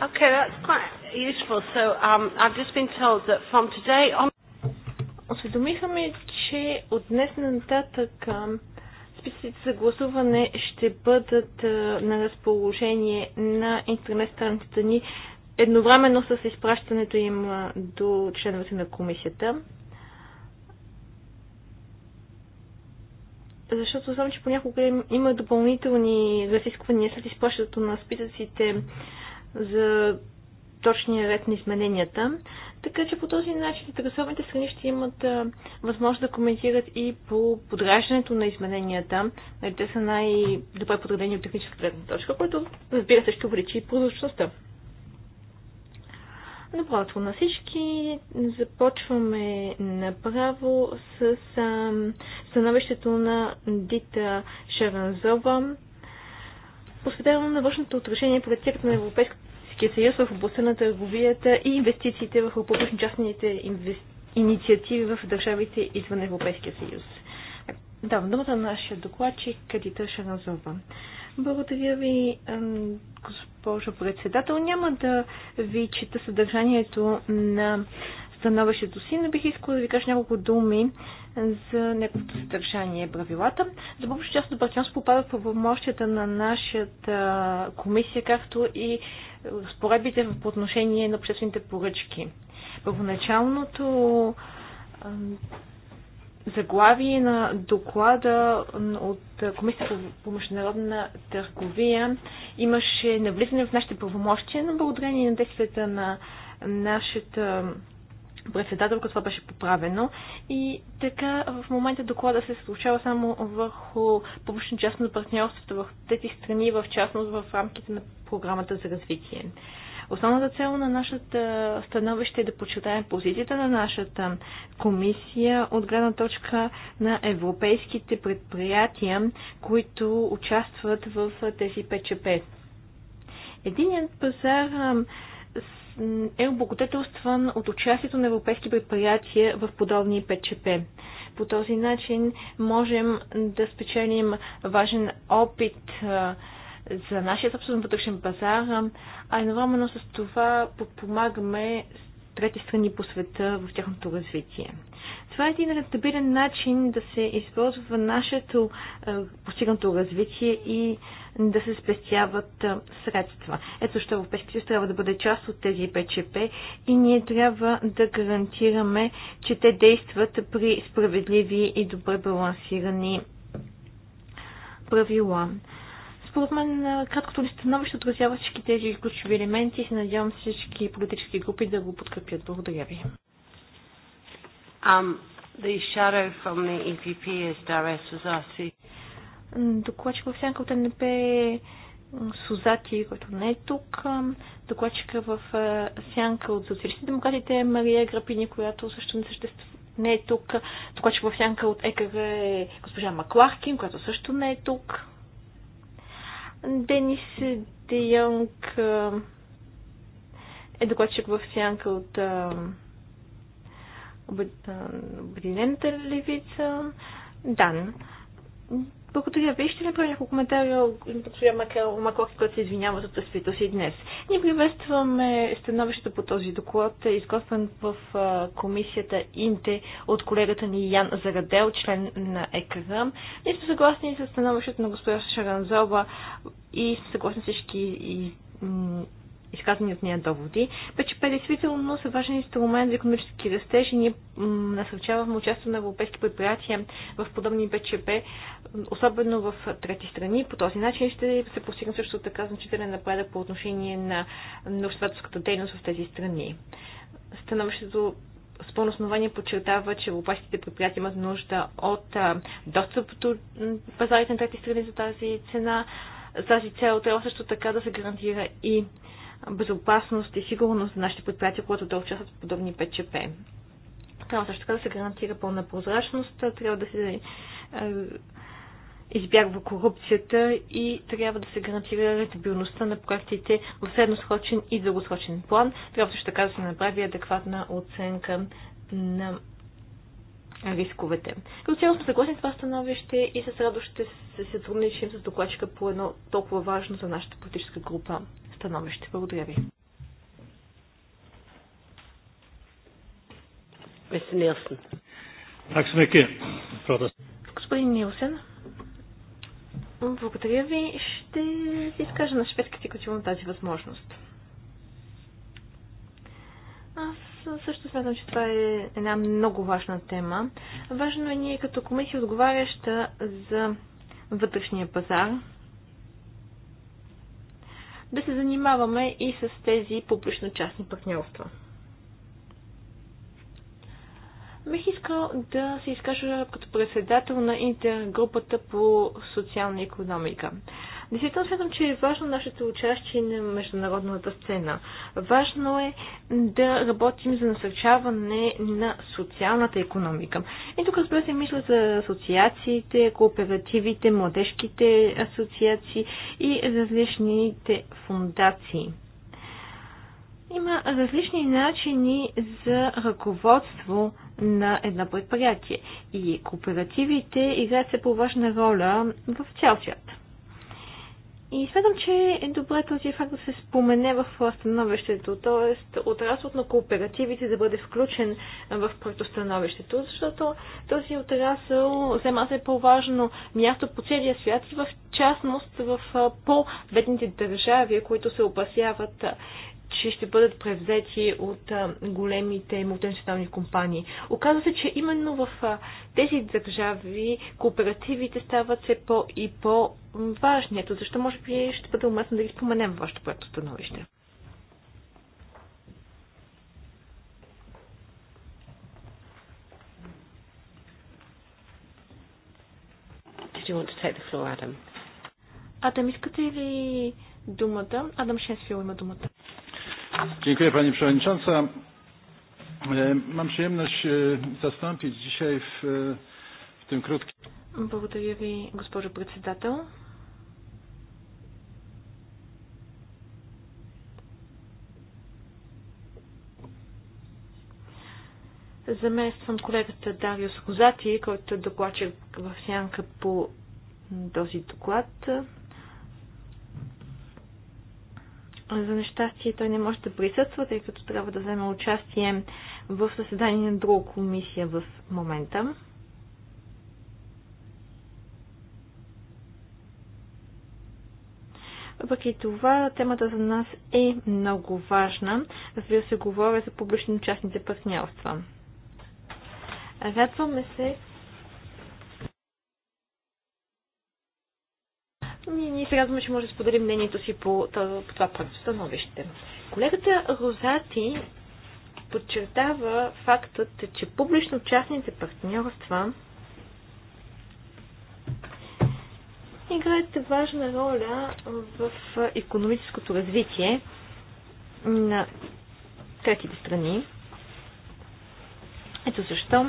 Okay, that's quite useful. So um, I've just been told that from today on... Осведомиха ме, че от днес на нататък списъците за гласуване ще бъдат на разположение на интернет страницата ни едновременно с изпращането им до членовете на комисията. Защото знам, че понякога има допълнителни разисквания след изплащането на списъците за точния ред на измененията. Така че по този начин интересованите страни ще имат възможност да коментират и по подраждането на измененията. Нали, те са най-добре подредени от техническа гледна точка, което разбира се ще увеличи прозрачността. Направо на всички. Започваме направо с становището на Дита Шаранзова, посветено на външното отражение политиката на Европейската Европейския съюз в областта на търговията и инвестициите в публично-частните инвести... инициативи в държавите извън Европейския съюз. в думата на нашия докладчик Кадита Шаназова. Благодаря ви, госпожо председател. Няма да ви чета съдържанието на становището си, но бих искала да ви кажа няколко думи за неговото съдържание правилата. За повече част от партньорство попадат в правомощията на нашата комисия, както и споредбите в отношение на обществените поръчки. Първоначалното заглавие на доклада от Комисията по международна търговия имаше навлизане в нашите правомощия, но благодарение на действията на нашата председателка, това беше поправено. И така в момента доклада се случава само върху публично-частно партньорството в тези страни, в частност в рамките на програмата за развитие. Основната цел на нашата становище е да подчертаем позицията на нашата комисия от гледна точка на европейските предприятия, които участват в тези ПЧП. Единият пазар е облагодетелстван от участието на европейски предприятия в подобни ПЧП. По този начин можем да спечелим важен опит за нашия собствен вътрешен пазар, а едновременно с това подпомагаме трети страни по света в тяхното развитие. Това е един рентабилен начин да се използва нашето постигнато развитие и да се спестяват средства. Ето защо Европейския съюз трябва да бъде част от тези ПЧП и ние трябва да гарантираме, че те действат при справедливи и добре балансирани правила. Според мен, краткото ли становище отразява всички тези ключови елементи и се надявам всички политически групи да го подкрепят. Благодаря ви. Um, the shadow from the EPP is Dares Rosati докладчик в сянка от НП Сузати, който не е тук, докладчика в сянка от социалистите демократите е Мария Грапини, която също не съществува не е тук. че в сянка от ЕКВ е госпожа Маклахкин, която също не е тук. Денис Де е докладчик в сянка от Обединената левица. Дан. Благодаря Вие Ще направя няколко коментари от госпожа Макоки, който се извинява за отсъствието си днес. Ние приветстваме становището по този доклад, изготвен в комисията Инте от колегата ни Ян Зарадел, член на ЕКРАМ. Ние сме съгласни с становището на госпожа Шаранзова и съгласни всички изказани от нея доводи. пе действително са важен инструмент за економически растеж и ние насърчаваме участието на европейски предприятия в подобни БЧП, особено в трети страни. По този начин ще се постигне също така значителен напредък по отношение на научнователската дейност в тези страни. Становището с пълно основание подчертава, че европейските предприятия имат нужда от достъп до пазарите на трети страни за тази цена. за тази цел трябва също така да се гарантира и безопасност и сигурност на нашите предприятия, когато да участват в подобни ПЧП. Трябва също така да се гарантира пълна прозрачност, трябва да се е, избягва корупцията и трябва да се гарантира рентабилността на проектите в средносрочен и дългосрочен план. Трябва също така да се направи адекватна оценка на рисковете. Като цяло сме съгласни с това становище и с радост ще се сътрудничим с докладчика по едно толкова важно за нашата политическа група становище. Благодаря ви. Господин Нилсен, благодаря ви. Ще ви изкажа на шведски, като имам тази възможност. Аз също смятам, че това е една много важна тема. Важно е ние като комисия, отговаряща за вътрешния пазар, да се занимаваме и с тези публично-частни партньорства. Бих искал да се изкажа като председател на интергрупата по социална економика. Действително смятам, че е важно нашето участие на международната сцена. Важно е да работим за насърчаване на социалната економика. И тук разбира се мисля за асоциациите, кооперативите, младежките асоциации и различните фундации. Има различни начини за ръководство на едно предприятие и кооперативите играят все по-важна роля в цял свят. И смятам, че е добре този факт да се спомене в становището, т.е. отраслът на кооперативите да бъде включен в проектостановището, защото този отрасъл взема се по-важно място по целия свят и в частност в по-бедните държави, които се опасяват че ще бъдат превзети от големите мултинационални компании. Оказва се, че именно в тези държави кооперативите стават все по- и по-важни. Ето защо може би ще бъде уместно да ги споменем във вашето проекто становище. Did you want to take the floor, Adam? Адам, искате ли думата. Адам Шесфил има думата. Dziękuję Pani Przewodnicząca. E, mam przyjemność e, zastąpić dzisiaj w, e, w tym krótkim... Благодаря Ви, госпожо председател. Замествам колегата Дариус Козати, който е докладчик в сянка по този доклад. За нещастие той не може да присъства, тъй като трябва да вземе участие в съседание на друга комисия в момента. Въпреки това, темата за нас е много важна. Разбира се, говоря за публично-частните партньорства. Радваме се, Ние, ние се радваме, че може да споделим мнението си по, по това проекто становище. Колегата Розати подчертава фактът, че публично-частните партньорства играят важна роля в економическото развитие на третите страни. Ето защо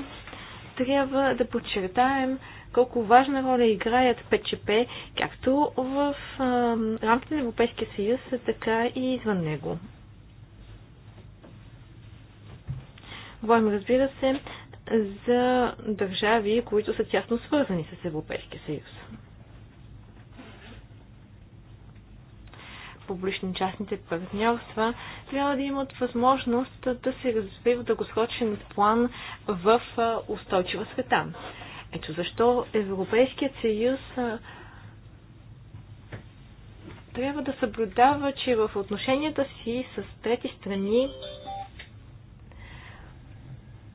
трябва да подчертаем, колко важна роля играят ПЧП, както в а, рамките на Европейския съюз, така и извън него. Говорим, разбира се, за държави, които са тясно свързани с Европейския съюз. публично-частните партньорства, трябва да имат възможност да се развива дългосрочен план в устойчива света. Ето защо Европейският съюз трябва да съблюдава, че в отношенията си с трети страни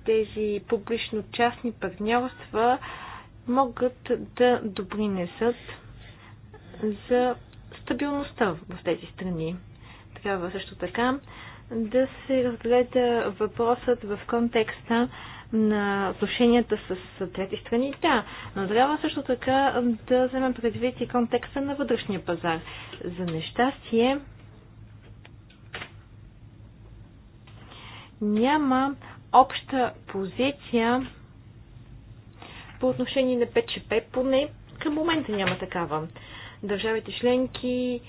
тези публично-частни партньорства могат да допринесат за стабилността в тези страни. Трябва също така да се разгледа въпросът в контекста на отношенията с трети страни, да, но трябва също така да вземем предвид и контекста на вътрешния пазар. За нещастие няма обща позиция по отношение на ПЧП, поне към момента няма такава. Държавите членки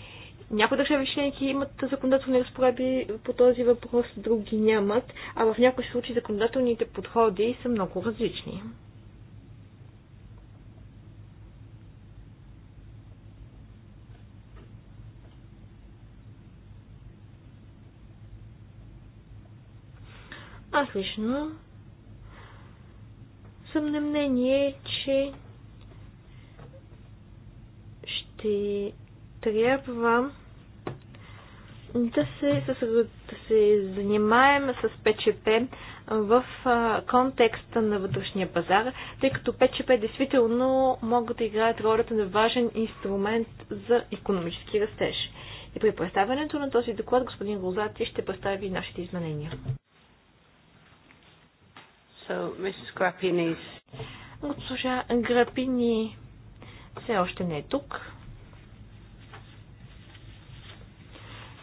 някои държави членки имат законодателни разпореби по този въпрос, други нямат, а в някои случаи законодателните подходи са много различни. Аз лично съм на мнение, че ще трябва да се, да се занимаем с ПЧП в контекста на вътрешния пазар, тъй като ПЧП действително могат да играят ролята на важен инструмент за економически растеж. И при представянето на този доклад господин Голзати ще представи нашите изменения. So, Mrs. Grappini is... Госпожа Грапини все още не е тук.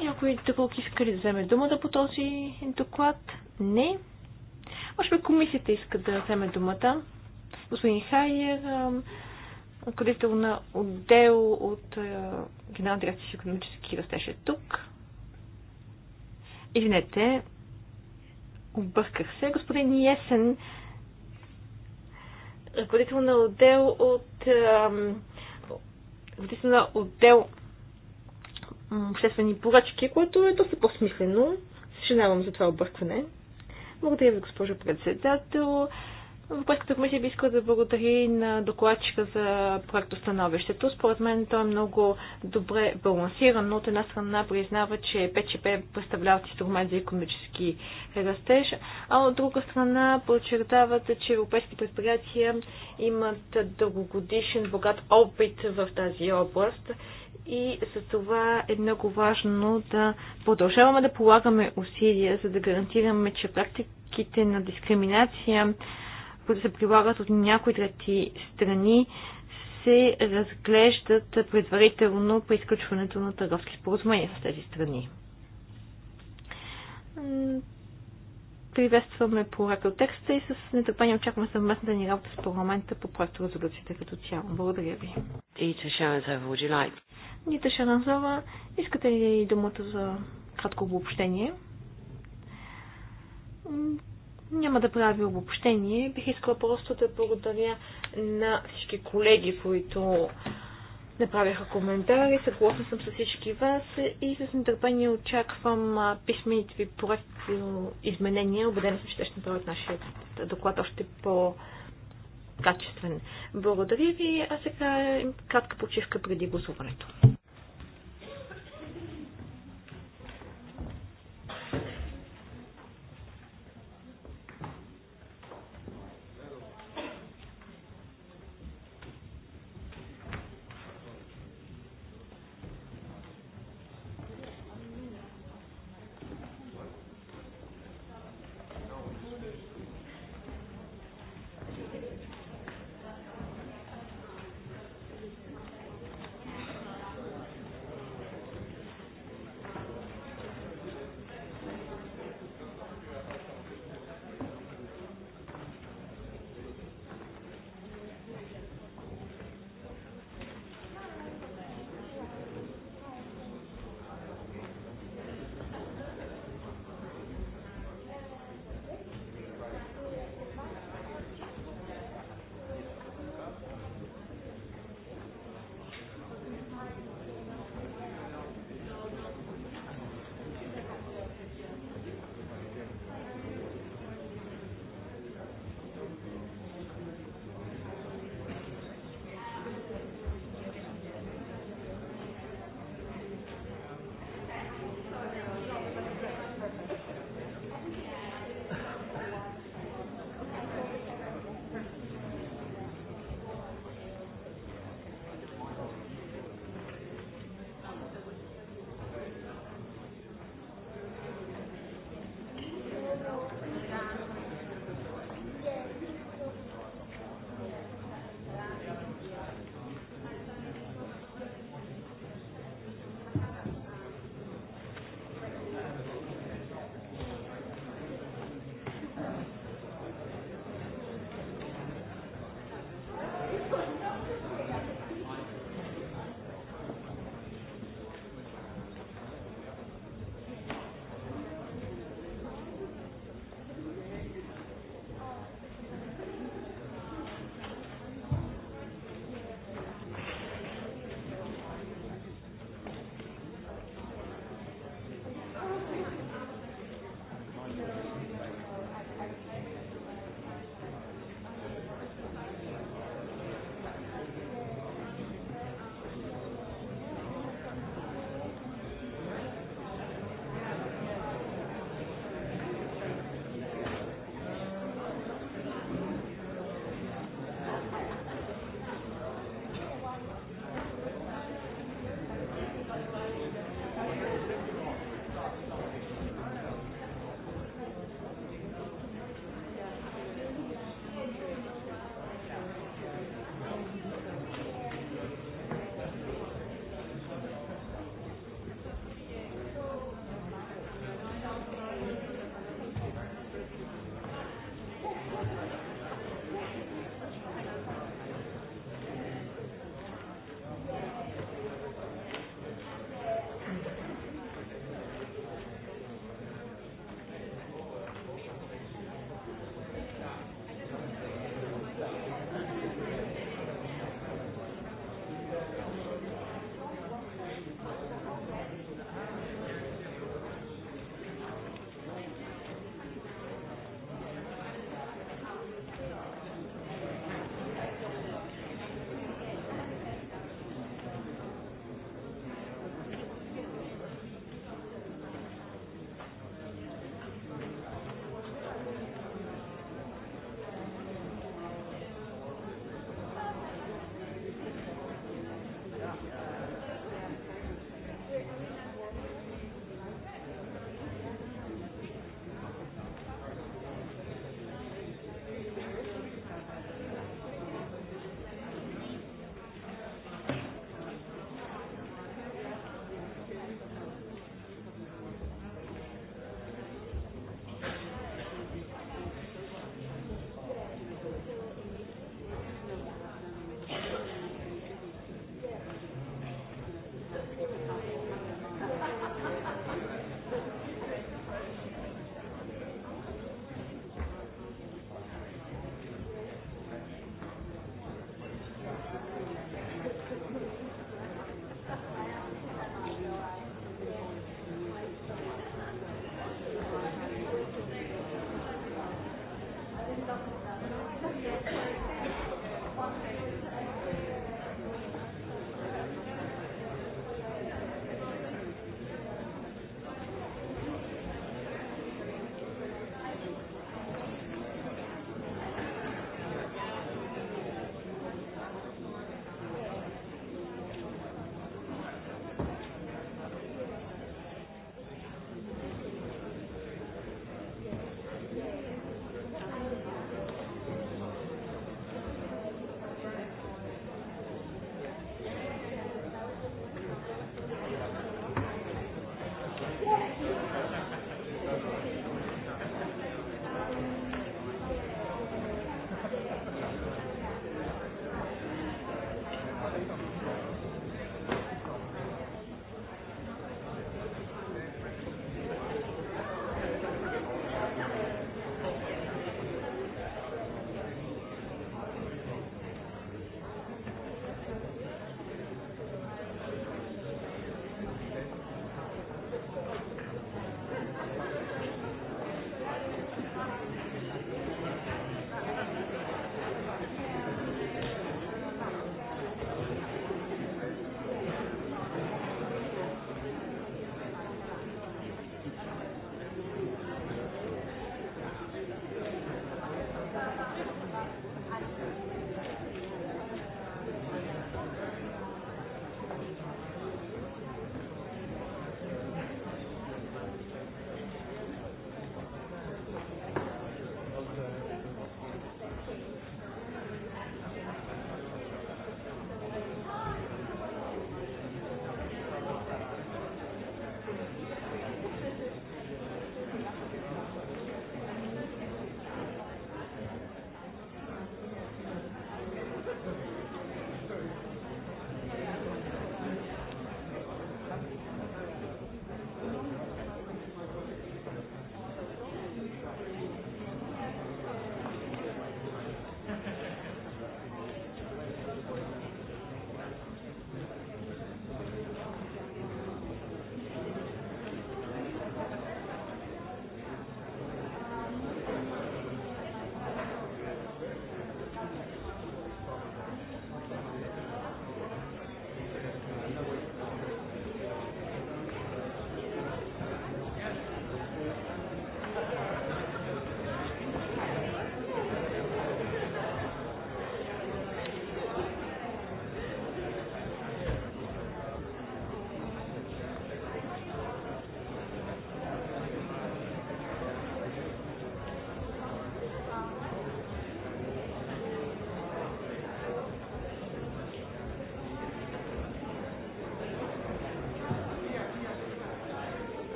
Някой друг иска ли да вземе думата по този доклад? Не. Може би комисията иска да вземе думата. Господин Хайер, ръководител на отдел от Генерал дирекция за економически растеж е тук. Извинете, обърках се. Господин Есен, ръководител на отдел от ръководител на отдел обществени поръчки, което е доста по-смислено. Съжалявам за това объркване. Благодаря ви, госпожо председател. Въпреката комисия би искала да благодари на докладчика за проектостановището. Според мен то е много добре балансирано. От една страна признава, че ПЧП представляват инструмент за економически растеж, а от друга страна подчертават, че европейски предприятия имат дългогодишен богат опит в тази област и за това е много важно да продължаваме да полагаме усилия, за да гарантираме, че практиките на дискриминация, които се прилагат от някои трети страни, се разглеждат предварително при изключването на търговски споразумения с тези страни приветстваме проекта от текста и с нетърпение очакваме съвместната ни работа с парламента по проекта резолюцията като цяло. Благодаря ви. Ита Шаназова, would you like? Нита Шаназова, искате ли думата за кратко обобщение? Няма да правя обобщение. Бих искала просто да благодаря на всички колеги, които направяха коментари. Съгласна съм с всички вас и с нетърпение очаквам писмените ви проекти изменения. Обедена съм, че те ще направят нашия доклад още по качествен. Благодаря ви, а сега е кратка почивка преди гласуването.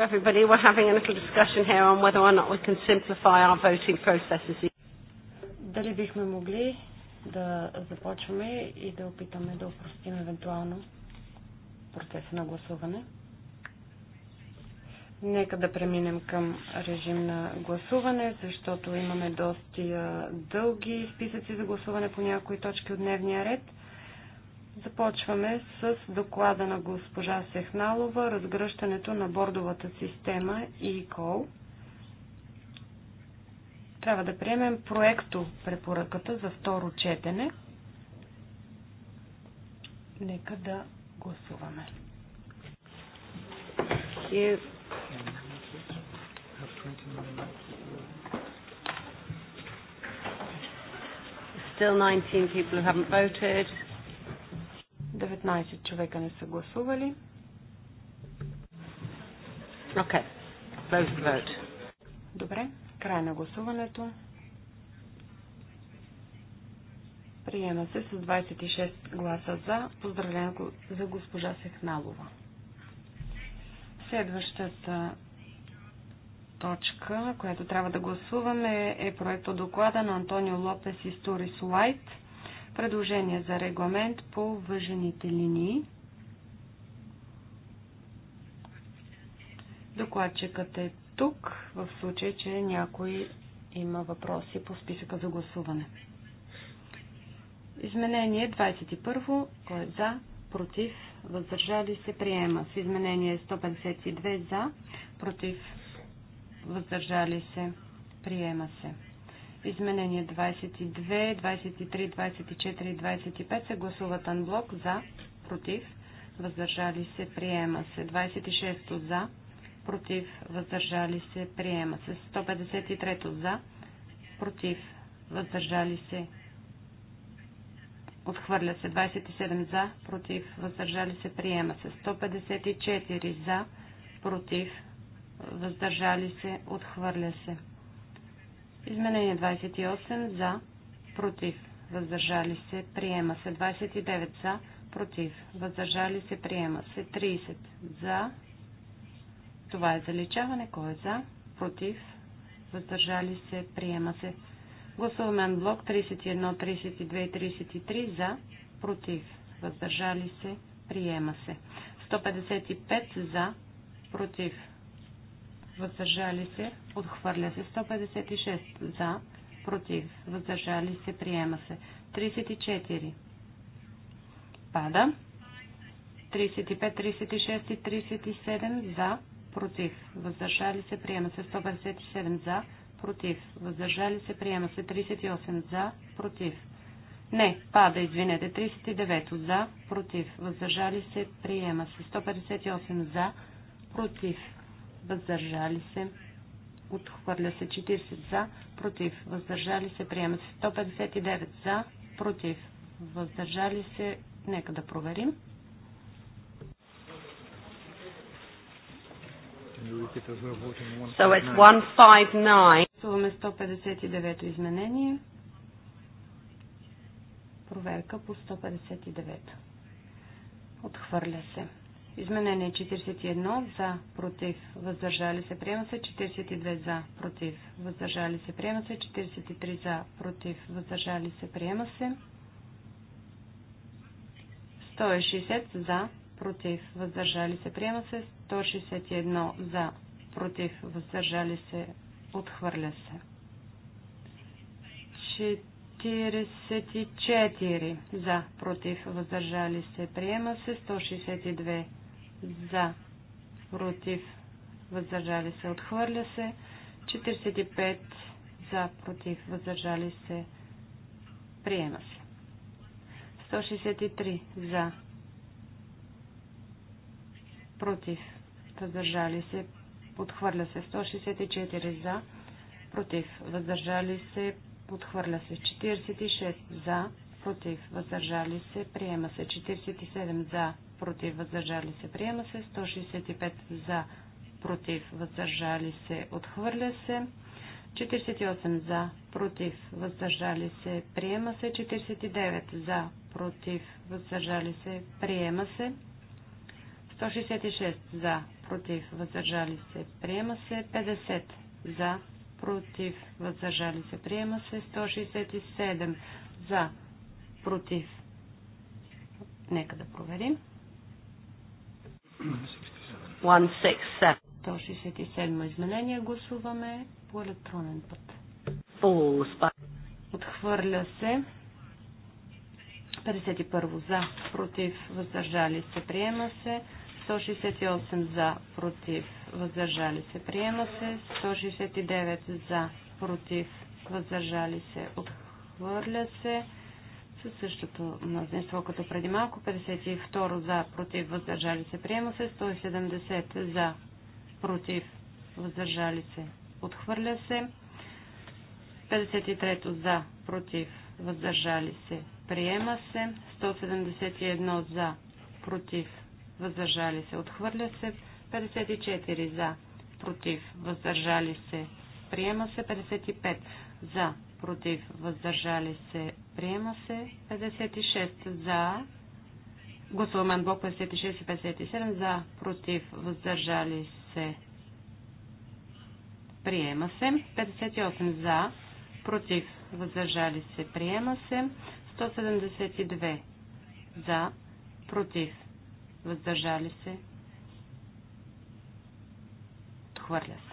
everybody, we're having a little discussion here on whether or not we can simplify our voting processes. Дали бихме могли да започваме и да опитаме да упростим евентуално процеса на гласуване? Нека да преминем към режим на гласуване, защото имаме доста дълги списъци за гласуване по някои точки от дневния ред – Започваме с доклада на госпожа Сехналова, разгръщането на бордовата система и кол. Трябва да приемем проекто препоръката за второ четене. Нека да гласуваме. Still 19 people who haven't voted. 19 човека не са гласували. Okay. Both vote. Добре. Край на гласуването. Приема се с 26 гласа за. Поздравление за госпожа Сехналова. Следващата точка, която трябва да гласуваме е проекто доклада на Антонио Лопес и Сторис Лайт – Предложение за регламент по въжените линии. Докладчикът е тук, в случай, че някой има въпроси по списъка за гласуване. Изменение 21. Кой е за? Против? Въздържали се? Приема. С изменение 152 за? Против? Въздържали се? Приема се. Изменение 22, 23, 24 и 25 се гласуват анблок за, против, въздържали се, приема се. 26 за, против, въздържали се, приема се. 153 за, против, въздържали се, Отхвърля се 27 за, против, въздържали се, приема се 154 за, против, въздържали се, отхвърля се. Изменение 28 за, против, въздържали се, приема се. 29 за, против, въздържали се, приема се. 30 за, това е заличаване, кой е за, против, въздържали се, приема се. Гласуваме блок 31, 32 и 33 за, против, въздържали се, приема се. 155 за, против, въздържали се, отхвърля се. 156 за, против, въздържали се, приема се. 34 пада. 35, 36 и 37 за, против, въздържали се, приема се. 157 за, против, въздържали се, приема се. 38 за, против. Не, пада, извинете. 39 за, против, въздържали се, приема се. 158 за, против, въздържали се, отхвърля се 40 за, против, въздържали се, приема се 159 за, против, въздържали се, нека да проверим. So it's 159. Гласуваме 159-то изменение. Проверка по 159. Отхвърля се. Изменение 41 за, против, въздържали се, приема се 42 за, против, въздържали се, приема се 43 за, против, въздържали се, приема се 160 за, против, въздържали се, приема се 161 за, против, въздържали се, отхвърля се. 44 за, против, въздържали се, приема се 162 за, против, въздържали се, отхвърля се. 45 за, против, въздържали се, приема се. 163 за, против, въздържали се, отхвърля се. 164 за, против, въздържали се, отхвърля се. 46 за, против, въздържали се, приема се. 47 за, против, въздържали се, приема се. 165 за, против, въздържали се, отхвърля се. 48 за, против, въздържали се, приема се. 49 за, против, въздържали се, приема се. 166 за, против, въздържали се, приема се. 50 за, против, въздържали се, приема се. 167 за, против. Нека да проверим. 167. о изменение гласуваме по електронен път. Отхвърля се. 51 за, против, въздържали се, приема се. 168 за, против, въздържали се, приема се. 169 за, против, въздържали се, отхвърля се със същото мнозинство като преди малко. 52 за, против, въздържали се, приема се. 170 за, против, въздържали се, отхвърля се. 53 за, против, въздържали се, приема се. 171 за, против, въздържали се, отхвърля се. 54 за, против, въздържали се, приема се. 55 за, против, въздържали се, приема се. 56 за, гласуваме на блок 56 и 57 за, против, въздържали се, приема се. 58 за, против, въздържали се, приема се. 172 за, против, въздържали се, хвърля се.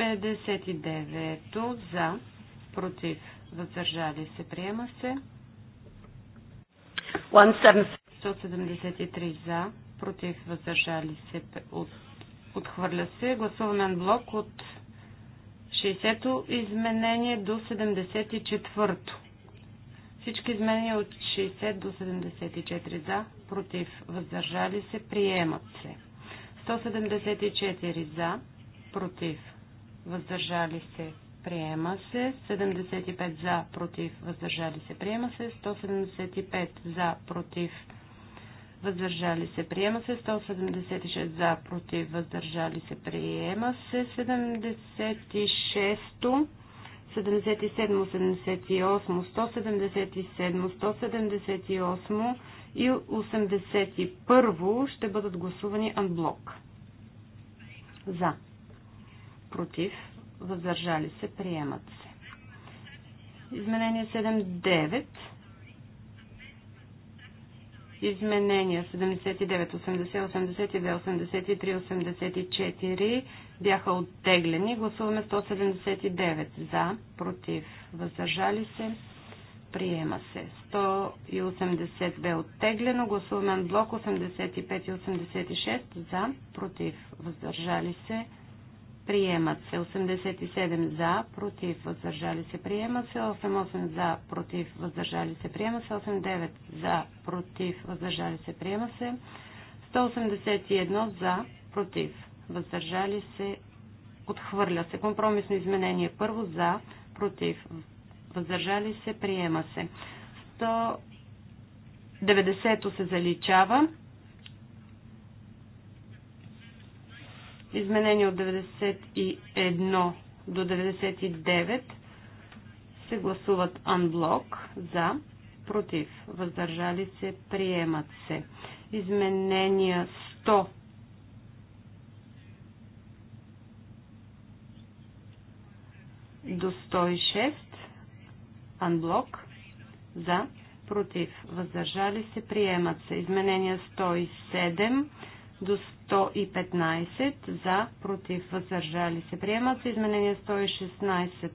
59 за, против, въздържали се, приема се. 173 за, против, въздържали се, от, отхвърля се. Гласуваме блок от 60-то изменение до 74-то. Всички изменения от 60 до 74 за, против, въздържали се, приемат се. 174 за, против, въздържали се, приема се. 75 за, против, въздържали се, приема се. 175 за, против, въздържали се, приема се. 176 за, против, въздържали се, приема се. 76 77, 78, 177, 178 и 81 ще бъдат гласувани анблок. За против, въздържали се, приемат се. Изменение 7.9. Изменения 79, 80, 82, 83, 84 бяха оттеглени. Гласуваме 179 за, против, въздържали се, приема се. 180 бе оттеглено. Гласуваме блок 85 и 86 за, против, въздържали се, Приемат се 87 за, против, въздържали се. Приемат се 88 за, против, въздържали се. Приема се 89 за, против, въздържали се. Приема се 181 за, против, въздържали се. Отхвърля се. Компромисно изменение първо за, против, въздържали се. Приема се. 190 се заличава. Изменение от 91 до 99 се гласуват анблок за, против, въздържали се, приемат се. Изменения 100 до 106 анблок за, против, въздържали се, приемат се. Изменения 107 до 115 за, против, въздържали се. Приемат се изменения 116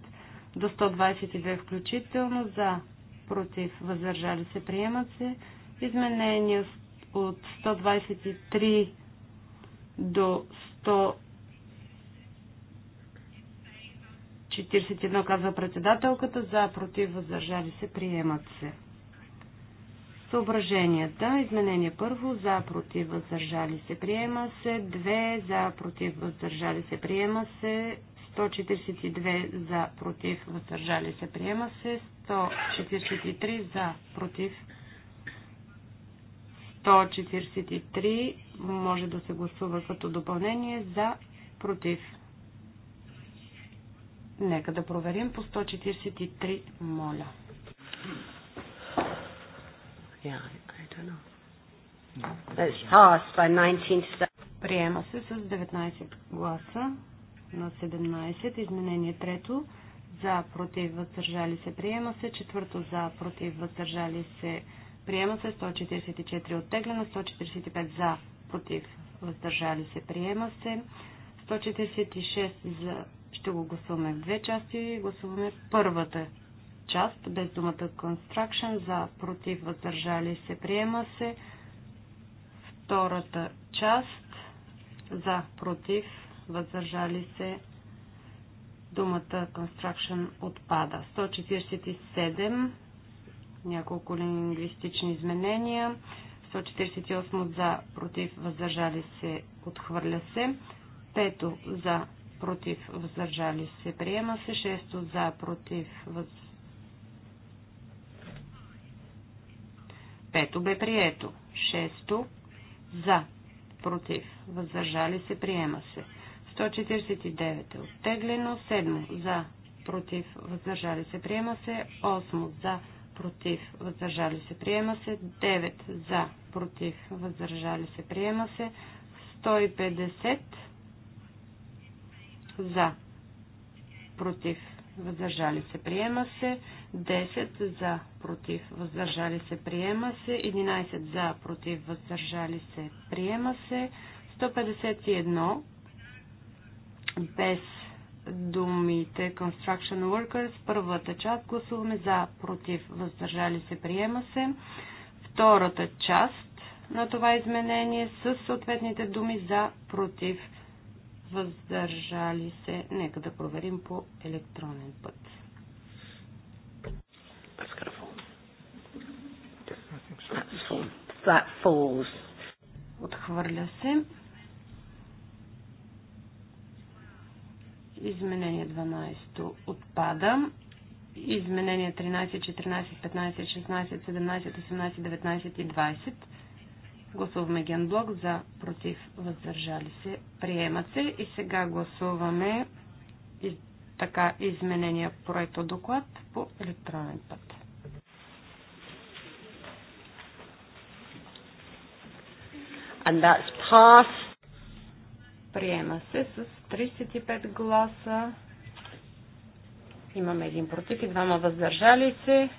до 122 включително за, против, въздържали се. Приемат се изменения от 123 до 141 казва председателката за, против, въздържали се. Приемат се. Съображенията. Изменение първо. За, против, въздържали се. Приема се. 2. За, против, въздържали се. Приема се. 142 за, против, въздържали се. Приема се. 143 за, против. 143 може да се гласува като допълнение за, против. Нека да проверим по 143, моля. Yeah, I don't know. Mm-hmm. That's passed by 19 Приема се с 19 гласа на 17. Изменение трето. За, против, въздържали се. Приема се. Четвърто за, против, въздържали се. Приема се. 144 оттеглено. 145 за, против, въздържали се. Приема се. 146 за. Ще го гласуваме в две части. Гласуваме първата част, без думата construction, за, против, въздържали се, приема се. Втората част, за, против, въздържали се, думата construction отпада. 147, няколко лингвистични изменения. 148 за, против, въздържали се, отхвърля се. Пето за, против, въздържали се, приема се. Шесто за, против, въздържали Пето бе прието. Шесто за. Против. Въздържали се. Приема се. 149 е оттеглено. Седмо за. Против. Въздържали се. Приема се. Осмо за. Против. Въздържали се. Приема се. 9 за. Против. Въздържали се. Приема се. 150 за. Против. Въздържали се. Приема се. 10 за, против, въздържали се, приема се. 11 за, против, въздържали се, приема се. 151 без думите Construction Workers. Първата част гласуваме за, против, въздържали се, приема се. Втората част на това изменение с съответните думи за, против, въздържали се. Нека да проверим по електронен път. That's going to fall. That falls. Отхвърля се. Изменение 12 отпада. Изменения 13, 14, 15, 16, 17, 18, 19 и 20. Гласуваме генблок за против въздържали се. Приемат се. И сега гласуваме така изменения проекто доклад по електронен път. And that's passed. Приема се с 35 гласа. Имаме един против и двама въздържали се.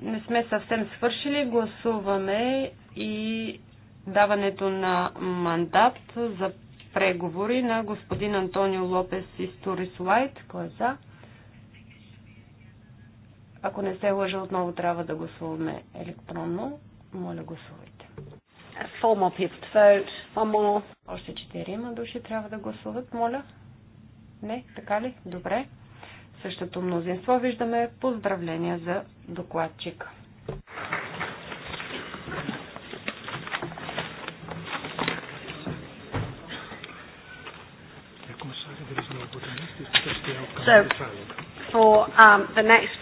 Не сме съвсем свършили. Гласуваме и даването на мандат за преговори на господин Антонио Лопес Сторис Лайт. Кой е за? Ако не се лъжа, отново трябва да гласуваме електронно. Моля, гласувайте. Four more people to vote. One more. Още четирима души трябва да гласуват, моля. Не, така ли? Добре. Същото мнозинство виждаме. Поздравления за докладчика. So, for, um, the next...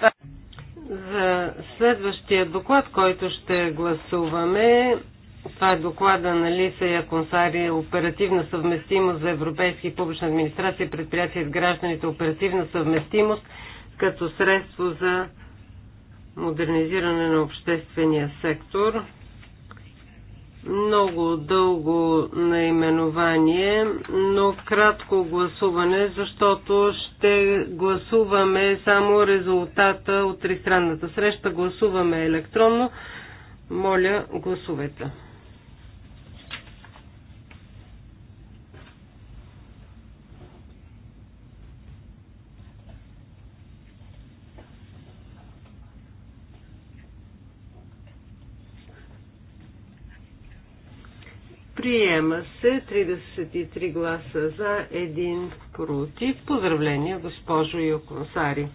За следващия доклад, който ще гласуваме, това е доклада на Лиса и Аконсари, Оперативна съвместимост за европейски и публична администрация и предприятия с гражданите Оперативна съвместимост като средство за модернизиране на обществения сектор много дълго наименование, но кратко гласуване, защото ще гласуваме само резултата от тристранната среща. Гласуваме електронно. Моля, гласувайте. Приема се 33 гласа за, 1 против. Поздравления, госпожо Йоконсари.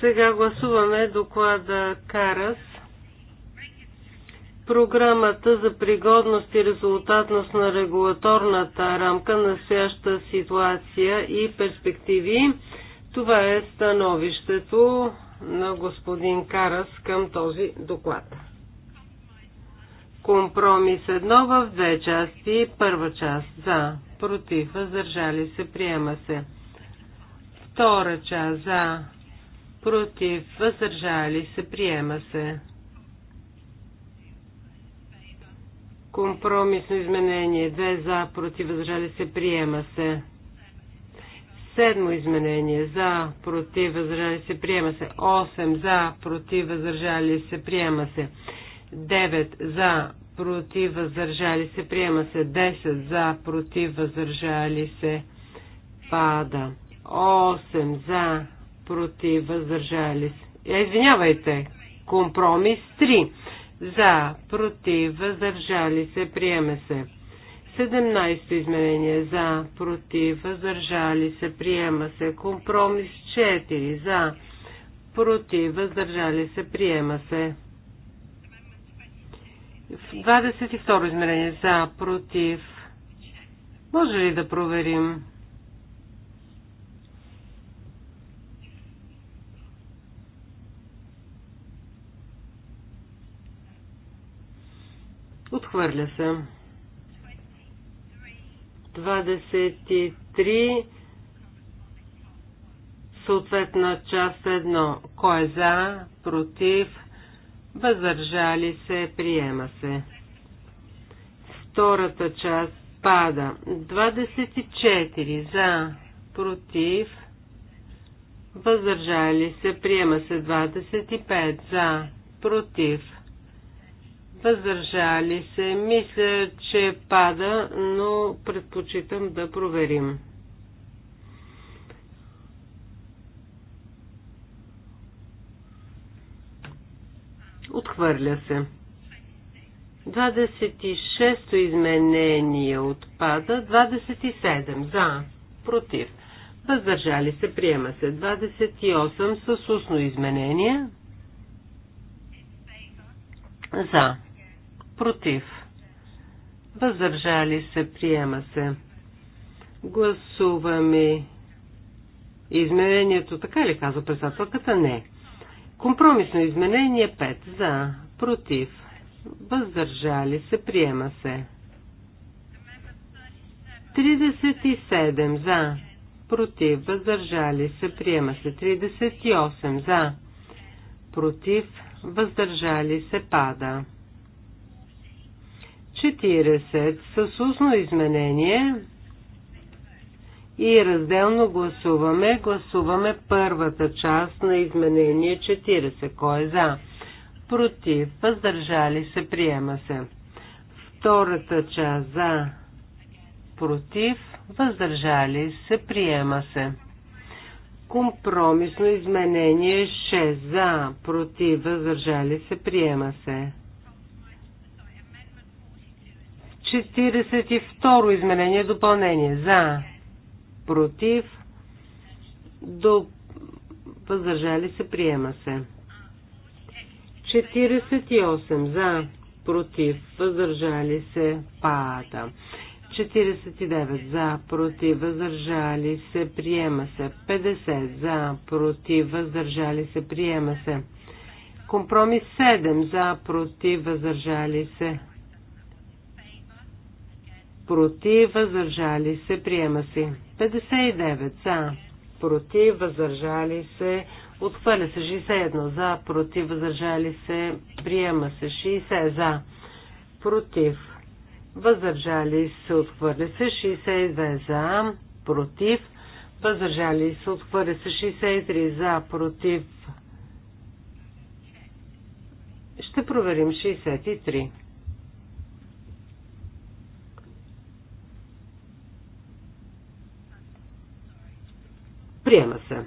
Сега гласуваме доклада Карас. Програмата за пригодност и резултатност на регулаторната рамка, на настояща ситуация и перспективи. Това е становището на господин Карас към този доклад. Компромис едно в две части. Първа част за, против, въздържали се, приема се. Втора част за, против, въздържали се, приема се. Компромисно изменение 2 за, против, въздържали се, приема се. Седмо изменение за против въздържали се приема се. 8 за против въздържали се приема се. 9 за против въздържали се приема се. Десет за против въздържали се пада. 8 за против въздържали се. Е, извинявайте. Компромис 3 за против въздържали се приема се. 17 изменение за, против, въздържали се, приема се. Компромис 4 за, против, въздържали се, приема се. 22 измерение за, против. Може ли да проверим? Отхвърля се. 23 съответна част 1. Кой е за, против, въздържали се, приема се. Втората част пада. 24 за, против, въздържали се, приема се. 25 за, против, Въздържали се. Мисля, че пада, но предпочитам да проверим. Отхвърля се. 26-то изменение отпада. 27 за. Против. Въздържали се. Приема се. 28 с устно изменение. За. Против. Въздържали се. Приема се. Гласуваме. Изменението така ли казва председателката? Не. Компромисно изменение 5. За. Против. Въздържали се. Приема се. 37 за. Против. Въздържали се. Приема се. 38 за. Против. Въздържали се. Пада. 40 с устно изменение и разделно гласуваме. Гласуваме първата част на изменение 40. Кой е за? Против. Въздържали се. Приема се. Втората част за. Против. Въздържали се. Приема се. Компромисно изменение 6 за. Против. Въздържали се. Приема се. 42 изменение допълнение. За, против, до, въздържали се, приема се. 48 за, против, въздържали се, пада. 49 за, против, въздържали се, приема се. 50 за, против, въздържали се, приема се. Компромис 7 за, против, въздържали се, против, въздържали се, приема се. 59 за, против, въздържали се, отхвърля се 61 за, против, въздържали се, приема се 60 за, против, въздържали се, отхвърля се 62 за, против, въздържали се, отхвърля се 63 за, против. Ще проверим 63. Приема се.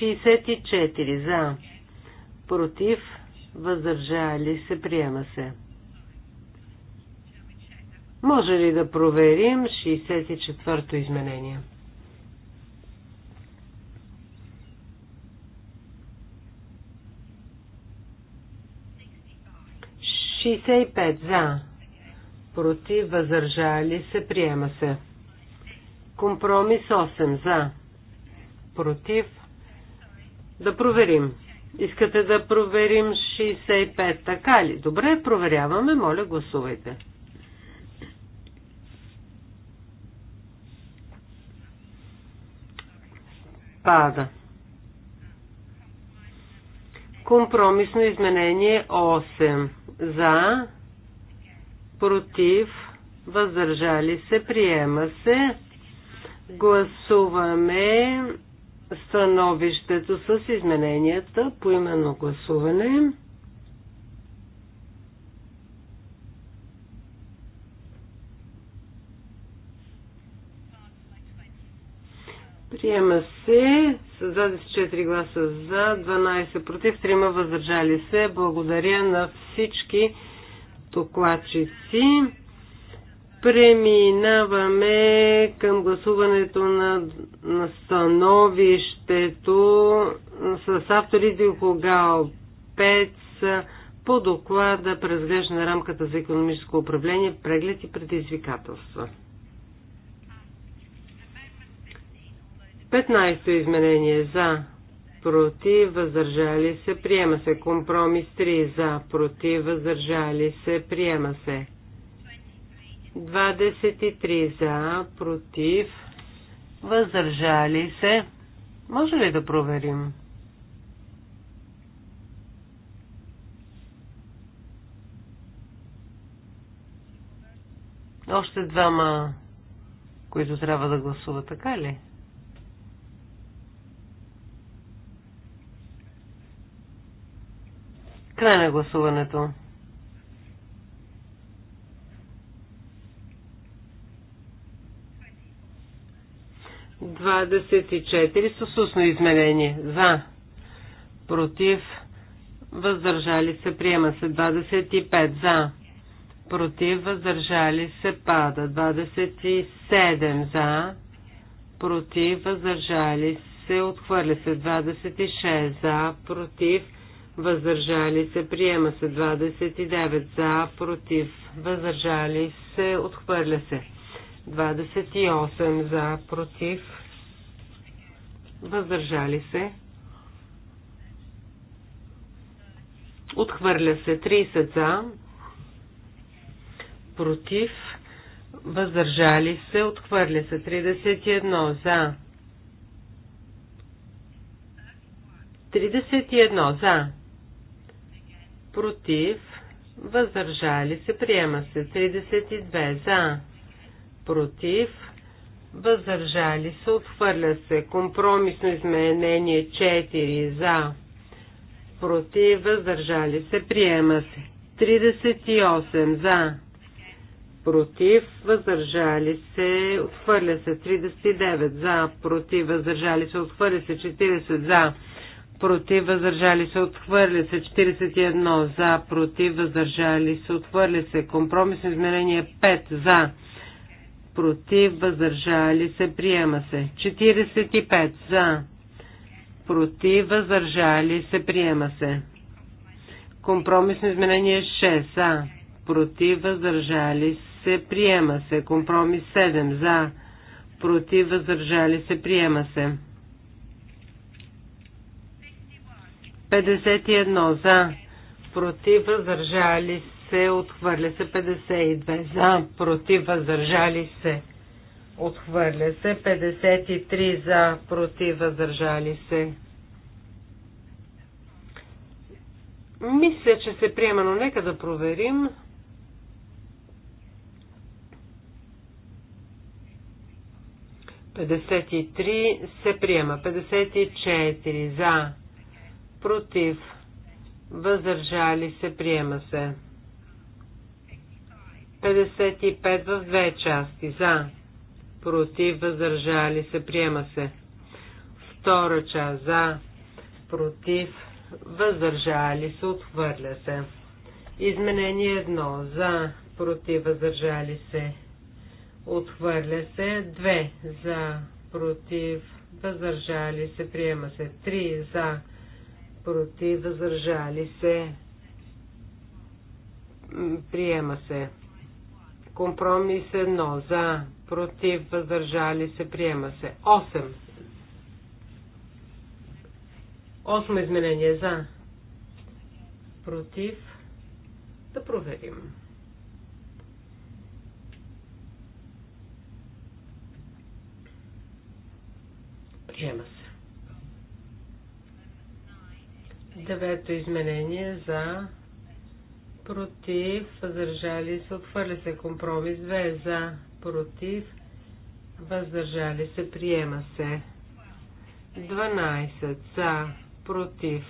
64 за. Против. Въздържали се. Приема се. Може ли да проверим 64-то изменение? Шестдесет и пет за. Против, въздържали се, приема се. Компромис 8 за. Против. Да проверим. Искате да проверим 65, така ли? Добре, проверяваме. Моля, гласувайте. Пада. Компромисно изменение 8. За. Против. Въздържали се. Приема се. Гласуваме становището с измененията по именно гласуване. Приема се с 24 гласа за, 12 против, 3 въздържали се. Благодаря на всички докладчици. Преминаваме към гласуването на, на становището с авторите Хогао Пец по доклада през на рамката за економическо управление, преглед и предизвикателства. 15-то изменение за, против, въздържали се, приема се. Компромис 3 за, против, въздържали се, приема се. 23 за, против, въздържали се. Може ли да проверим? Още двама, които трябва да гласуват, така ли? Край на гласуването. 24 с устно изменение. За. Против. Въздържали се. Приема се. 25. За. Против. Въздържали се. Пада. 27. За. Против. Въздържали се. Отхвърля се. 26. За. Против. Въздържали се. Приема се. 29. За. Против. Въздържали се. Отхвърля се. 28 за, против, въздържали се, отхвърля се 30 за, против, въздържали се, отхвърля се 31 за, 31 за, против, въздържали се, приема се 32 за, против, въздържали се, отхвърля се. Компромисно изменение 4 за, против, въздържали се, приема се. 38 за, против, въздържали се, отхвърля се. 39 за, против, въздържали се, отхвърля се. 40 за, против, въздържали се, отхвърля се. 41 за, против, въздържали се, отхвърля се. Компромисно изменение 5 за, против, въздържали се, приема се. 45 за, против, въздържали се, приема се. Компромисно изменение 6 за, против, въздържали се, приема се. Компромис 7 за, против, въздържали се, приема се. 51 за, против, въздържали се, отхвърля се 52 за, против, въздържали се, отхвърля се 53 за, против, въздържали се. Мисля, че се приема, но нека да проверим. Петдесет се приема. 54 за. Против. Въздържали се. Приема се. 55 в две части. За. Против. Въздържали се. Приема се. Втора част. За. Против. Въздържали се. Отхвърля се. Изменение 1. За. Против. Въздържали се. Отхвърля се. 2. За. Против. Въздържали се. Приема се. 3. За. Против. Въздържали се. Приема се. Компромис 1. За. Против. Въздържали се. Приема се. 8. Осмо изменение. За. Против. Да проверим. Приема се. Девето изменение за против, въздържали се, отхвърля се компромис 2 за, против, въздържали се, приема се. 12 за, против.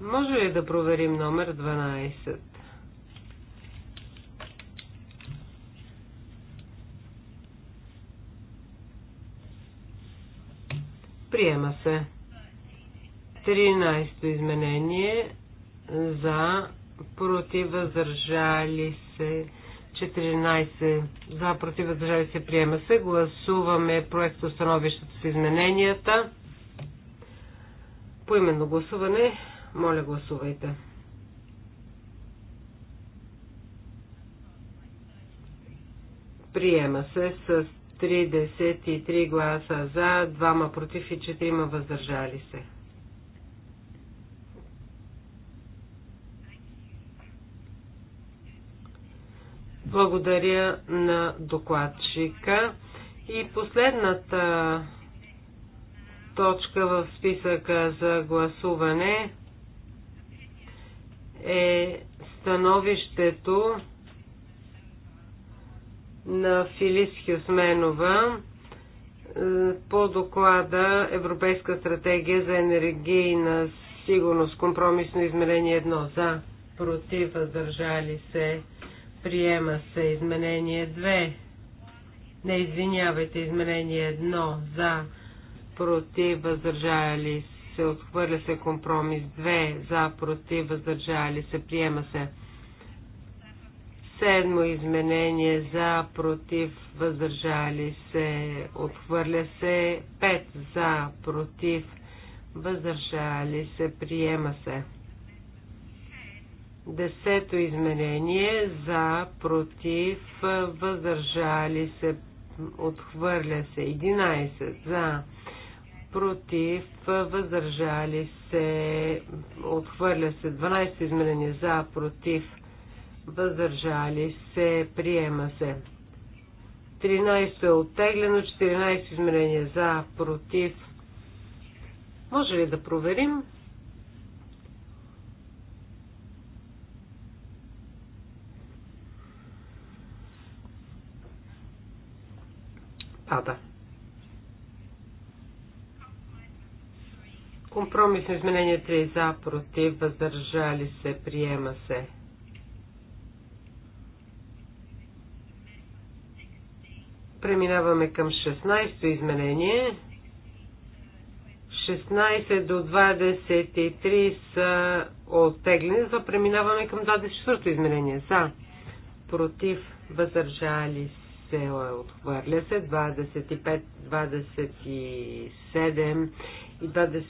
Може ли да проверим номер 12? Приема се. 13 изменение за, против, въздържали се 14 за, против, въздържали се, приема се. Гласуваме проект установището с измененията. По именно гласуване, моля гласувайте. Приема се с 33 гласа за, 2 против и 4 въздържали се. Благодаря на докладчика. И последната точка в списъка за гласуване е становището на Филис Хюсменова е, по доклада Европейска стратегия за енергийна сигурност, компромисно измерение едно за, против, въздържали се, Приема се изменение 2. Не извинявайте, изменение 1 за против въздържали се. Отхвърля се компромис 2 за против въздържали се. Приема се. Седмо изменение за против въздържали се. Отхвърля се 5 за против въздържали се. Приема се. Десето измерение за, против, въздържали се, отхвърля се. 11 за, против, въздържали се, отхвърля се. 12 измерение за, против, въздържали се, приема се. 13 е оттеглено, 14 измерения за, против. Може ли да проверим? ада. Компромисно изменение 3 за, против, въздържали се, приема се. Преминаваме към 16-то изменение. 16 до 23 са оттеглени, за преминаваме към 24-то изменение. За, против, въздържали се отхвърля се, 25, 27 и 20,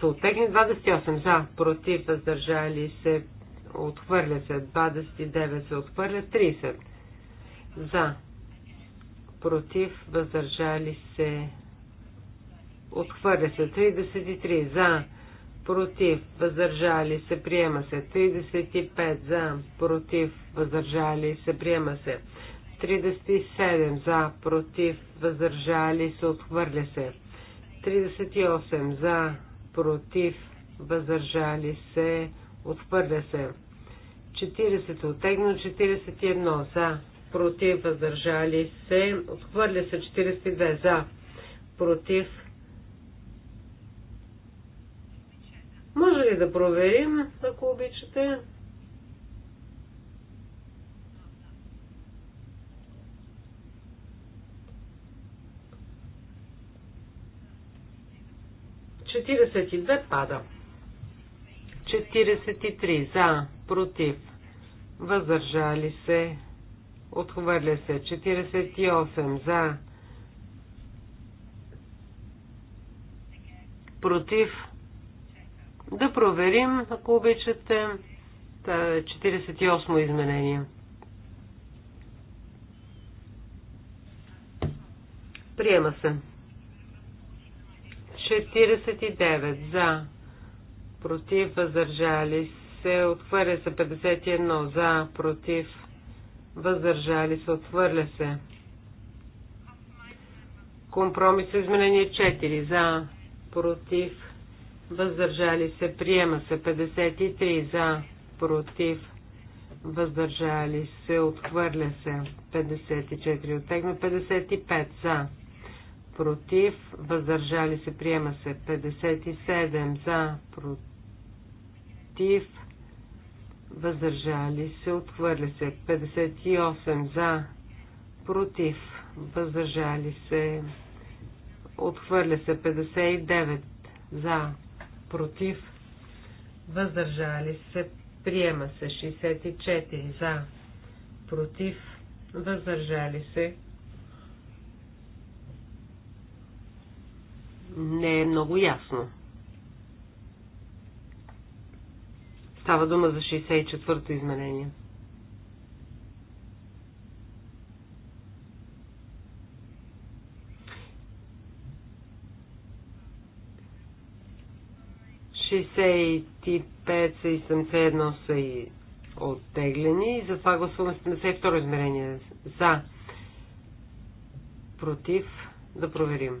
са оттегни 28 за, против, въздържали се, отхвърля се, 29 се отхвърля, 30 за, против, въздържали се, отхвърля се, 33 за, против, въздържали се, приема се, 35 за, против, въздържали се, приема се, 37 за, против, въздържали се, отхвърля се. 38 за, против, въздържали се, отхвърля се. 40 отегна, 41 за, против, въздържали се, отхвърля се 42 за, против. Може ли да проверим, ако обичате? 42 пада. 43 за, против, въздържали се, отхвърля се. 48 за, против. Да проверим, ако обичате, 48 е изменение. Приема се. 49 за, против, въздържали се, отхвърля се 51 за, против, въздържали се, отхвърля се. Компромис изменение 4 за, против, въздържали се, приема се 53 за, против, въздържали се, отхвърля се 54, оттегна 55 за против, въздържали се, приема се 57 за, против, въздържали се, отхвърля се 58 за, против, въздържали се, отхвърля се 59 за, против, въздържали се, приема се 64 за, против, въздържали се, не е много ясно. Става дума за 64-то изменение. Шестдесет и са и оттеглени и затова гласуваме 72 измерение. За. Против. Да проверим.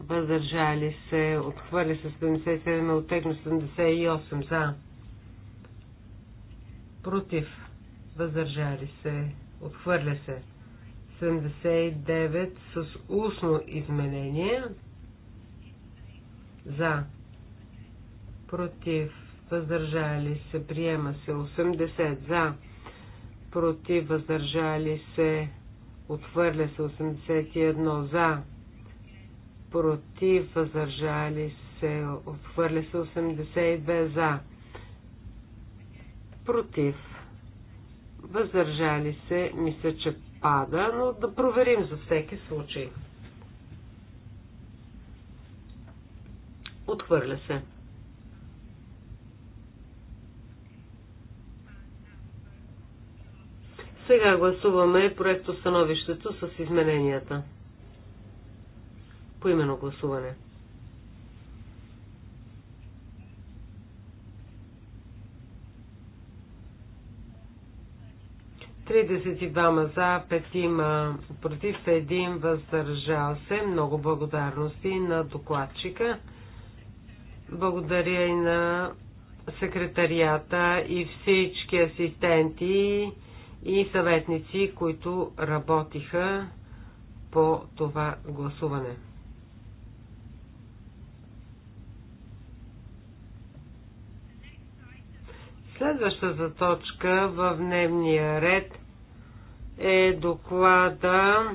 въздържали се, отхвърля се 77, оттегли 78 за, против, въздържали се, отхвърля се 79 с устно изменение, за, против, въздържали се, приема се 80 за, против, въздържали се, отхвърля се 81 за, против, въздържали се, отхвърля се 82 за, против, въздържали се, мисля, че пада, но да проверим за всеки случай. Отхвърля се. Сега гласуваме становището с измененията. По именно гласуване. Тридесет и двама за, петима против, един въздържал се. Много благодарности на докладчика. Благодаря и на секретарията и всички асистенти и съветници, които работиха по това гласуване. Следващата точка в дневния ред е доклада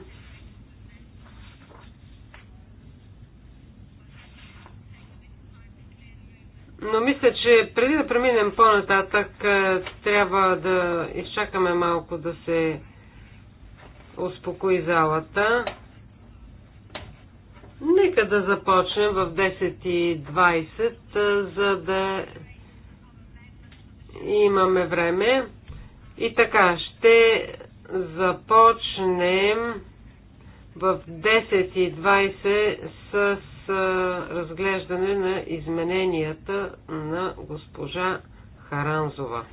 Но мисля, че преди да преминем по-нататък, е, трябва да изчакаме малко да се успокои залата. Нека да започнем в 10.20, е, за да Имаме време. И така, ще започнем в 10.20 с разглеждане на измененията на госпожа Харанзова.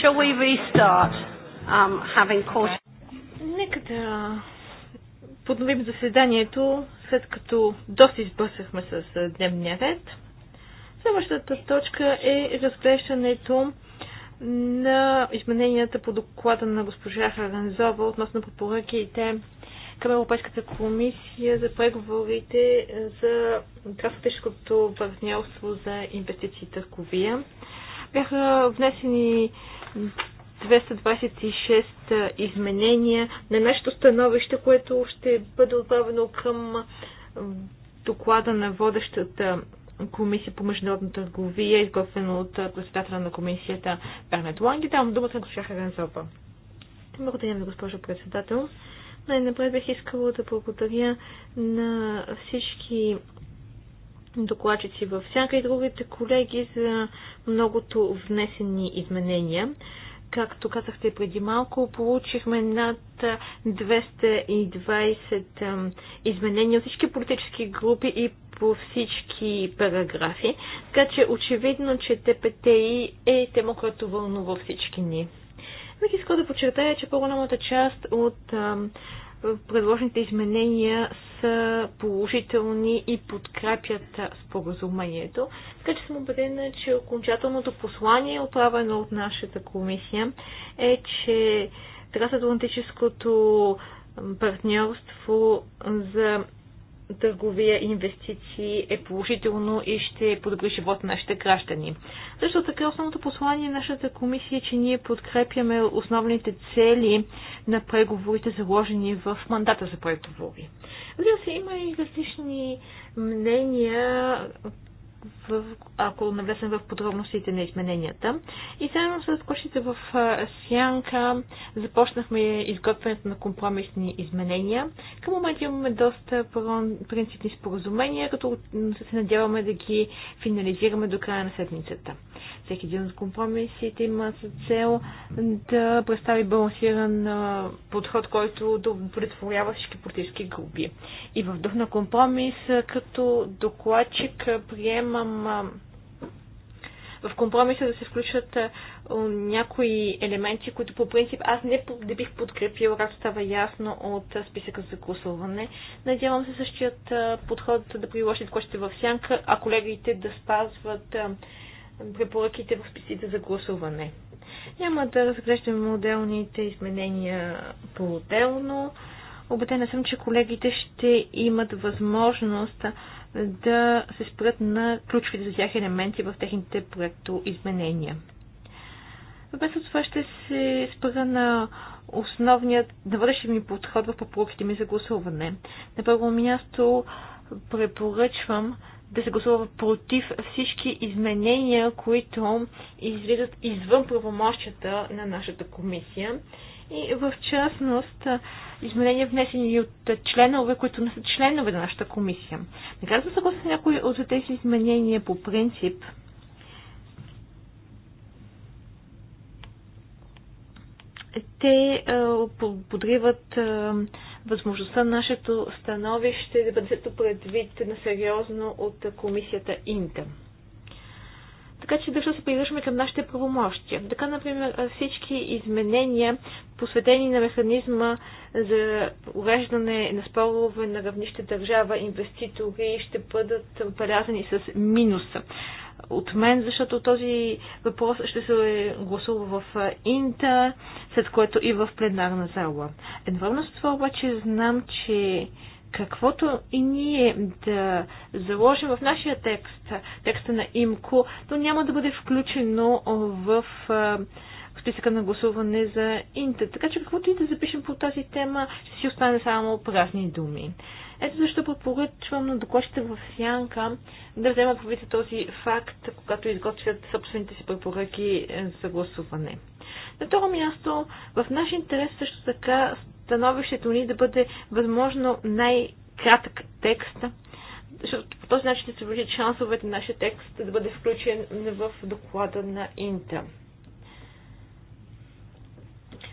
Shall we restart um, having caught... Нека да подновим заседанието, след като доста избърсахме с дневния ред. Следващата точка е разглеждането на измененията по доклада на госпожа Харанзова относно препоръките към Европейската комисия за преговорите за трансатлантическото партньорство за инвестиции и търговия. Бяха внесени 226 изменения на нашето становище, което ще бъде отправено към доклада на водещата комисия по международна търговия, изготвено от председателя на комисията Бернет Ланги. Давам думата на госпожа Харензопа. Благодаря ви, госпожо председател. Най-напред бих искала да благодаря на всички докладчици в сянка и другите колеги за многото внесени изменения. Както казахте преди малко, получихме над 220 изменения от всички политически групи и по всички параграфи. Така че очевидно, че ТПТИ е тема, която вълнува всички ни. Бих искал да подчертая, че по-голямата част от предложените изменения са положителни и подкрепят споразумението. Така че съм убедена, че окончателното послание, отправено от нашата комисия, е, че трансатлантическото партньорство за търговия и инвестиции е положително и ще подобри живот на нашите граждани. Също така основното послание на нашата комисия е, че ние подкрепяме основните цели на преговорите, заложени в мандата за преговори. Разбира се, има и различни мнения в, ако навлезем в подробностите на измененията. И заедно с кошите в сянка започнахме изготвянето на компромисни изменения. Към момента имаме доста принципни споразумения, като се надяваме да ги финализираме до края на седмицата. Всеки един от компромисите има за цел да представи балансиран подход, който да удовлетворява всички политически групи. И в дух на компромис, като докладчик, приемам в компромиса да се включат някои елементи, които по принцип аз не, не бих подкрепила, както става ясно от списъка за гласуване. Надявам се същият подход да приложи докладчите в сянка, а колегите да спазват препоръките в списите за гласуване. Няма да разглеждаме отделните изменения по-отделно. Обедена съм, че колегите ще имат възможност да се спрат на ключовите за тях елементи в техните проекто изменения. Вместо това ще се спра на основният, на ми подход в препоръките ми за гласуване. На първо място препоръчвам да се гласува против всички изменения, които излизат извън правомощията на нашата комисия. И в частност, изменения внесени от членове, които не са членове на нашата комисия. Не казвам съгласен някои от тези изменения по принцип, те подриват възможността нашето становище да бъде взето предвид на сериозно от комисията Инта. Така че държа се придържаме към нашите правомощия. Така, например, всички изменения, посветени на механизма за уреждане на спорове на равнище държава, инвеститори ще бъдат отбелязани с минуса от мен, защото този въпрос ще се гласува в Инта, след което и в пленарна зала. Едновременно с това обаче знам, че каквото и ние да заложим в нашия текст, текста на ИМКО, то няма да бъде включено в списъка на гласуване за Инта. Така че каквото и да запишем по тази тема, ще си остане само празни думи. Ето защо препоръчвам на докладчите в Сянка да вземат предвид този факт, когато изготвят собствените си препоръки за гласуване. На второ място, в наш интерес също така становището ни да бъде възможно най-кратък текст, защото по този начин ще се върши шансовете на нашия текст да бъде включен в доклада на Инта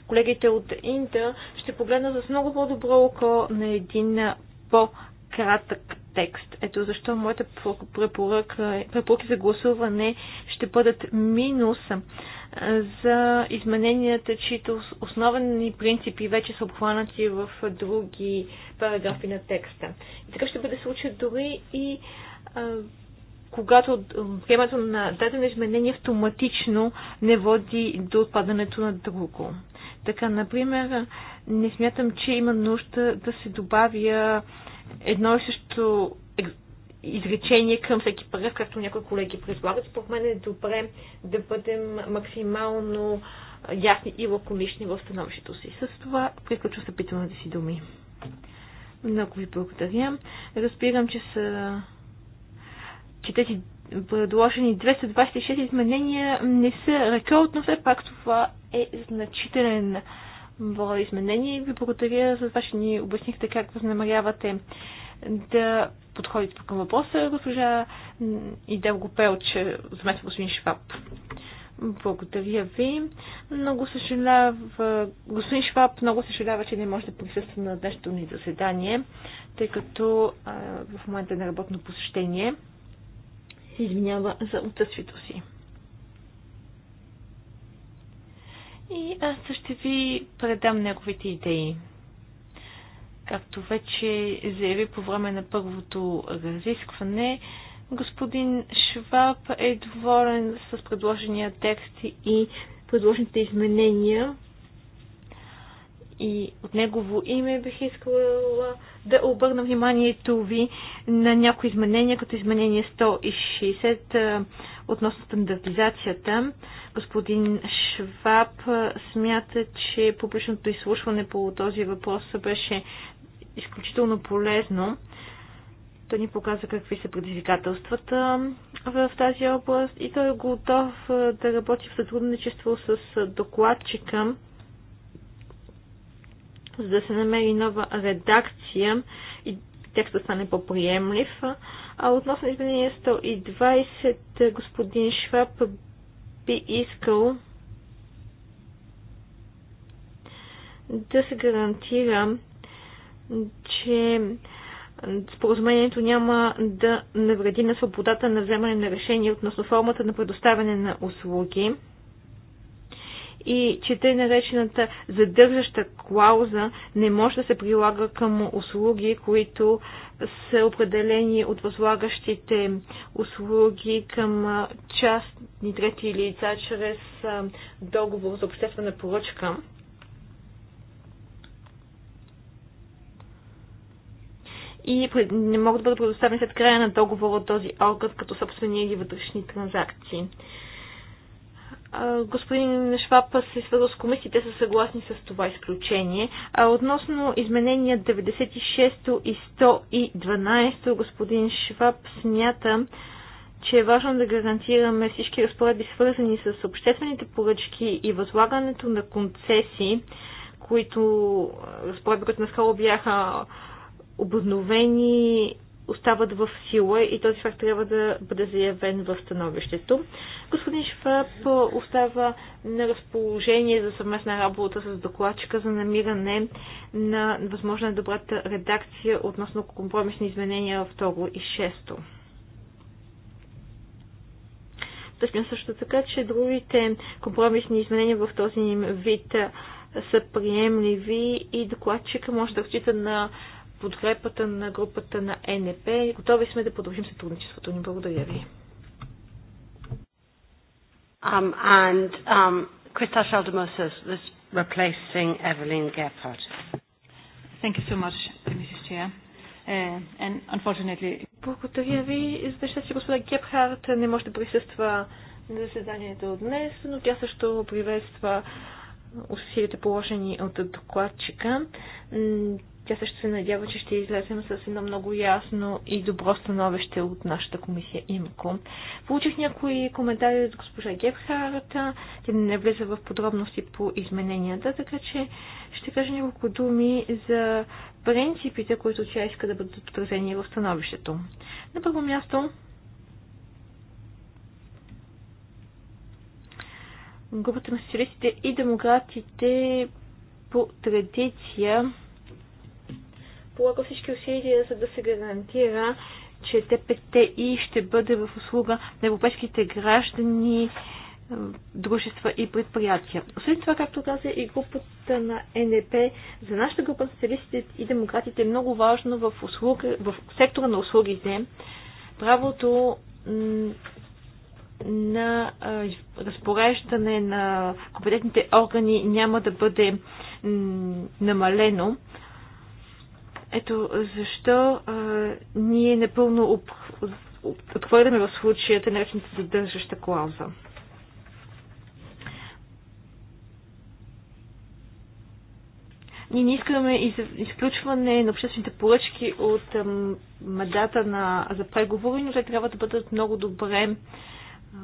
колегите от Инта ще погледнат с много по-добро око на един по-кратък текст. Ето защо моята препоръка, е- препоръки за гласуване ще бъдат минус за измененията, чието основни принципи вече са обхванати в други параграфи на текста. И така ще бъде случай дори и когато приемането на дадено изменение автоматично не води до отпадането на друго. Така, например, не смятам, че има нужда да се добавя едно и също изречение към всеки параграф, както някои колеги предлагат. Според мен е добре да бъдем максимално ясни и лаконични в становището си. С това приключва да си думи. Много ви благодаря. Разбирам, че са че тези предложени 226 изменения не са рекорд, но все пак това е значителен брой изменения ви благодаря за това, че ни обяснихте как възнамерявате да подходите към въпроса, госпожа го Пелче, заместник господин Шваб. Благодаря ви. Много съжалява, господин Шваб, много съжалява, че не може да присъства на днешното ни заседание, тъй като а, в момента е на работно посещение се извинява за отсъствието си. И аз ще ви предам неговите идеи. Както вече заяви по време на първото разискване, господин Шваб е доволен с предложения текст и предложените изменения, и от негово име бих искала да обърна вниманието ви на някои изменения, като изменение 160 относно стандартизацията. Господин Шваб смята, че публичното изслушване по този въпрос беше изключително полезно. Той ни показа какви са предизвикателствата в тази област и той е готов да работи в сътрудничество с докладчика за да се намери нова редакция и текстът стане по-приемлив. А относно изменение 120, господин Шваб би искал да се гарантира, че споразумението няма да навреди на свободата на вземане на решение относно формата на предоставяне на услуги и че тъй наречената задържаща клауза не може да се прилага към услуги, които са определени от възлагащите услуги към частни трети лица чрез договор за обществена поръчка. и не могат да бъдат предоставени след края на договора от този орган като собствени или вътрешни транзакции господин Нешвап се свързва с комисиите, са съгласни с това изключение. А относно изменения 96 и 112, господин Шваб смята, че е важно да гарантираме всички разпоредби, свързани с обществените поръчки и възлагането на концесии, които разпоредби, които наскоро бяха обновени остават в сила и този факт трябва да бъде заявен в становището. Господин Шваб остава на разположение за съвместна работа с докладчика за намиране на възможна добрата редакция относно компромисни изменения второ и шесто. Точно също така, че другите компромисни изменения в този вид са приемливи и докладчика може да отчита на подкрепата на групата на НП. Готови сме да продължим сътрудничеството ни. Благодаря ви. Um, and um, Christa Shaldemosis was replacing Evelyn Gephardt. Thank you so much, Mrs. Chair. Uh, and unfortunately... Благодаря ви. За щастие, господа Гепхарт не може да присъства на заседанието днес, но тя също приветства усилията положени от докладчика. Тя също се надява, че ще излезем с едно много ясно и добро становище от нашата комисия ИМКО. Получих някои коментари от госпожа Гебхарата. Тя не влиза в подробности по измененията, така че ще кажа няколко думи за принципите, които тя иска да бъдат отразени в становището. На първо място, групата на социалистите и демократите по традиция полага всички усилия, за да се гарантира, че ТПТ и ще бъде в услуга на европейските граждани, дружества и предприятия. Освен това, както каза и групата на НП, за нашата група на социалистите и демократите е много важно в, услуга, в сектора на услугите правото на разпореждане на компетентните органи няма да бъде намалено, ето защо а, ние напълно об, отхвърляме в случая тъй наречената задържаща клауза. Ние не искаме из, изключване на обществените поръчки от ам, на, за преговори, но те трябва да бъдат много добре а,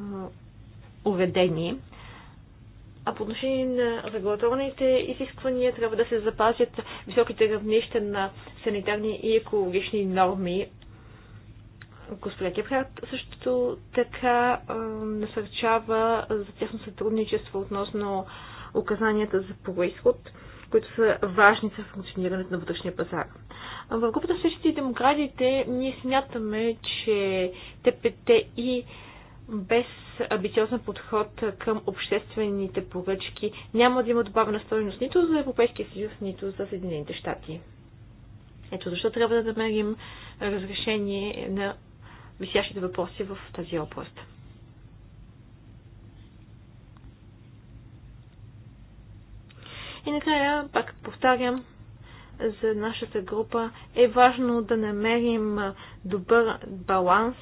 уредени. А по отношение на регулаторните изисквания трябва да се запазят високите равнища на санитарни и екологични норми. Господин Кепхарт също така насърчава за тяхно сътрудничество относно указанията за происход, които са важни за функционирането на вътрешния пазар. В групата Същите демократите ние смятаме, че ТПТ и без амбициозен подход към обществените поръчки няма да има добавена стоеност нито за Европейския съюз, нито за Съединените щати. Ето защо трябва да намерим разрешение на висящите въпроси в тази област. И накрая, пак повтарям, за нашата група е важно да намерим добър баланс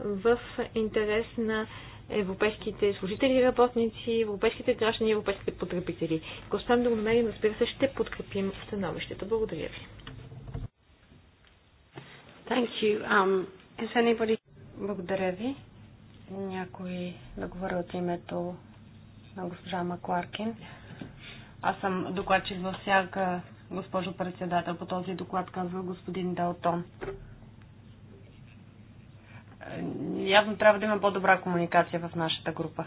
в интерес на европейските служители и работници, европейските граждани и европейските потребители. Ако успеем да го намерим, разбира се, ще подкрепим становището. Благодаря ви. Thank you. Um, is anybody... Благодаря ви. Някой да говори от името на госпожа Макларкин. Аз съм докладчик във всяка госпожо председател по този доклад, казва господин Далтон явно трябва да има по-добра комуникация в нашата група.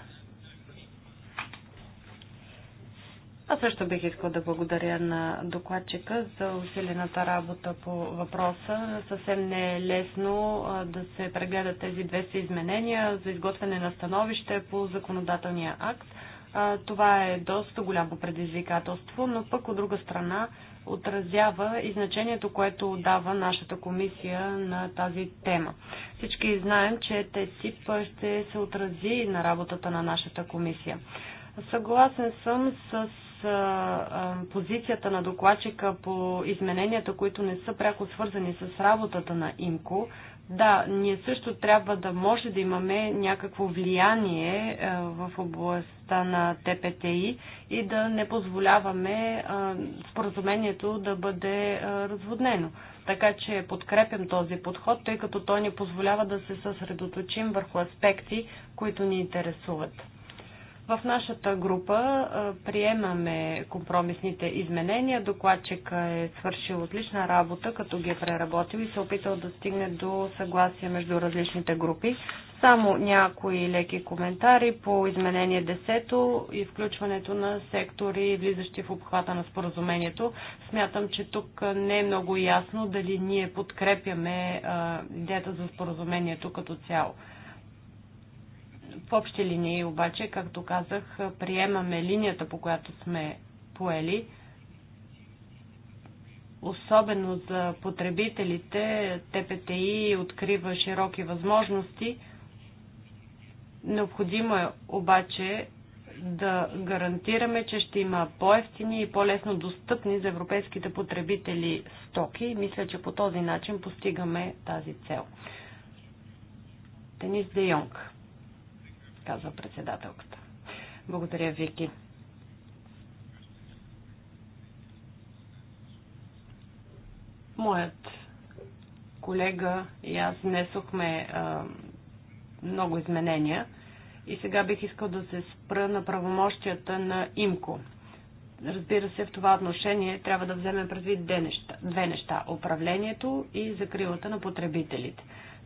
Аз също бих искал да благодаря на докладчика за усилената работа по въпроса. Съвсем не е лесно да се прегледат тези 200 изменения за изготвяне на становище по законодателния акт. Това е доста голямо предизвикателство, но пък от друга страна отразява и значението, което дава нашата комисия на тази тема. Всички знаем, че ТЕСИП ще се отрази на работата на нашата комисия. Съгласен съм с позицията на докладчика по измененията, които не са пряко свързани с работата на ИМКО, да, ние също трябва да може да имаме някакво влияние е, в областта на ТПТИ и да не позволяваме е, споразумението да бъде е, разводнено. Така че подкрепям този подход, тъй като той ни позволява да се съсредоточим върху аспекти, които ни интересуват. В нашата група приемаме компромисните изменения. Докладчик е свършил отлична работа, като ги е преработил и се е опитал да стигне до съгласие между различните групи. Само някои леки коментари по изменение 10 и включването на сектори, влизащи в обхвата на споразумението. Смятам, че тук не е много ясно дали ние подкрепяме идеята за споразумението като цяло. В общи линии обаче, както казах, приемаме линията, по която сме поели. Особено за потребителите, ТПТИ открива широки възможности. Необходимо е обаче да гарантираме, че ще има по-ефтини и по-лесно достъпни за европейските потребители стоки. Мисля, че по този начин постигаме тази цел. Денис Де Йонг казва председателката. Благодаря, Вики. Моят колега и аз внесохме а, много изменения и сега бих искал да се спра на правомощията на ИМКО. Разбира се, в това отношение трябва да вземем предвид две неща, две неща управлението и закрилата на потребителите.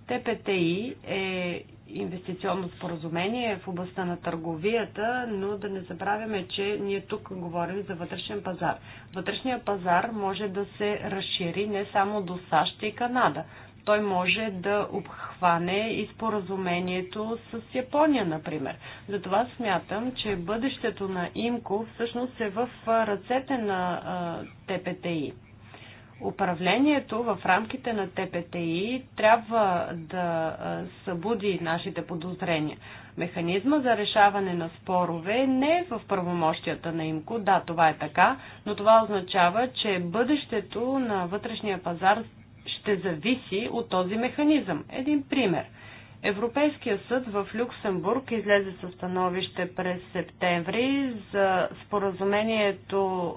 ТПТИ е инвестиционно споразумение в областта на търговията, но да не забравяме, че ние тук говорим за вътрешен пазар. Вътрешният пазар може да се разшири не само до САЩ и Канада. Той може да обхване и споразумението с Япония, например. Затова смятам, че бъдещето на ИМКО всъщност е в ръцете на ТПТИ. Управлението в рамките на ТПТИ трябва да събуди нашите подозрения. Механизма за решаване на спорове не е в правомощията на ИМКО, да, това е така, но това означава, че бъдещето на вътрешния пазар ще зависи от този механизъм. Един пример – Европейския съд в Люксембург излезе със становище през септември за споразумението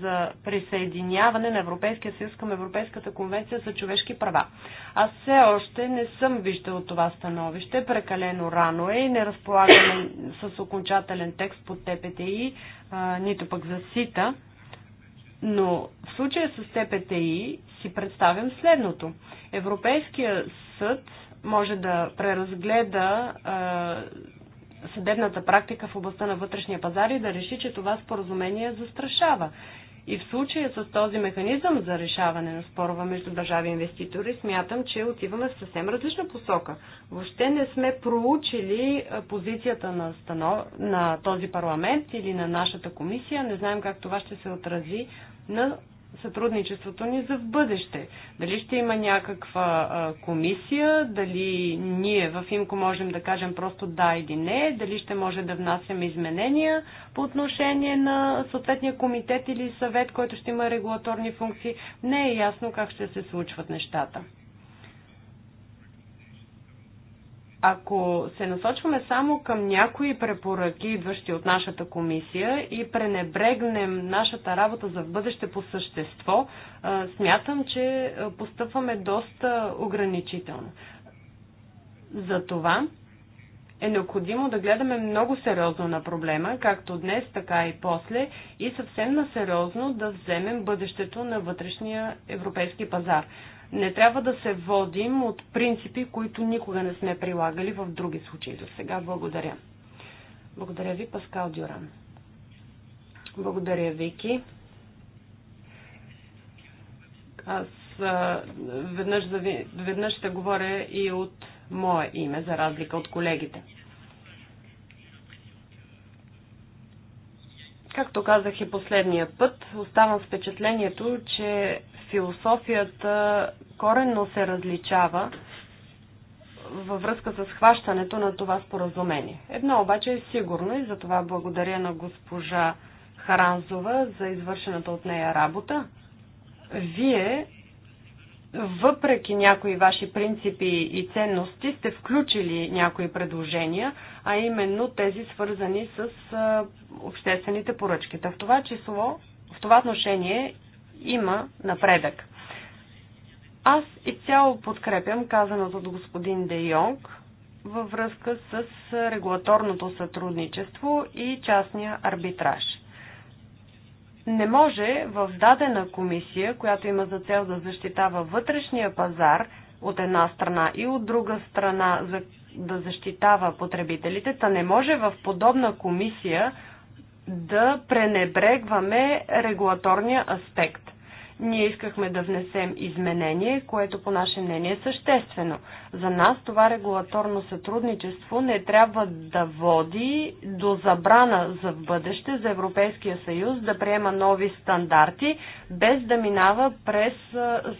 за присъединяване на Европейския съюз към Европейската конвенция за човешки права. Аз все още не съм виждал това становище, прекалено рано е и не разполагаме с окончателен текст под ТПТИ, нито пък за СИТА. Но в случая с ТПТИ си представям следното. Европейския съд може да преразгледа съдебната практика в областта на вътрешния пазар и да реши, че това споразумение застрашава. И в случая с този механизъм за решаване на спорова между държави и инвеститори, смятам, че отиваме в съвсем различна посока. Въобще не сме проучили позицията на, станов... на този парламент или на нашата комисия. Не знаем как това ще се отрази на сътрудничеството ни за в бъдеще. Дали ще има някаква а, комисия, дали ние в ИМКО можем да кажем просто да или не, дали ще може да внасяме изменения по отношение на съответния комитет или съвет, който ще има регулаторни функции. Не е ясно как ще се случват нещата. ако се насочваме само към някои препоръки, идващи от нашата комисия и пренебрегнем нашата работа за бъдеще по същество, смятам, че постъпваме доста ограничително. Затова е необходимо да гледаме много сериозно на проблема, както днес, така и после, и съвсем насериозно да вземем бъдещето на вътрешния европейски пазар. Не трябва да се водим от принципи, които никога не сме прилагали в други случаи до сега. Благодаря. Благодаря ви, Паскал Дюран. Благодаря, Вики. Аз веднъж, веднъж ще говоря и от мое име, за разлика от колегите. Както казах и последния път, оставам с впечатлението, че философията коренно се различава във връзка с хващането на това споразумение. Едно обаче е сигурно и за това благодаря на госпожа Харанзова за извършената от нея работа. Вие, въпреки някои ваши принципи и ценности, сте включили някои предложения, а именно тези свързани с обществените поръчки. В това число, в това отношение има напредък. Аз изцяло подкрепям казаното от господин Де Йонг във връзка с регулаторното сътрудничество и частния арбитраж. Не може в дадена комисия, която има за цел да защитава вътрешния пазар от една страна и от друга страна да защитава потребителите, та не може в подобна комисия да пренебрегваме регулаторния аспект. Ние искахме да внесем изменение, което по наше мнение е съществено. За нас това регулаторно сътрудничество не трябва да води до забрана за бъдеще за Европейския съюз да приема нови стандарти, без да минава през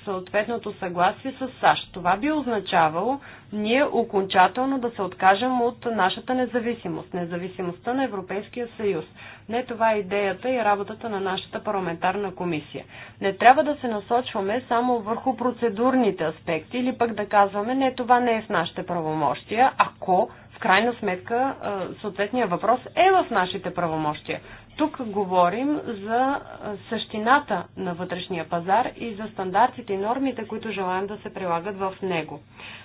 съответното съгласие с САЩ. Това би означавало ние окончателно да се откажем от нашата независимост, независимостта на Европейския съюз. Не това е идеята и работата на нашата парламентарна комисия. Не трябва да се насочваме само върху процедурните аспекти или пък да казваме, не, това не е в нашите правомощия, ако в крайна сметка съответният въпрос е в нашите правомощия. Тук говорим за същината на вътрешния пазар и за стандартите и нормите, които желаем да се прилагат в него.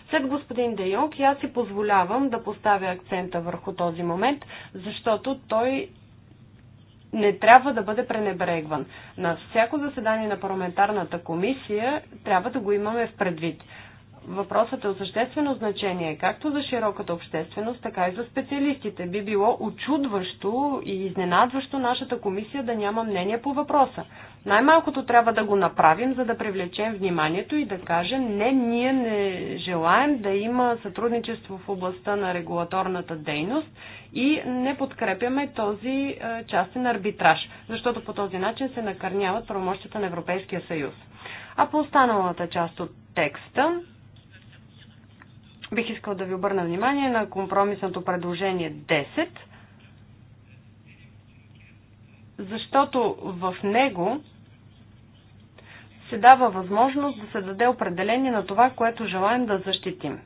След господин Де Йонг, аз си позволявам да поставя акцента върху този момент, защото той не трябва да бъде пренебрегван. На всяко заседание на парламентарната комисия трябва да го имаме в предвид. Въпросът е от съществено значение, както за широката общественост, така и за специалистите. Би било очудващо и изненадващо нашата комисия да няма мнение по въпроса. Най-малкото трябва да го направим, за да привлечем вниманието и да кажем, не, ние не желаем да има сътрудничество в областта на регулаторната дейност и не подкрепяме този е, частен арбитраж, защото по този начин се накърняват правомощията на Европейския съюз. А по останалата част от текста, Бих искал да ви обърна внимание на компромисното предложение 10, защото в него се дава възможност да се даде определение на това, което желаем да защитим.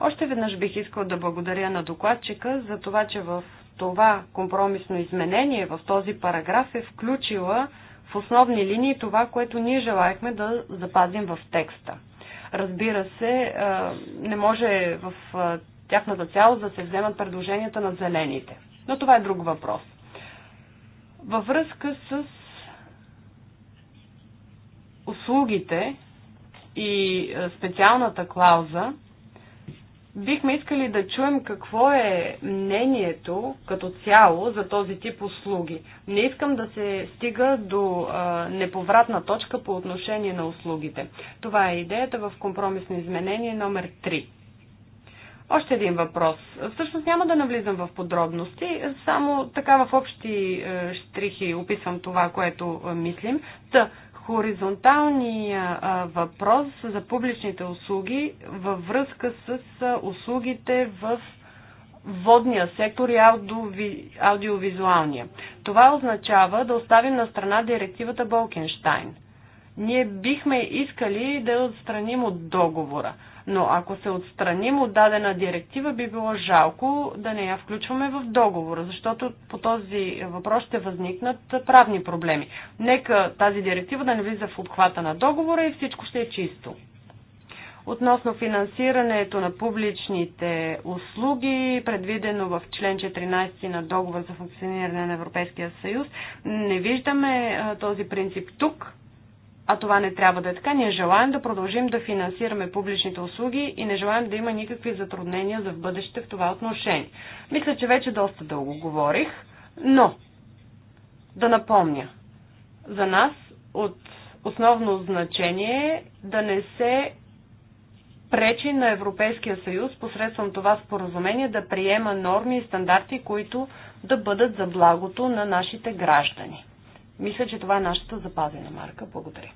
Още веднъж бих искал да благодаря на докладчика за това, че в това компромисно изменение, в този параграф е включила в основни линии това, което ние желаехме да запазим в текста. Разбира се, не може в тяхната цялост да се вземат предложенията на зелените. Но това е друг въпрос. Във връзка с услугите и специалната клауза, Бихме искали да чуем какво е мнението като цяло за този тип услуги. Не искам да се стига до а, неповратна точка по отношение на услугите. Това е идеята в компромисно изменение номер 3. Още един въпрос. Всъщност няма да навлизам в подробности, само така в общи е, штрихи описвам това, което е, мислим. Та, хоризонталния въпрос за публичните услуги във връзка с услугите в водния сектор и аудиови, аудиовизуалния. Това означава да оставим на страна директивата Болкенштайн. Ние бихме искали да отстраним от договора. Но ако се отстраним от дадена директива, би било жалко да не я включваме в договора, защото по този въпрос ще възникнат правни проблеми. Нека тази директива да не влиза в обхвата на договора и всичко ще е чисто. Относно финансирането на публичните услуги, предвидено в член 14 на договор за функциониране на Европейския съюз, не виждаме този принцип тук, а това не трябва да е така. Ние желаем да продължим да финансираме публичните услуги и не желаем да има никакви затруднения за в бъдеще в това отношение. Мисля, че вече доста дълго говорих, но да напомня, за нас от основно значение е да не се пречи на Европейския съюз посредством това споразумение да приема норми и стандарти, които да бъдат за благото на нашите граждани. Мисля, че това е нашата запазена марка. Благодаря.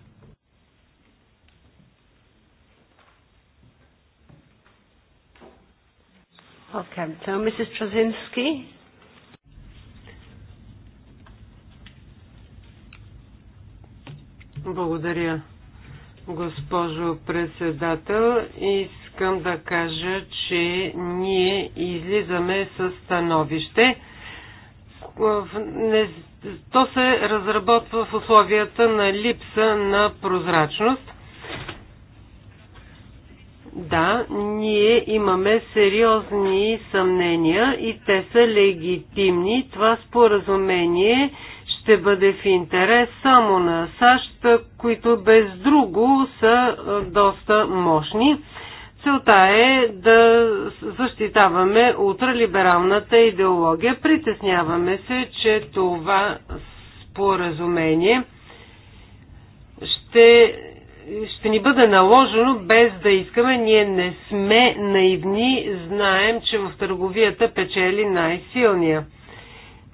Okay, so Mrs. Trzynski. Благодаря, госпожо председател. Искам да кажа, че ние излизаме с становище. Не то се разработва в условията на липса на прозрачност. Да, ние имаме сериозни съмнения и те са легитимни. Това споразумение ще бъде в интерес само на САЩ, които без друго са доста мощни. Целта е да защитаваме ултралибералната идеология. Притесняваме се, че това споразумение ще, ще ни бъде наложено без да искаме. Ние не сме наивни, знаем, че в търговията печели най-силния.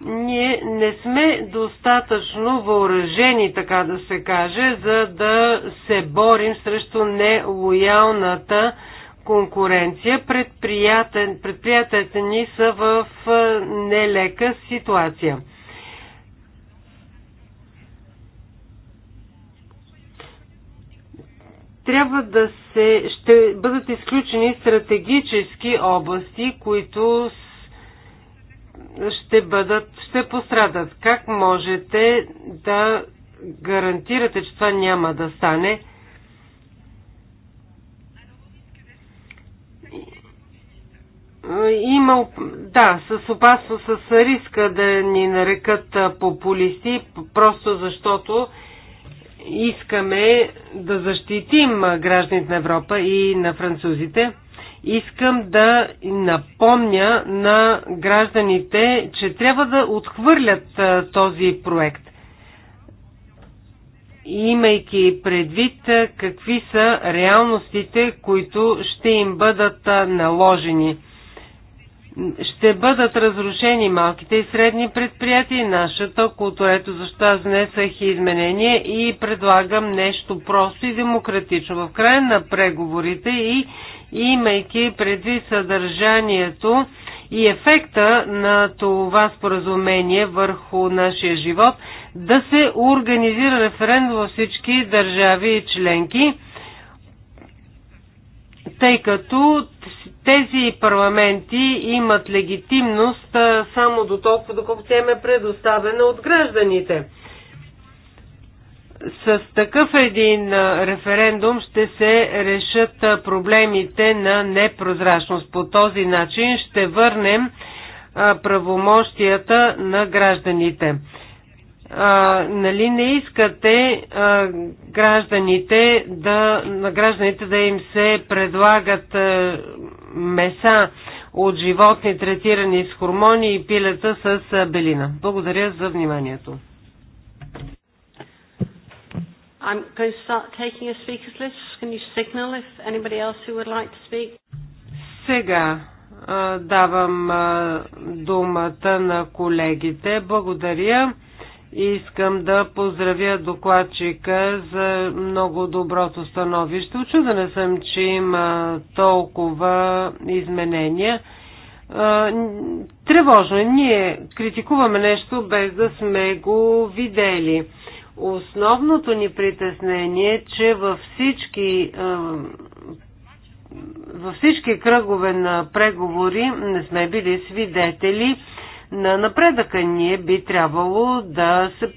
Ние не сме достатъчно въоръжени, така да се каже, за да се борим срещу нелоялната конкуренция. Предприятията ни са в нелека ситуация. трябва да се, ще бъдат изключени стратегически области, които ще бъдат, ще пострадат. Как можете да гарантирате, че това няма да стане? има, да, с опасност, с риска да ни нарекат популисти, просто защото искаме да защитим гражданите на Европа и на французите. Искам да напомня на гражданите, че трябва да отхвърлят този проект, имайки предвид какви са реалностите, които ще им бъдат наложени – ще бъдат разрушени малките и средни предприятия и нашата култура. Ето защо аз внесах изменение и предлагам нещо просто и демократично. В края на преговорите и имайки предвид съдържанието и ефекта на това споразумение върху нашия живот, да се организира референдум във всички държави и членки тъй като тези парламенти имат легитимност само до толкова, доколкото тя им е предоставена от гражданите. С такъв един референдум ще се решат проблемите на непрозрачност. По този начин ще върнем правомощията на гражданите а, нали не искате а, гражданите да, на гражданите да им се предлагат а, меса от животни, третирани с хормони и пилета с а, белина. Благодаря за вниманието. I'm going to start taking a speaker's list. Can you signal if anybody else who would like to speak? Сега а, давам а, думата на колегите. Благодаря. Искам да поздравя докладчика за много доброто становище. Очудена съм, че има толкова изменения. Тревожно е. Ние критикуваме нещо без да сме го видели. Основното ни притеснение е, че във всички, във всички кръгове на преговори не сме били свидетели на напредъка. Ние би трябвало да, се,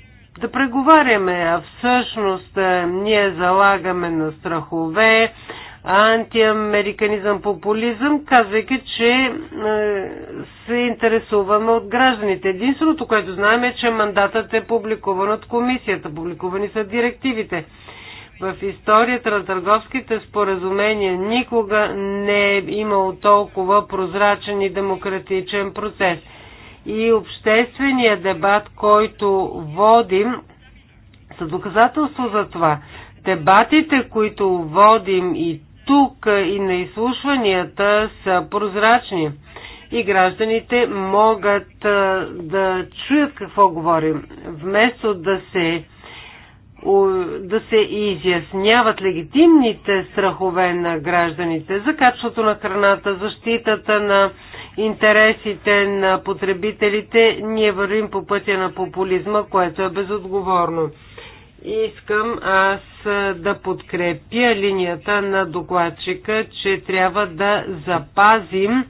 да преговаряме, а всъщност е, ние залагаме на страхове, антиамериканизъм, популизъм, казвайки, че е, се интересуваме от гражданите. Единственото, което знаем е, че мандатът е публикуван от комисията, публикувани са директивите. В историята на търговските споразумения никога не е имало толкова прозрачен и демократичен процес – и обществения дебат, който водим, са доказателство за това. Дебатите, които водим и тук, и на изслушванията са прозрачни и гражданите могат да чуят какво говорим, вместо да се да се изясняват легитимните страхове на гражданите за качеството на храната, защитата на интересите на потребителите, ние вървим по пътя на популизма, което е безотговорно. Искам аз да подкрепя линията на докладчика, че трябва да запазим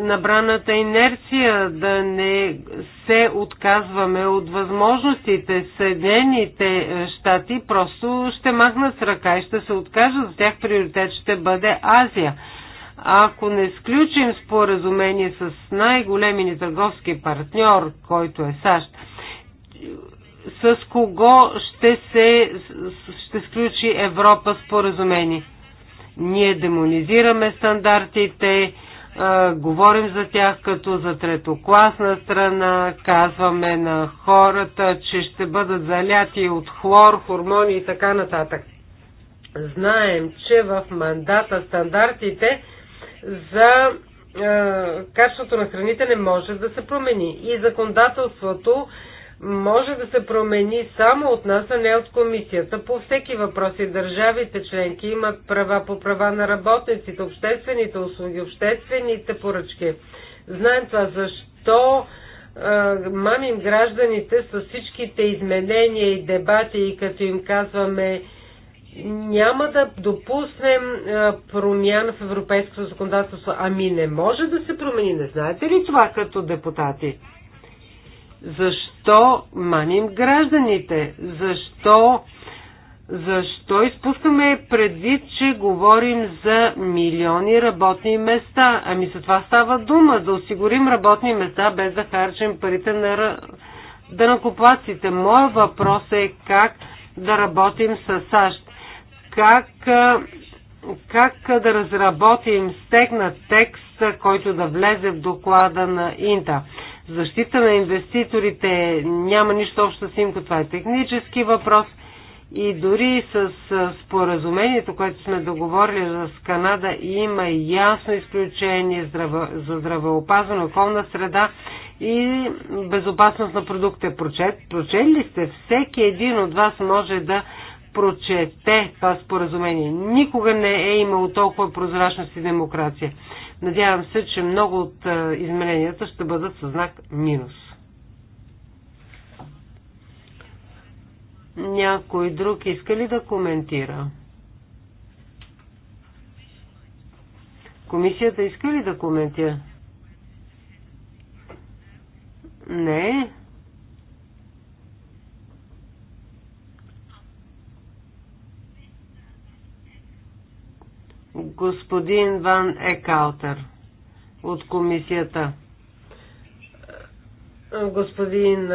набраната инерция, да не се отказваме от възможностите. Съединените щати просто ще махнат с ръка и ще се откажат. За тях приоритет ще бъде Азия. Ако не изключим споразумение с най-големи ни търговски партньор, който е САЩ, с кого ще се ще сключи Европа споразумение? Ние демонизираме стандартите, а, говорим за тях като за третокласна страна, казваме на хората, че ще бъдат заляти от хлор, хормони и така нататък. Знаем, че в мандата стандартите за е, качеството на храните не може да се промени. И законодателството може да се промени само от нас, а не от комисията. По всеки въпрос и държавите членки имат права по права на работниците, обществените услуги, обществените поръчки. Знаем това защо е, мамим гражданите с всичките изменения и дебати и като им казваме няма да допуснем промяна в европейското законодателство. Ами не може да се промени, не знаете ли това като депутати? Защо маним гражданите? Защо, защо изпускаме предвид, че говорим за милиони работни места? Ами за това става дума, да осигурим работни места без да харчим парите на дънакоплаците. Моя въпрос е как да работим с САЩ как, как да разработим стегнат текст, който да влезе в доклада на Инта. Защита на инвеститорите няма нищо общо с Имко, това е технически въпрос и дори с споразумението, което сме договорили с Канада, има ясно изключение за здравеопазване, околна среда и безопасност на продукта. Прочели ли сте? Всеки един от вас може да прочете това споразумение. Никога не е имало толкова прозрачност и демокрация. Надявам се, че много от измененията ще бъдат със знак минус. Някой друг иска ли да коментира? Комисията иска ли да коментира? Не. господин Ван Екалтер от комисията. Господин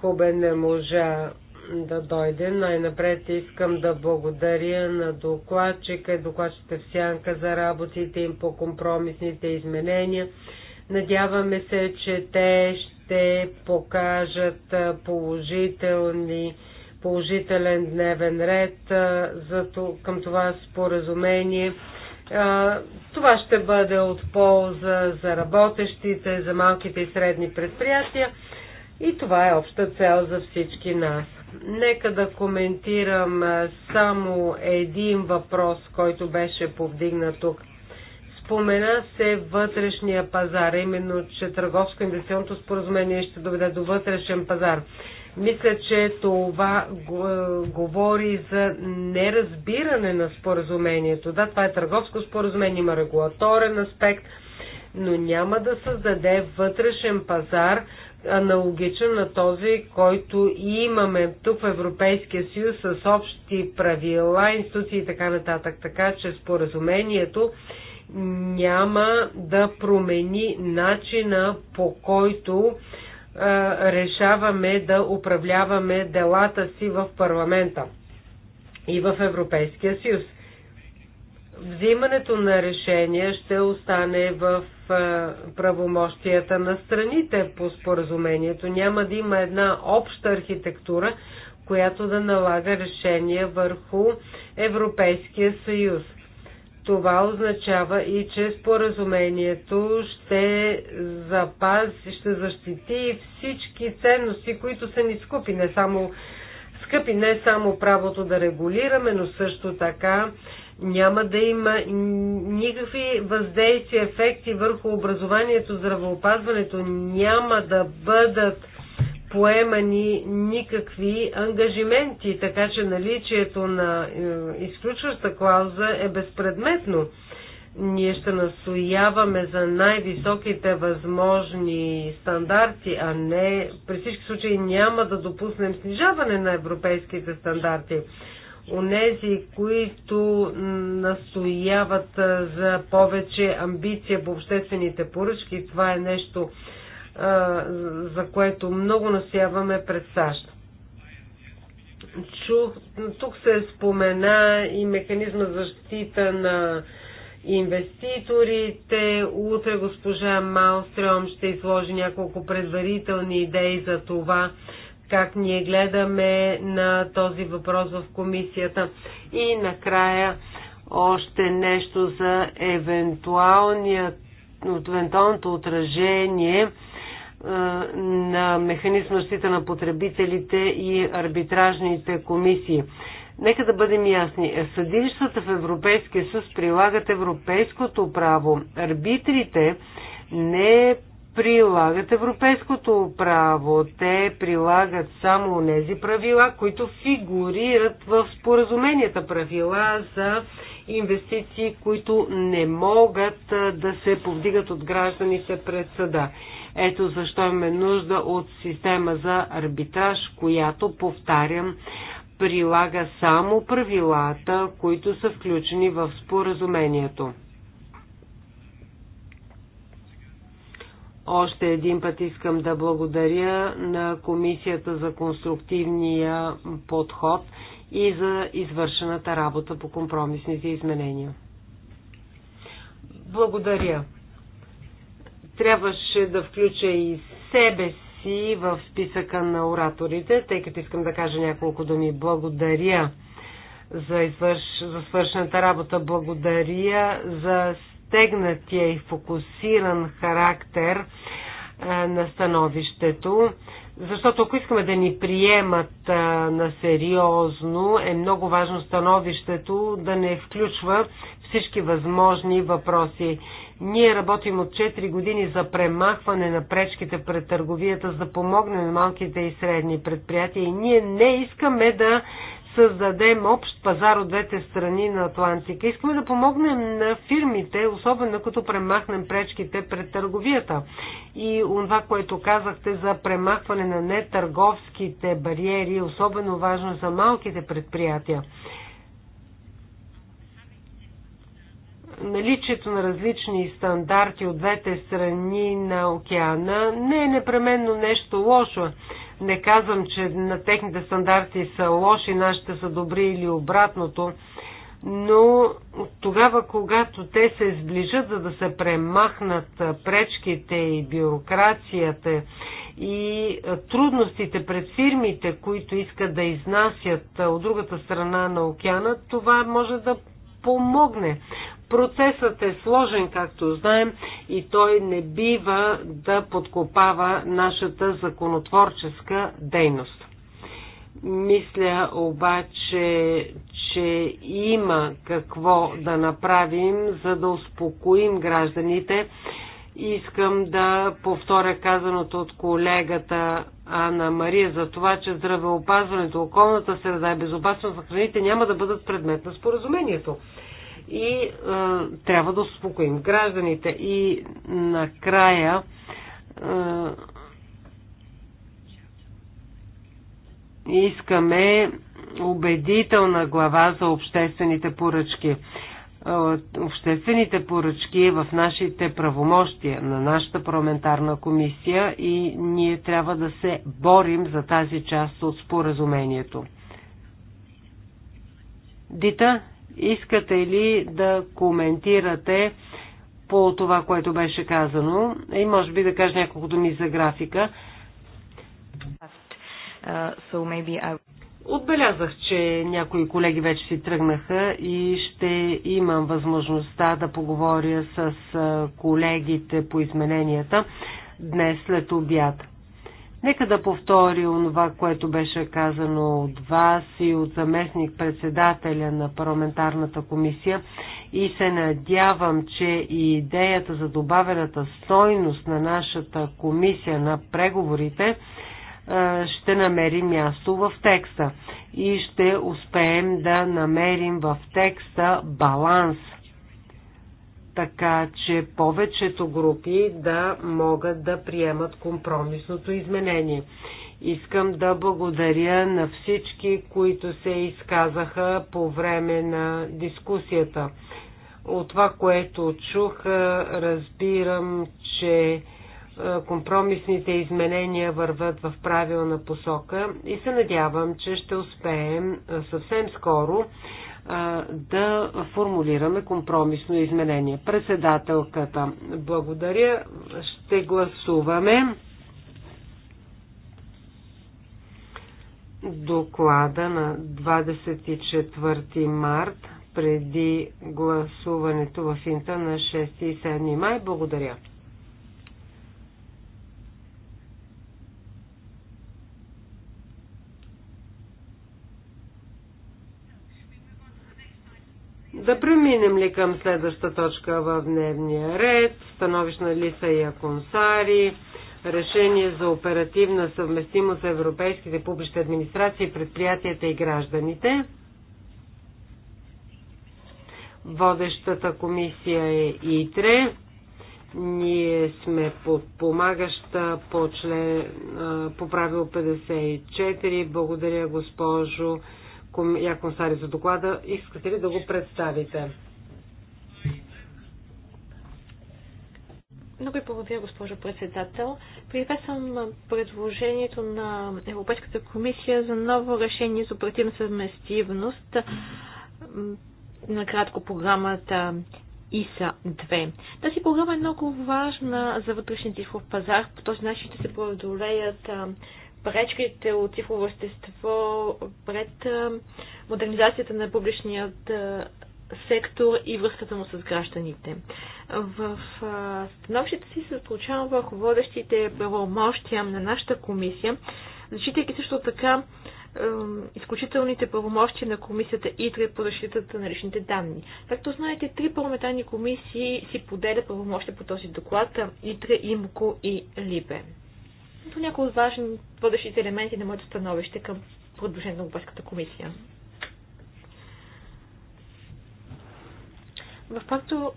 Хубен не можа да дойде. Най-напред искам да благодаря на докладчика и докладчите в сянка за работите им по компромисните изменения. Надяваме се, че те ще покажат положителни положителен дневен ред за, към това споразумение. Това ще бъде от полза за работещите, за малките и средни предприятия и това е обща цел за всички нас. Нека да коментирам само един въпрос, който беше повдигнат тук. Спомена се вътрешния пазар, именно, че търговско-инвестиционното споразумение ще доведе до вътрешен пазар. Мисля, че това е, говори за неразбиране на споразумението. Да, това е търговско споразумение, има регулаторен аспект, но няма да създаде вътрешен пазар, аналогичен на този, който имаме тук в Европейския съюз с общи правила, институции и така нататък. Така че споразумението няма да промени начина по който решаваме да управляваме делата си в парламента и в Европейския съюз. Взимането на решения ще остане в правомощията на страните по споразумението. Няма да има една обща архитектура, която да налага решения върху Европейския съюз. Това означава и, че споразумението ще запази, ще защити всички ценности, които са ни скъпи, не само скъпи, не само правото да регулираме, но също така няма да има никакви въздействия, ефекти върху образованието, здравеопазването, няма да бъдат поемани никакви ангажименти, така че наличието на е, изключваща клауза е безпредметно. Ние ще настояваме за най-високите възможни стандарти, а не при всички случаи няма да допуснем снижаване на европейските стандарти. Онези, които настояват е, за повече амбиция по обществените поръчки, това е нещо за което много насяваме пред САЩ. Чух, тук се спомена и механизма за защита на инвеститорите. Утре госпожа Малстрем ще изложи няколко предварителни идеи за това, как ние гледаме на този въпрос в комисията. И накрая още нещо за евентуалният, евентуалното отражение на механизма защита на потребителите и арбитражните комисии. Нека да бъдем ясни. Съдилищата в Европейския съюз прилагат европейското право. Арбитрите не прилагат европейското право. Те прилагат само тези правила, които фигурират в споразуменията. Правила за инвестиции, които не могат да се повдигат от гражданите пред съда. Ето защо имаме нужда от система за арбитраж, която, повтарям, прилага само правилата, които са включени в споразумението. Още един път искам да благодаря на Комисията за конструктивния подход и за извършената работа по компромисните изменения. Благодаря трябваше да включа и себе си в списъка на ораторите, тъй като искам да кажа няколко думи. Благодаря за, извърш, за свършената работа, благодаря за стегнатия и фокусиран характер на становището, защото ако искаме да ни приемат а, на сериозно, е много важно становището да не включва всички възможни въпроси. Ние работим от 4 години за премахване на пречките пред търговията, за да помогне на малките и средни предприятия и ние не искаме да създадем общ пазар от двете страни на Атлантика. Искаме да помогнем на фирмите, особено като премахнем пречките пред търговията. И това, което казахте за премахване на нетърговските бариери, е особено важно за малките предприятия. наличието на различни стандарти от двете страни на океана не е непременно нещо лошо. Не казвам, че на техните стандарти са лоши, нашите са добри или обратното, но тогава, когато те се сближат, за да се премахнат пречките и бюрокрацията и трудностите пред фирмите, които искат да изнасят от другата страна на океана, това може да помогне. Процесът е сложен, както знаем, и той не бива да подкопава нашата законотворческа дейност. Мисля обаче, че има какво да направим, за да успокоим гражданите. Искам да повторя казаното от колегата Анна Мария за това, че здравеопазването, околната среда и безопасност на храните няма да бъдат предмет на споразумението и а, е, трябва да успокоим гражданите. И накрая а, е, искаме убедителна глава за обществените поръчки. Е, обществените поръчки в нашите правомощия на нашата парламентарна комисия и ние трябва да се борим за тази част от споразумението. Дита, Искате ли да коментирате по това, което беше казано и може би да кажа няколко думи за графика? Отбелязах, че някои колеги вече си тръгнаха и ще имам възможността да поговоря с колегите по измененията днес след обяд. Нека да повтори онова, което беше казано от вас и от заместник председателя на парламентарната комисия и се надявам, че и идеята за добавената стойност на нашата комисия на преговорите е, ще намери място в текста и ще успеем да намерим в текста баланс – така че повечето групи да могат да приемат компромисното изменение. Искам да благодаря на всички, които се изказаха по време на дискусията. От това, което чух, разбирам, че компромисните изменения върват в правилна посока и се надявам, че ще успеем съвсем скоро да формулираме компромисно изменение. Председателката, благодаря. Ще гласуваме доклада на 24 март преди гласуването в Инта на 6 и 7 май. Благодаря. Да преминем ли към следваща точка в дневния ред? Становищна Лиса и Аконсари. Решение за оперативна съвместимост с европейските публични администрации, предприятията и гражданите. Водещата комисия е ИТРЕ. Ние сме подпомагаща по, член, по правил 54. Благодаря, госпожо Яконсари за доклада. Искате ли да го представите? Много ви благодаря, госпожо председател. Приветствам предложението на Европейската комисия за ново решение за оперативна съвместивност на кратко програмата ИСА 2. Тази програма е много важна за вътрешния тихов пазар. По този начин ще се преодолеят пречките от цифрово естество пред модернизацията на публичният сектор и връзката му с гражданите. В становището си се случавам върху водещите правомощия на нашата комисия, зачитайки също така изключителните правомощия на комисията три по защитата на личните данни. Както знаете, три парламентарни комисии си поделят правомощия по този доклад ИТРЕ, ИМКО и ЛИБЕ до някои от важни бъдещите елементи на моето становище към продължението на Европейската комисия. В пакто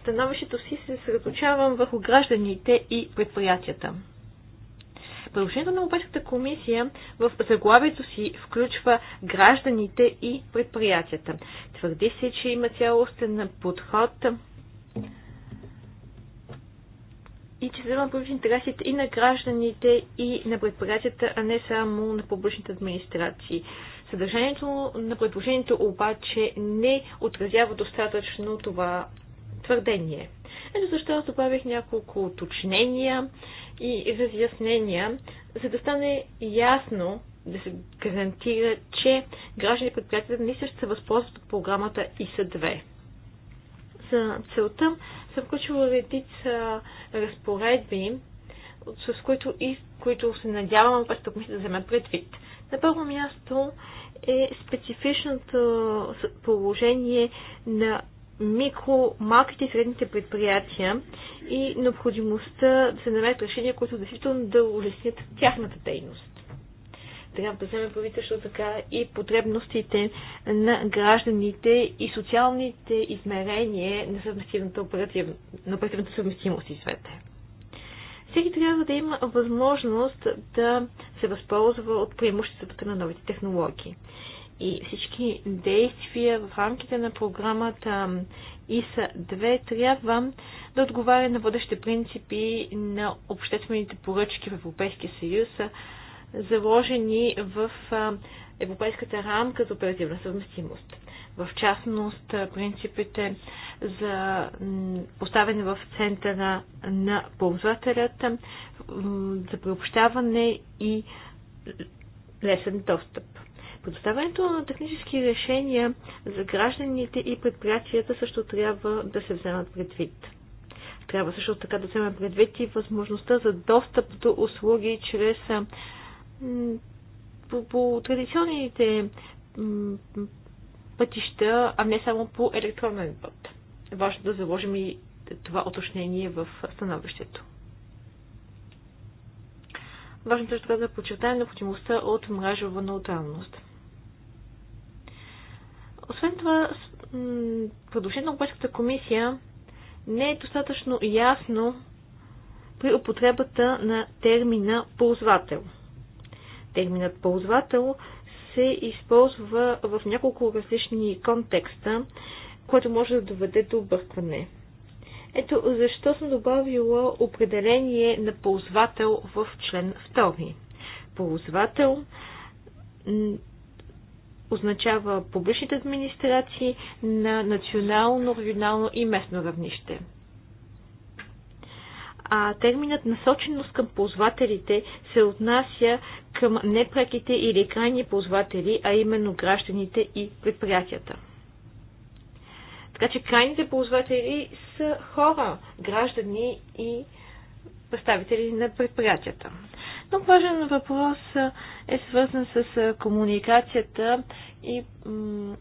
становището си се съсредоточавам върху гражданите и предприятията. Предложението на Европейската комисия в заглавието си включва гражданите и предприятията. Твърди се, че има цялостен подход и че се да публични интересите и на гражданите, и на предприятията, а не само на публичните администрации. Съдържанието на предложението обаче не отразява достатъчно това твърдение. Ето защо аз добавих няколко уточнения и разяснения, за да стане ясно, да се гарантира, че граждани предприятията не ще се възползват от програмата ИСА-2. За целта са включва редица разпоредби, с които, и, които се надявам Европейската да вземе предвид. На първо място е специфичното положение на микро, малките и средните предприятия и необходимостта да се намерят решения, които действително да улеснят тяхната дейност. Трябва да вземем правителство така и потребностите на гражданите и социалните измерения на съвместимата оперативна, на оперативната съвместимост, свете. Всеки трябва да има възможност да се възползва от преимуществата на новите технологии. И всички действия в рамките на програмата ИСА-2 трябва да отговаря на водещите принципи на обществените поръчки в Европейския съюз, заложени в Европейската рамка за оперативна съвместимост. В частност, принципите за поставяне в центъра на ползвателят, за приобщаване и лесен достъп. Предоставянето на технически решения за гражданите и предприятията също трябва да се вземат предвид. Трябва също така да вземем предвид и възможността за достъп до услуги чрез по, по традиционните пътища, а не само по електронен път. Важно да заложим и това уточнение в становището. Важно също така да подчертаем необходимостта от мрежова неутралност. Освен това, предложението на Европейската комисия не е достатъчно ясно при употребата на термина ползвател – Терминът ползвател се използва в няколко различни контекста, което може да доведе до объркване. Ето защо съм добавила определение на ползвател в член 2. Ползвател означава публичните администрации на национално, регионално и местно равнище а терминът насоченост към ползвателите се отнася към непреките или крайни ползватели, а именно гражданите и предприятията. Така че крайните ползватели са хора, граждани и представители на предприятията. Много важен въпрос е свързан с комуникацията и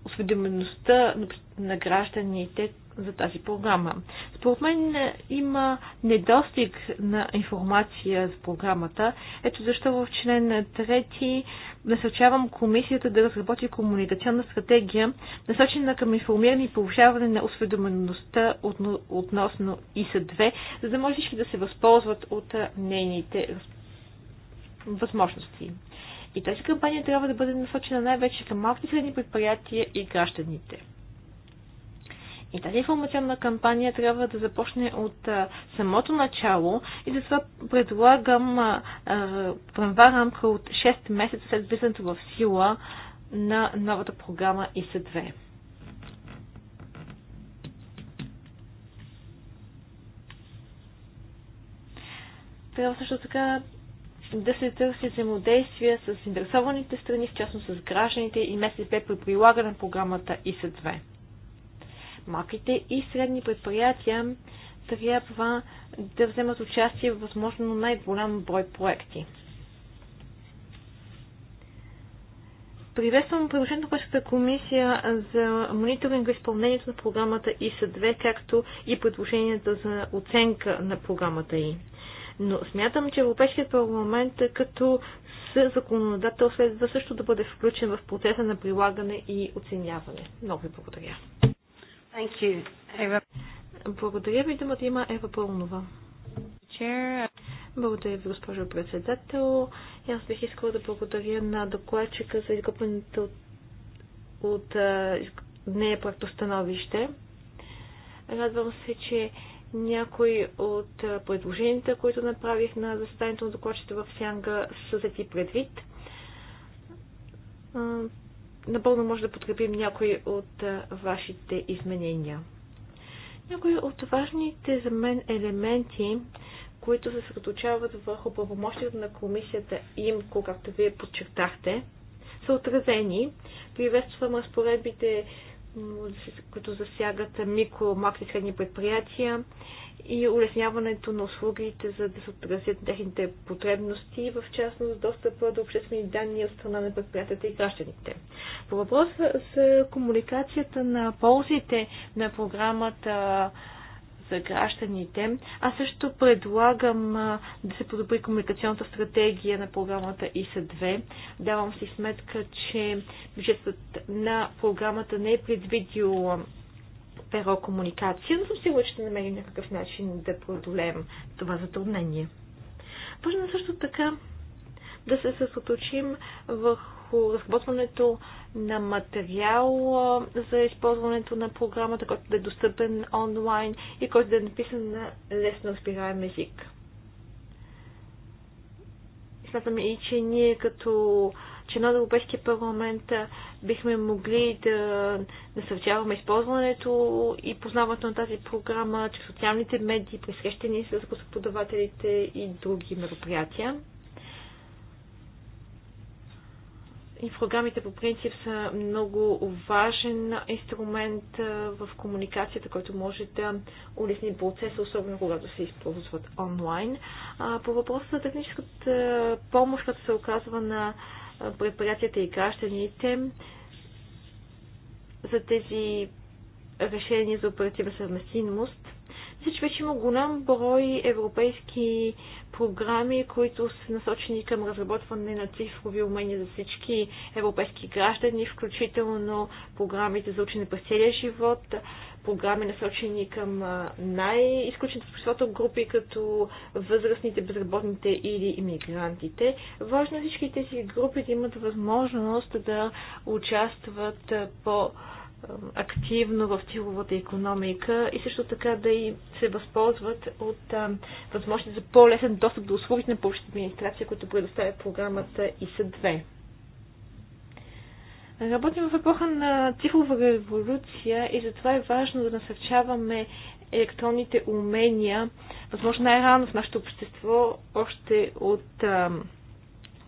осведомеността на гражданите за тази програма. Според мен има недостиг на информация за програмата. Ето защо в член 3 насърчавам комисията да разработи комуникационна стратегия, насочена към информиране и повишаване на осведомеността относно ИСА-2, за да може всички да се възползват от нейните разпоредби възможности. И тази кампания трябва да бъде насочена най-вече към малките средни предприятия и гражданите. И тази информационна кампания трябва да започне от а, самото начало и затова предлагам а, правила рамка от 6 месеца след влизането в сила на новата програма ИС-2. Трябва също така да се търси взаимодействие с интересованите страни, в частност с гражданите и МСП при прилагане на програмата ИС-2. Малките и средни предприятия трябва да вземат участие в възможно най-голям брой проекти. Приветствам приложението на Пърската комисия за мониторинга изпълнението на програмата ИС-2, както и предложенията за оценка на програмата И но смятам, че Европейският парламент като законодател следва също да бъде включен в процеса на прилагане и оценяване. Много ви благодаря. Thank you, Eva. Благодаря ви, думата има Ева Пълнова. Благодаря ви, госпожо председател. Аз бих искала да благодаря на докладчика за изготвеното от, от нея становище. Радвам се, че някои от предложенията, които направих на заседанието на докладчите в Сянга, са взети предвид. Напълно може да подкрепим някои от вашите изменения. Някои от важните за мен елементи, които се съсредоточават върху правомощията на комисията ИМКО, както вие подчертахте, са отразени. Приветствам разпоредбите които засягат микро, малки и средни предприятия и улесняването на услугите, за да се отразят техните потребности, в частност достъпа до обществени данни от страна на предприятията и гражданите. По въпроса с комуникацията на ползите на програмата за гражданите, също предлагам да се подобри комуникационната стратегия на програмата ИСА-2. Давам си сметка, че бюджетът на програмата не е предвидил перо комуникация, но съм сигурна, че ще намерим някакъв начин да преодолеем това затруднение. Важно е също така да се съсоточим върху разработването на материал за използването на програмата, който да е достъпен онлайн и който да е написан на лесно разбираем език. Смятам и, че ние като че на Европейския парламент бихме могли да насърчаваме използването и познаването на тази програма чрез социалните медии, при срещани с господавателите и други мероприятия. И програмите по принцип са много важен инструмент в комуникацията, който може да улесни процеса, особено когато се използват онлайн. По въпроса за техническата помощ, като се оказва на предприятията и гражданите, за тези решения за оперативна съвместимост, всички значи вече има голям брой европейски програми, които са насочени към разработване на цифрови умения за всички европейски граждани, включително програмите за учене през целия живот, програми насочени към най-изключените в обществото групи, като възрастните, безработните или иммигрантите. Важно е всички тези групи да имат възможност да участват по активно в силовата економика и също така да и се възползват от възможности за по-лесен достъп до услугите на публичната администрация, които предоставя програмата ИС-2. Работим в епоха на цифрова революция и затова е важно да насърчаваме електронните умения, възможно най-рано в нашето общество, още от а,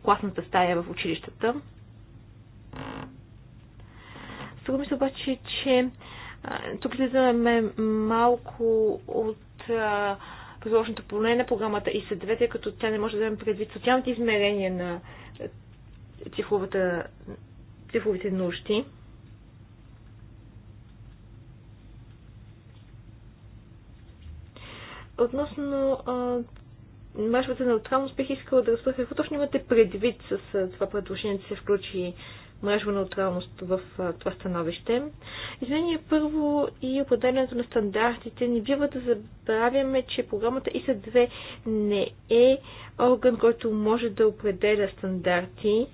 класната стая в училищата. Тук мисля, обаче, че а, тук излизаме малко от предложеното поне на програмата и след като тя не може да вземе предвид социалните измерения на цифровите нужди. Относно а, на неутралност, бих искала да разбера какво точно имате предвид с а, това предложение да се включи мрежова неутралност в това становище. Извинение първо и определенето на стандартите. Не бива да забравяме, че програмата ИСА-2 не е орган, който може да определя стандарти.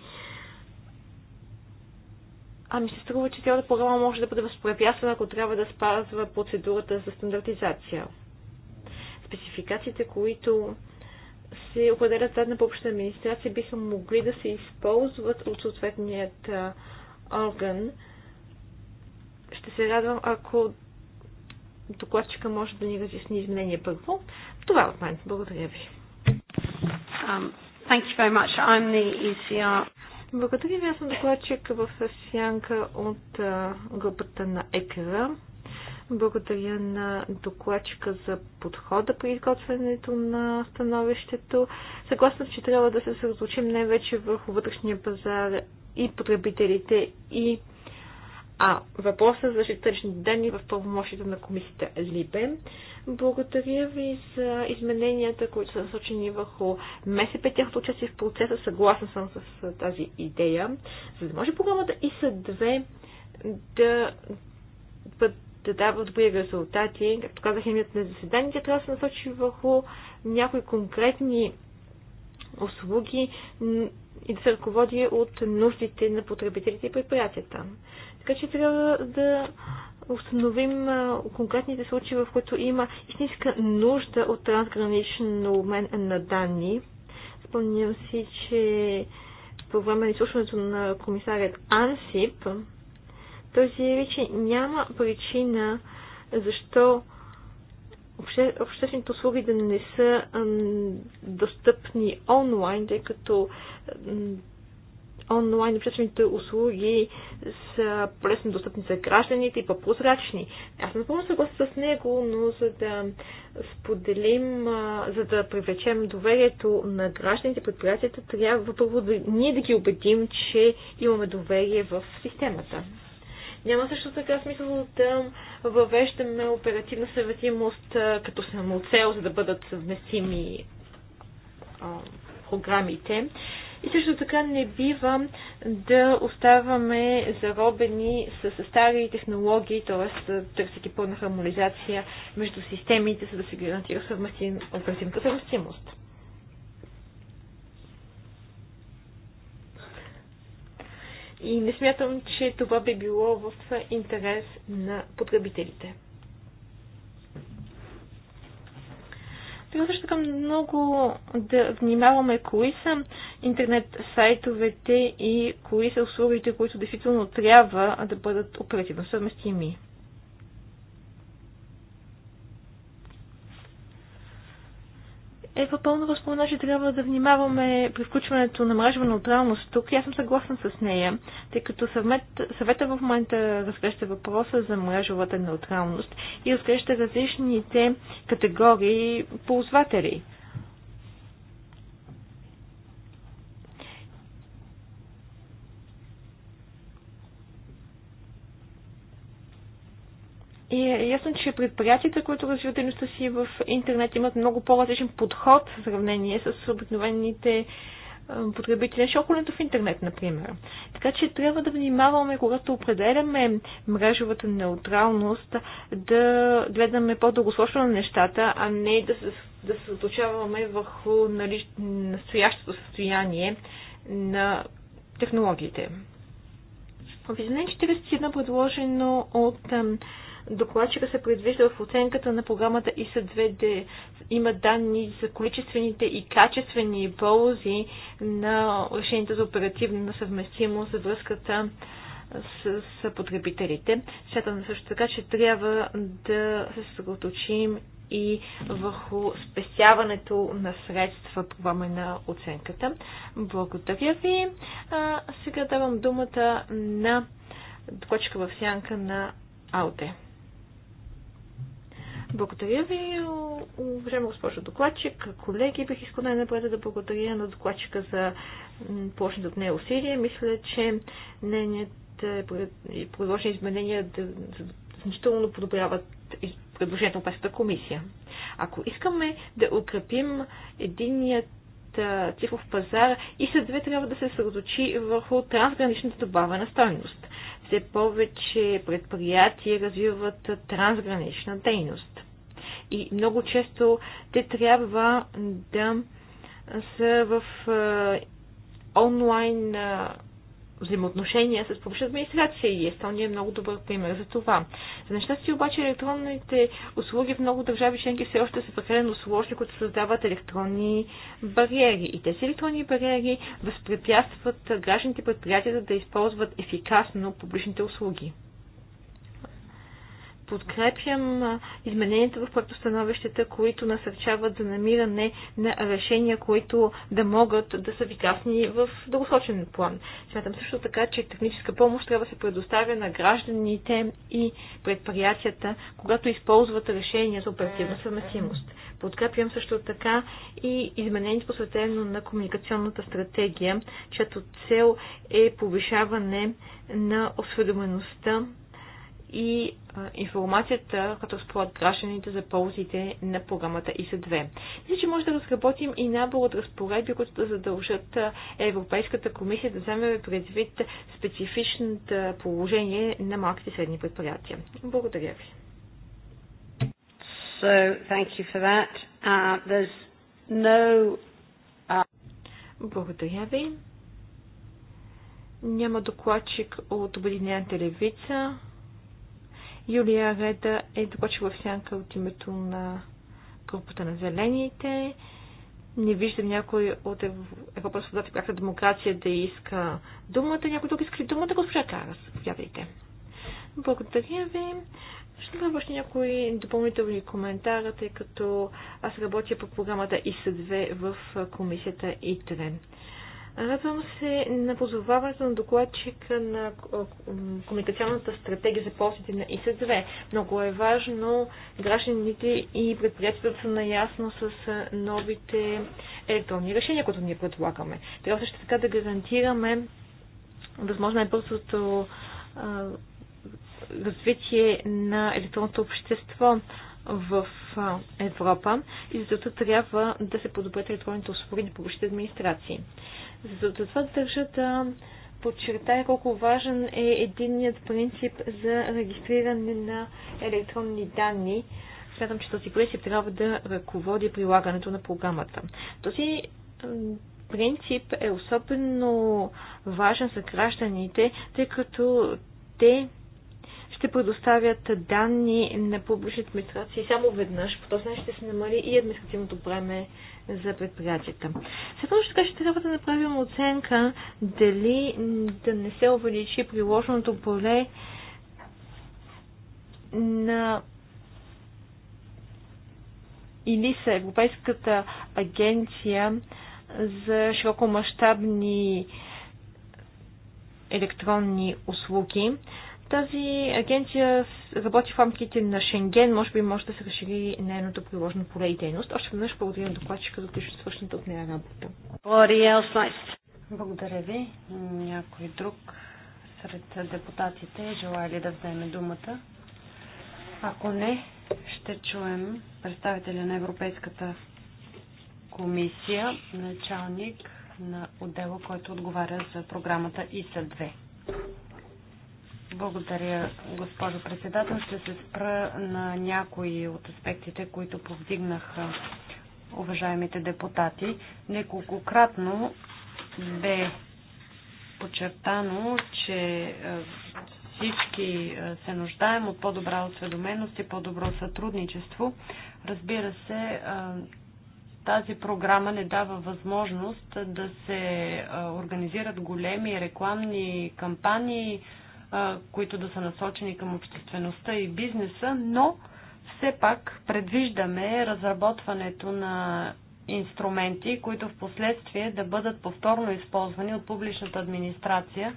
А ми се струва, че цялата програма може да бъде възпрепятствана, ако трябва да спазва процедурата за стандартизация. Спецификациите, които се определят задна публична администрация, биха могли да се използват от съответният орган. Ще се радвам, ако докладчика може да ни разясни изменение първо. Това е от мен. Благодаря ви. Um, thank you very much. I'm the ECR. Благодаря ви. Аз съм докладчик в сянка от групата на ЕКРА. Благодаря на докладчика за подхода при изготвянето на становището. Съгласна, че трябва да се съсредоточим най вече върху вътрешния пазар и потребителите и а въпроса за лични данни в правомощите на комисията Либе. Благодаря ви за измененията, които са насочени върху МСП, тяхното участие в процеса. Съгласна съм с тази идея. За да може програмата ИСА-2 да бъде да дава добри резултати. Както казах, името на заседанията трябва да се насочи върху някои конкретни услуги и да се ръководи от нуждите на потребителите и предприятията. Така че трябва да установим конкретните случаи, в които има истинска нужда от трансграничен обмен на данни. Спомням си, че по време на изслушването на комисарят Ансип, той заяви, че няма причина защо обще, обществените услуги да не са а, достъпни онлайн, тъй като онлайн обществените услуги са по-лесно достъпни за гражданите и по-прозрачни. Аз съм напълно съгласна с него, но за да споделим, за да привлечем доверието на гражданите, и предприятията, трябва първо да, ние да ги убедим, че имаме доверие в системата. Няма също така смисъл да въвеждаме оперативна съвместимост като самоцел, за да бъдат съвместими програмите. И също така не бива да оставаме заробени с стари технологии, т.е. търсики пълна хармонизация между системите, за да се гарантира съвместим, оперативната съвместимост. и не смятам, че това би било в интерес на потребителите. Трябва също така много да внимаваме кои са интернет сайтовете и кои са услугите, които действително трябва да бъдат оперативно съвместими. Ева Пълнова спомена, че трябва да внимаваме при включването на на неутралност тук. Аз съм съгласна с нея, тъй като съвета в момента разглежда въпроса за мрежовата неутралност и разглежда различните категории ползватели. И е ясно, че предприятията, които развиват дейността си в интернет, имат много по-различен подход в сравнение с обикновените е, потребители на шоколето в интернет, например. Така че трябва да внимаваме, когато определяме мрежовата неутралност, да гледаме по-дългосрочно на нещата, а не да се, да се заточаваме върху нали, настоящото състояние на технологиите. В изменение 41 предложено от докладчика се предвижда в оценката на програмата ИСА-2 d има данни за количествените и качествени ползи на решенията за оперативна съвместимост за връзката с, с потребителите. Смятам също така, че трябва да се съсредоточим и върху спестяването на средства по време на оценката. Благодаря ви. А, сега давам думата на докладчика в сянка на Ауте. Благодаря ви, уважаема госпожо докладчик. Колеги, бих искал най-напред да благодаря на докладчика за положените от нея усилия. Мисля, че е, и предложени изменения значително подобряват предложението на Европейската комисия. Ако искаме да укрепим единият цифров пазар и след две трябва да се съсредоточи върху трансграничната добавена стойност. Все повече предприятия развиват трансгранична дейност и много често те трябва да са в онлайн взаимоотношения с публична администрация и Естония е много добър пример за това. За си обаче електронните услуги в много държави членки все още са прекалено сложни, които създават електронни бариери. И тези електронни бариери възпрепятстват гражданите предприятията да използват ефикасно публичните услуги подкрепям измененията в проектостановищата, които насърчават за намиране на решения, които да могат да са викасни в дългосрочен план. Смятам също така, че техническа помощ трябва да се предоставя на гражданите и предприятията, когато използват решения за оперативна съвместимост. Подкрепям също така и изменението посветено на комуникационната стратегия, чиято цел е повишаване на осведомеността и информацията, като според гражданите за ползите на програмата ИС-2. Мисля, че може да разработим и набор от разпоредби, които да задължат Европейската комисия да вземе предвид специфичното положение на малките и средни предприятия. Благодаря ви. So, thank you for that. Uh, no... Uh... Благодаря ви. Няма докладчик от Обединената левица. Юлия Реда е докочила в сянка от името на групата на зелените. Не виждам някой от Европа Свободата каква демокрация да иска думата. Някой друг иска ли думата? Госпожа Карас, повядайте. Благодаря ви. Ще дам още някои допълнителни коментара, тъй като аз работя по програмата ИС-2 в комисията ИТРЕ. Радвам се на позоваването на докладчика на комуникационната стратегия за ползите на ИС-2. Много е важно гражданите и предприятията да са наясно с новите е, електронни решения, които ние предлагаме. Трябва също така да гарантираме възможно най-бързото развитие на електронното общество в Европа и затова трябва да се подобрят електронните услуги на публичните администрации. Затова държа да подчертая колко важен е единният принцип за регистриране на електронни данни. Смятам, че този принцип трябва да ръководи прилагането на програмата. Този принцип е особено важен за гражданите, тъй като те ще предоставят данни на публични администрации само веднъж. По този начин ще се намали и административното време за предприятията. Сега също така ще трябва да направим оценка дали да не се увеличи приложеното поле на или са Европейската агенция за широкомащабни електронни услуги. Тази агенция работи в рамките на Шенген, може би може да се разшири нейното приложено поле и дейност. Още веднъж благодаря на докладчика за отлично свършната от нея работа. Благодаря ви. Някой друг сред депутатите желая ли да вземе думата? Ако не, ще чуем представителя на Европейската комисия, началник на отдела, който отговаря за програмата ИСА 2. Благодаря, госпожо председател. Ще се спра на някои от аспектите, които повдигнаха уважаемите депутати. Неколкократно бе подчертано, че всички се нуждаем от по-добра осведоменост и по-добро сътрудничество. Разбира се, тази програма не дава възможност да се организират големи рекламни кампании, които да са насочени към обществеността и бизнеса, но все пак предвиждаме разработването на инструменти, които в последствие да бъдат повторно използвани от публичната администрация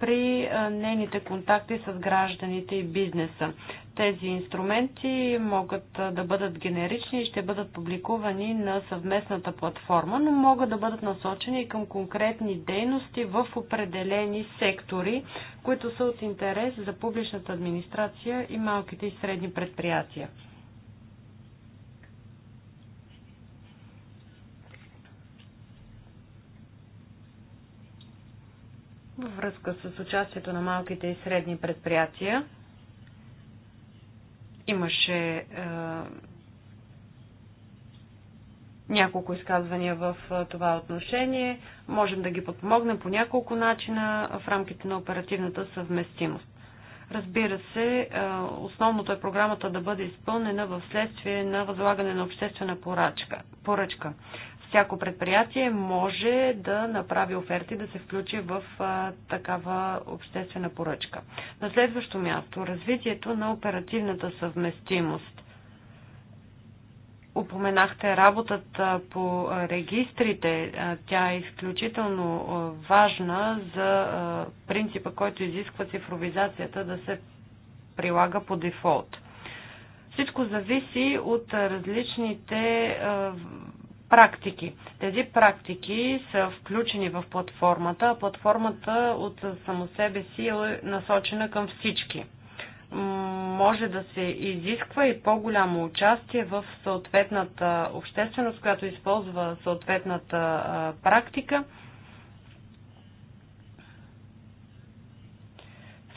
при нейните контакти с гражданите и бизнеса. Тези инструменти могат да бъдат генерични и ще бъдат публикувани на съвместната платформа, но могат да бъдат насочени към конкретни дейности в определени сектори, които са от интерес за публичната администрация и малките и средни предприятия. във връзка с участието на малките и средни предприятия. Имаше е, няколко изказвания в е, това отношение. Можем да ги подпомогнем по няколко начина в рамките на оперативната съвместимост. Разбира се, е, основното е програмата да бъде изпълнена в следствие на възлагане на обществена поръчка всяко предприятие може да направи оферти да се включи в такава обществена поръчка. На следващо място, развитието на оперативната съвместимост. Упоменахте работата по регистрите. Тя е изключително важна за принципа, който изисква цифровизацията да се прилага по дефолт. Всичко зависи от различните практики. Тези практики са включени в платформата, а платформата от само себе си е насочена към всички. Може да се изисква и по-голямо участие в съответната общественост, която използва съответната практика.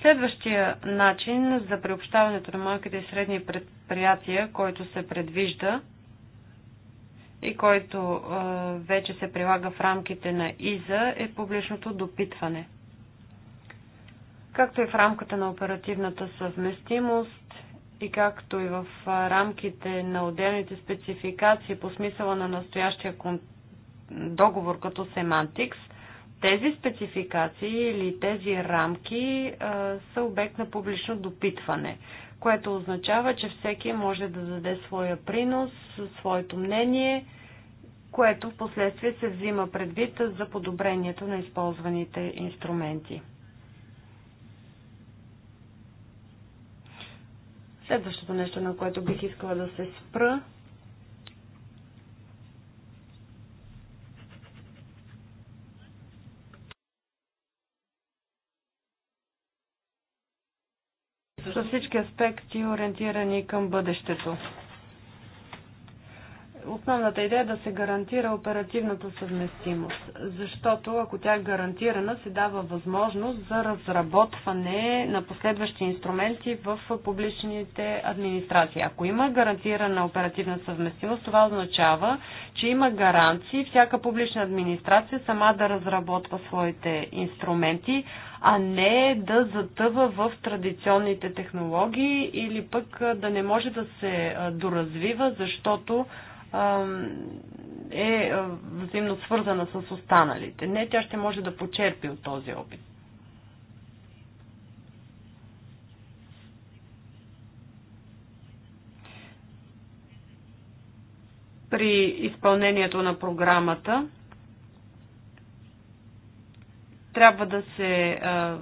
Следващия начин за приобщаването на малките и средни предприятия, който се предвижда, и който вече се прилага в рамките на ИЗА е публичното допитване. Както и в рамката на оперативната съвместимост и както и в рамките на отделните спецификации по смисъла на настоящия договор като Semantics, тези спецификации или тези рамки а, са обект на публично допитване което означава, че всеки може да даде своя принос, своето мнение, което в последствие се взима предвид за подобрението на използваните инструменти. Следващото нещо, на което бих искала да се спра, с всички аспекти, ориентирани към бъдещето. Основната идея е да се гарантира оперативната съвместимост, защото ако тя е гарантирана, се дава възможност за разработване на последващи инструменти в публичните администрации. Ако има гарантирана оперативна съвместимост, това означава, че има гаранции всяка публична администрация сама да разработва своите инструменти, а не да затъва в традиционните технологии или пък да не може да се доразвива, защото е, е взаимно свързана с останалите. Не, тя ще може да почерпи от този опит. При изпълнението на програмата трябва да се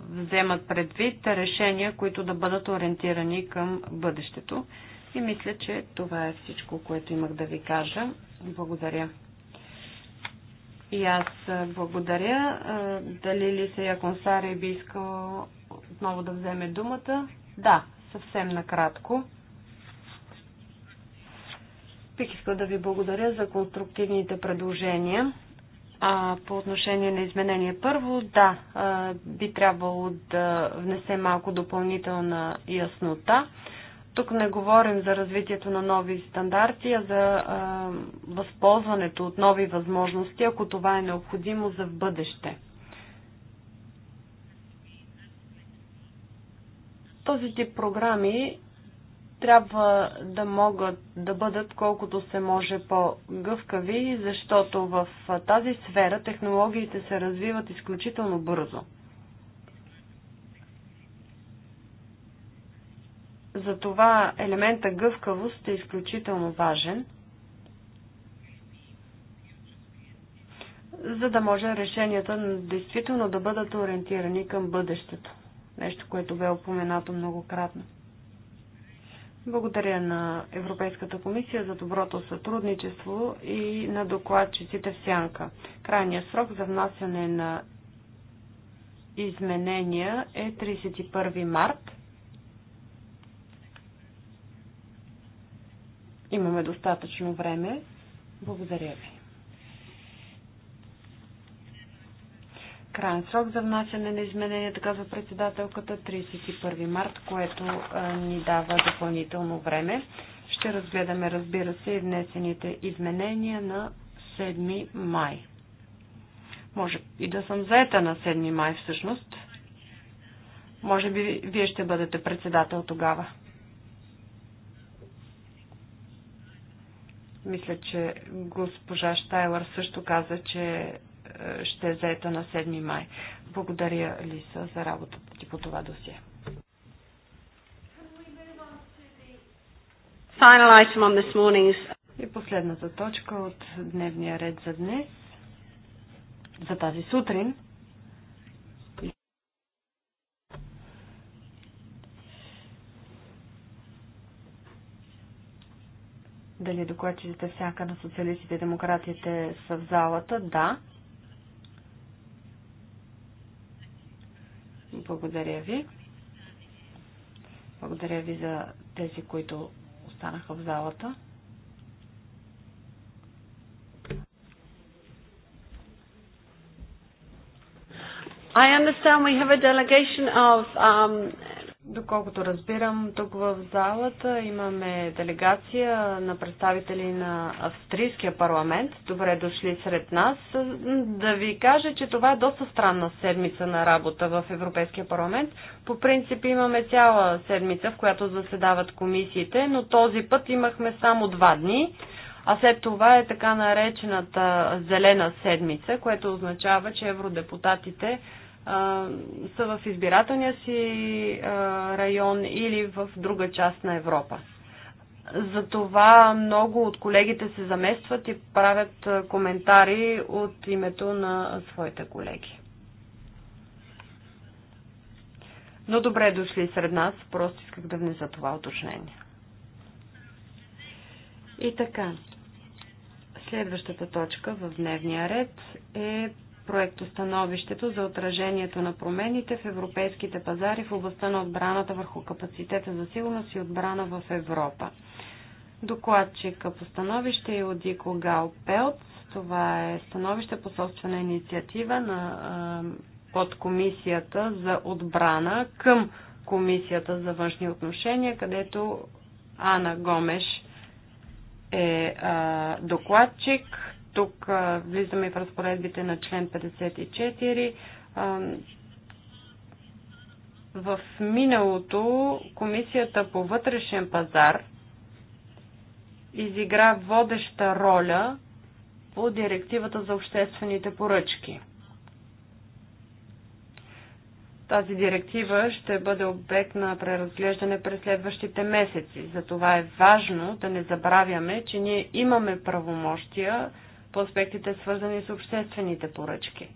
вземат предвид решения, които да бъдат ориентирани към бъдещето. И мисля, че това е всичко, което имах да ви кажа. Благодаря. И аз благодаря. Дали ли се Яконсари би искала отново да вземе думата? Да, съвсем накратко. Бих искал да ви благодаря за конструктивните предложения. А, по отношение на изменение първо, да, би трябвало да внесе малко допълнителна яснота. Тук не говорим за развитието на нови стандарти, а за а, възползването от нови възможности, ако това е необходимо за в бъдеще. Този тип програми трябва да могат да бъдат колкото се може по-гъвкави, защото в тази сфера технологиите се развиват изключително бързо. Затова елемента гъвкавост е изключително важен, за да може решенията действително да бъдат ориентирани към бъдещето. Нещо, което бе опоменато многократно. Благодаря на Европейската комисия за доброто сътрудничество и на докладчиците в Сянка. Крайният срок за внасяне на изменения е 31 март Имаме достатъчно време. Благодаря ви. Крайен срок за внасяне на измененията, казва председателката, 31 март, което ни дава допълнително време. Ще разгледаме, разбира се, и внесените изменения на 7 май. Може и да съм заета на 7 май всъщност. Може би вие ще бъдете председател тогава. Мисля, че госпожа Штайлър също каза, че е, ще е заета на 7 май. Благодаря, Лиса, за работата ти по това досие. И последната точка от дневния ред за днес, за тази сутрин – Дали докладчиците всяка на социалистите и демократите са в залата? Да. Благодаря ви. Благодаря ви за тези, които останаха в залата. I understand we have a delegation of um, Доколкото разбирам, тук в залата имаме делегация на представители на Австрийския парламент. Добре дошли сред нас. Да ви кажа, че това е доста странна седмица на работа в Европейския парламент. По принцип имаме цяла седмица, в която заседават комисиите, но този път имахме само два дни. А след това е така наречената зелена седмица, което означава, че евродепутатите са в избирателния си район или в друга част на Европа. Затова много от колегите се заместват и правят коментари от името на своите колеги. Но добре дошли сред нас, просто исках да внеса това уточнение. И така, следващата точка в дневния ред е проектостановището за отражението на промените в европейските пазари в областта на отбраната върху капацитета за сигурност и отбрана в Европа. Докладчика по становище е Одико Гал Пелт. Това е становище по собствена инициатива на подкомисията за отбрана към комисията за външни отношения, където Ана Гомеш е а, докладчик тук влизаме в разпоредбите на член 54. В миналото Комисията по вътрешен пазар изигра водеща роля по директивата за обществените поръчки. Тази директива ще бъде обект на преразглеждане през следващите месеци. Затова е важно да не забравяме, че ние имаме правомощия по аспектите свързани с обществените поръчки.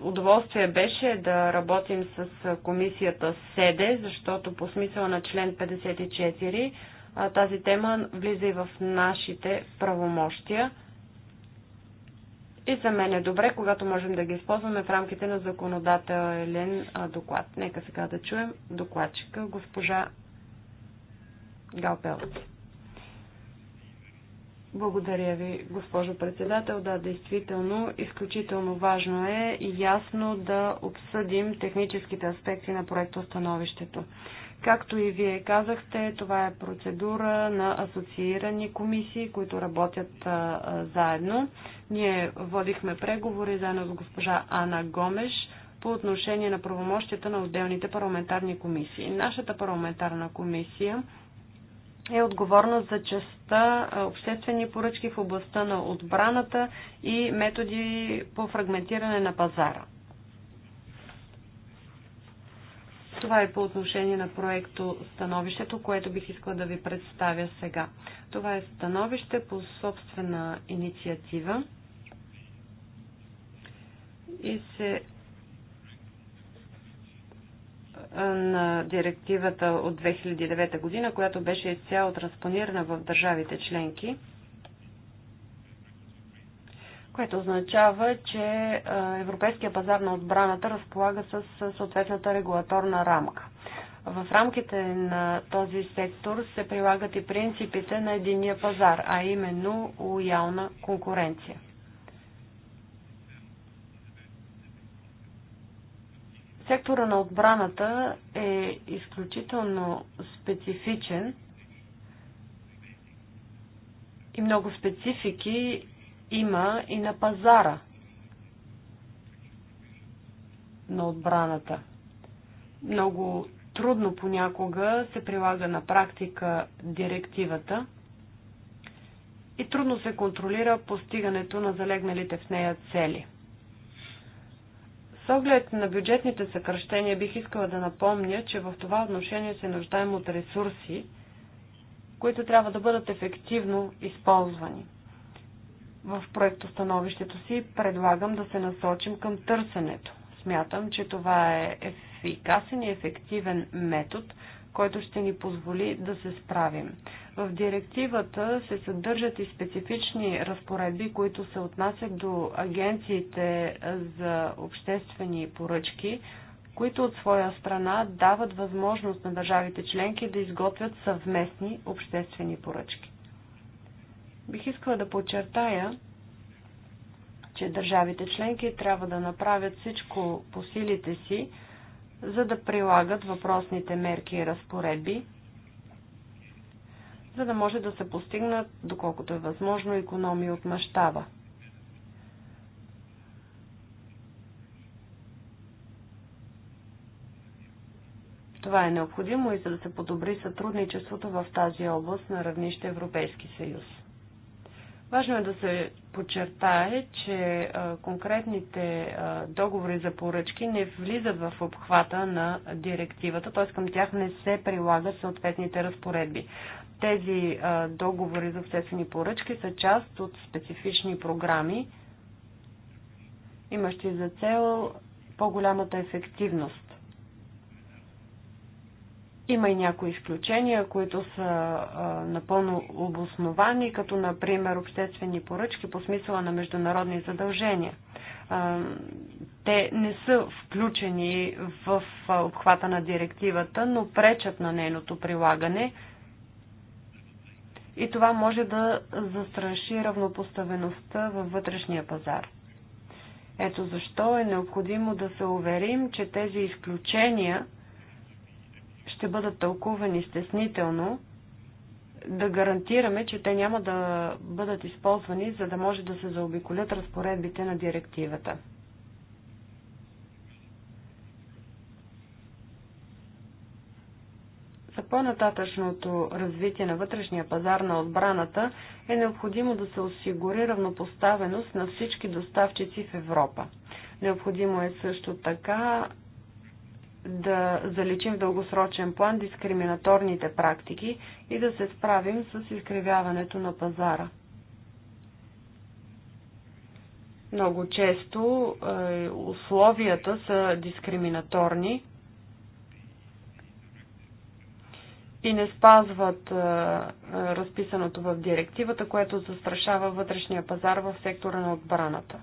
Удоволствие беше да работим с комисията СЕДЕ, защото по смисъла на член 54 тази тема влиза и в нашите правомощия. И за мен е добре, когато можем да ги използваме в рамките на законодателен доклад. Нека сега да чуем докладчика госпожа Галпелци. Благодаря ви, госпожо председател. Да, действително, изключително важно е и ясно да обсъдим техническите аспекти на проектостановището. Както и вие казахте, това е процедура на асоциирани комисии, които работят а, а, заедно. Ние водихме преговори заедно с госпожа Ана Гомеш по отношение на правомощията на отделните парламентарни комисии. Нашата парламентарна комисия е отговорна за частта обществени поръчки в областта на отбраната и методи по фрагментиране на пазара. Това е по отношение на проекто становището, което бих искала да ви представя сега. Това е становище по собствена инициатива и се на директивата от 2009 година, която беше изцяло транспонирана в държавите членки, което означава, че Европейския пазар на отбраната разполага с съответната регулаторна рамка. В рамките на този сектор се прилагат и принципите на единия пазар, а именно лоялна конкуренция. Сектора на отбраната е изключително специфичен и много специфики има и на пазара на отбраната. Много трудно понякога се прилага на практика директивата и трудно се контролира постигането на залегналите в нея цели – оглед на бюджетните съкръщения бих искала да напомня, че в това отношение се нуждаем от ресурси, които трябва да бъдат ефективно използвани. В проектостановището си предлагам да се насочим към търсенето. Смятам, че това е ефикасен и ефективен метод, който ще ни позволи да се справим. В директивата се съдържат и специфични разпоредби, които се отнасят до агенциите за обществени поръчки, които от своя страна дават възможност на държавите членки да изготвят съвместни обществени поръчки. Бих искала да подчертая, че държавите членки трябва да направят всичко по силите си, за да прилагат въпросните мерки и разпоредби, за да може да се постигнат, доколкото е възможно, економии от мащаба. Това е необходимо и за да се подобри сътрудничеството в тази област на равнище Европейски съюз. Важно е да се подчертае, че конкретните договори за поръчки не влизат в обхвата на директивата, т.е. към тях не се прилагат съответните разпоредби. Тези а, договори за обществени поръчки са част от специфични програми, имащи за цел по-голямата ефективност. Има и някои изключения, които са а, напълно обосновани, като например обществени поръчки по смисъла на международни задължения. А, те не са включени в обхвата на директивата, но пречат на нейното прилагане – и това може да застраши равнопоставеността във вътрешния пазар. Ето защо е необходимо да се уверим, че тези изключения ще бъдат тълкувани стеснително, да гарантираме, че те няма да бъдат използвани, за да може да се заобиколят разпоредбите на директивата. по-нататъчното развитие на вътрешния пазар на отбраната е необходимо да се осигури равнопоставеност на всички доставчици в Европа. Необходимо е също така да заличим в дългосрочен план дискриминаторните практики и да се справим с изкривяването на пазара. Много често е, условията са дискриминаторни и не спазват е, е, разписаното в директивата, което застрашава вътрешния пазар в сектора на отбраната.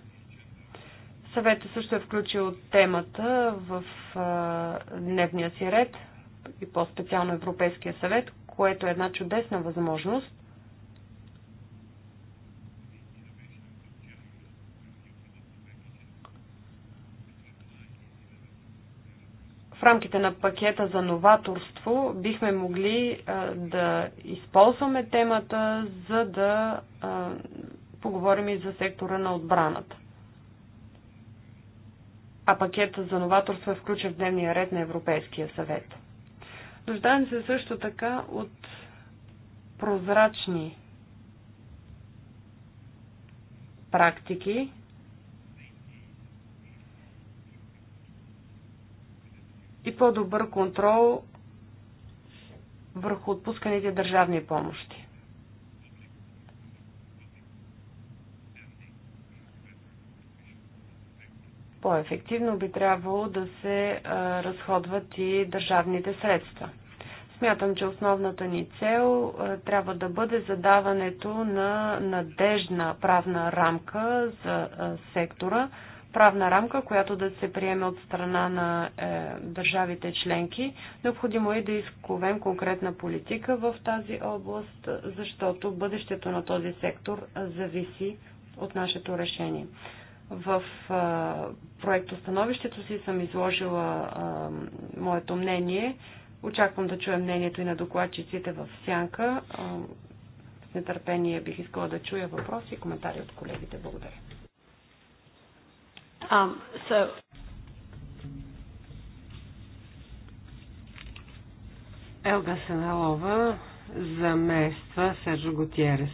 Съветът също е включил темата в е, дневния си ред и по-специално Европейския съвет, което е една чудесна възможност – рамките на пакета за новаторство бихме могли да използваме темата, за да поговорим и за сектора на отбраната. А пакета за новаторство е включен в дневния ред на Европейския съвет. Нуждаем се също така от прозрачни практики, и по-добър контрол върху отпусканите държавни помощи. По-ефективно би трябвало да се разходват и държавните средства. Смятам, че основната ни цел трябва да бъде задаването на надежна правна рамка за сектора, правна рамка, която да се приеме от страна на е, държавите членки. Необходимо е да изковем конкретна политика в тази област, защото бъдещето на този сектор зависи от нашето решение. В е, проектостановището си съм изложила е, моето мнение. Очаквам да чуя мнението и на докладчиците в Сянка. Е, с нетърпение бих искала да чуя въпроси и коментари от колегите. Благодаря. Um, so Елга Сеналова замества Сержо Готиерес.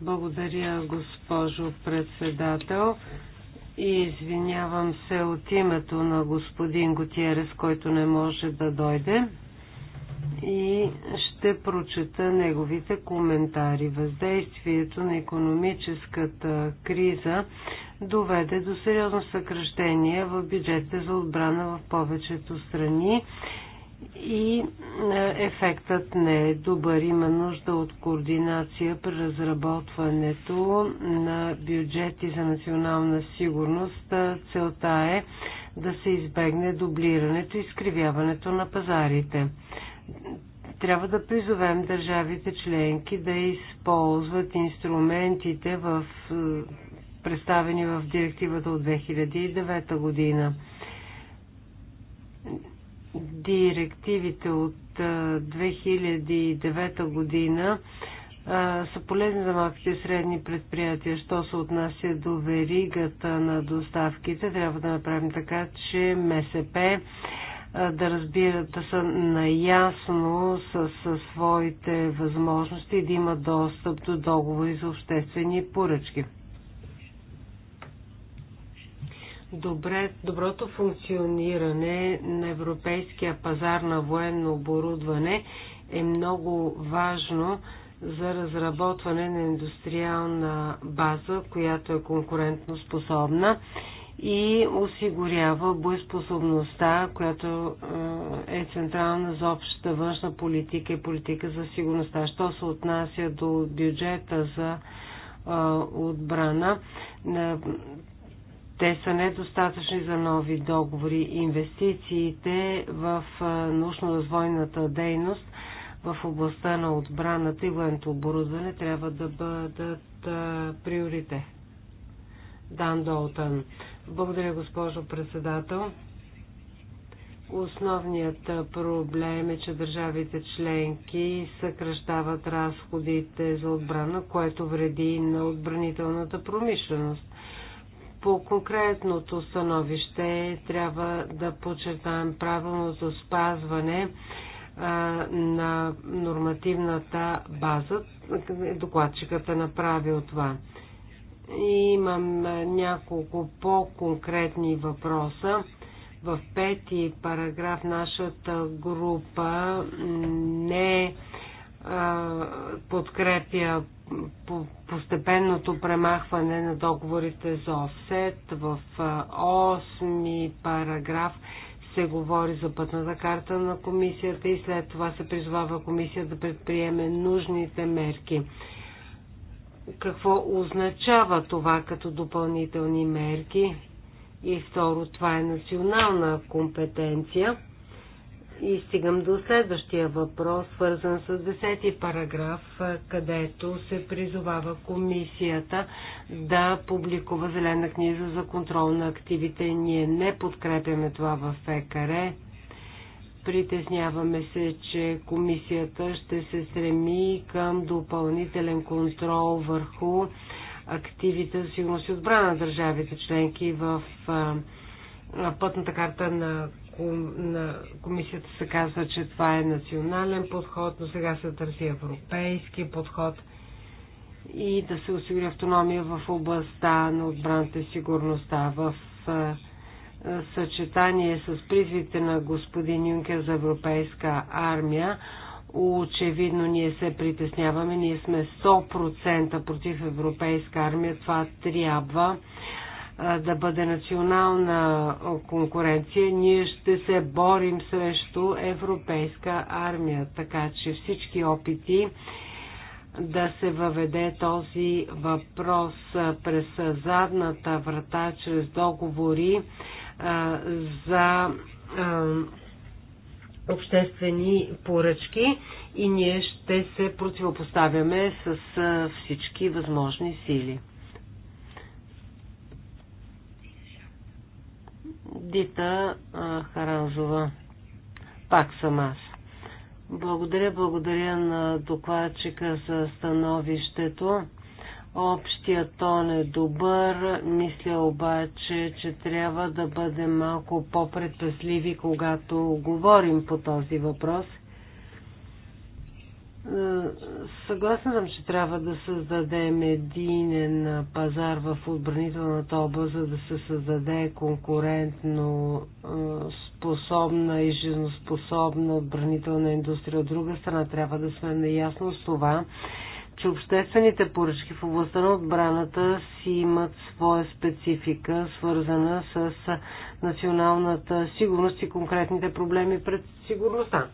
Благодаря, госпожо председател. И извинявам се от името на господин Готиерес, който не може да дойде. И ще прочета неговите коментари. Въздействието на економическата криза доведе до сериозно съкръщение в бюджетите за отбрана в повечето страни и е, ефектът не е добър. Има нужда от координация при разработването на бюджети за национална сигурност. Е, целта е да се избегне дублирането и скривяването на пазарите. Трябва да призовем държавите членки да използват инструментите в е, представени в директивата от 2009 година. Директивите от 2009 година са полезни за малките и средни предприятия. Що се отнася до веригата на доставките, трябва да направим така, че МСП да разбират, да са наясно с, с своите възможности и да имат достъп до договори за обществени поръчки. добре, доброто функциониране на европейския пазар на военно оборудване е много важно за разработване на индустриална база, която е конкурентно способна и осигурява боеспособността, която е, е централна за общата външна политика и политика за сигурността. Що се отнася до бюджета за е, отбрана, те са недостатъчни за нови договори. Инвестициите в научно-развойната дейност в областта на отбраната и военното оборудване трябва да бъдат приоритет. Дан Долтън. Благодаря, госпожо председател. Основният проблем е, че държавите членки съкръщават разходите за отбрана, което вреди на отбранителната промишленост. По конкретното становище трябва да подчертаем правилното спазване на нормативната база. Докладчикът е направил това. И имам няколко по-конкретни въпроса. В пети параграф нашата група не подкрепя постепенното премахване на договорите за офсет. В 8 параграф се говори за пътната карта на комисията и след това се призвава комисията да предприеме нужните мерки. Какво означава това като допълнителни мерки? И второ, това е национална компетенция. И стигам до следващия въпрос, свързан с 10 параграф, където се призовава комисията да публикува зелена книза за контрол на активите. Ние не подкрепяме това в ФКР. Притесняваме се, че комисията ще се стреми към допълнителен контрол върху активите за сигурност и отбрана на държавите членки в пътната карта на на комисията се казва, че това е национален подход, но сега се търси европейски подход и да се осигури автономия в областта на отбраната и сигурността. В съчетание с призвите на господин Юнкер за европейска армия, очевидно ние се притесняваме. Ние сме 100% против европейска армия. Това трябва да бъде национална конкуренция, ние ще се борим срещу европейска армия, така че всички опити да се въведе този въпрос през задната врата, чрез договори а, за а, обществени поръчки и ние ще се противопоставяме с а, всички възможни сили. Дита Харанзова. Пак съм аз. Благодаря, благодаря на докладчика за становището. Общият тон е добър, мисля обаче, че трябва да бъдем малко по-предпасливи, когато говорим по този въпрос – Съгласна съм, че трябва да създадем единен пазар в отбранителната област, за да се създаде конкурентно способна и жизнеспособна отбранителна индустрия. От друга страна трябва да сме наясно с това, че обществените поръчки в областта на отбраната си имат своя специфика, свързана с националната сигурност и конкретните проблеми пред сигурността.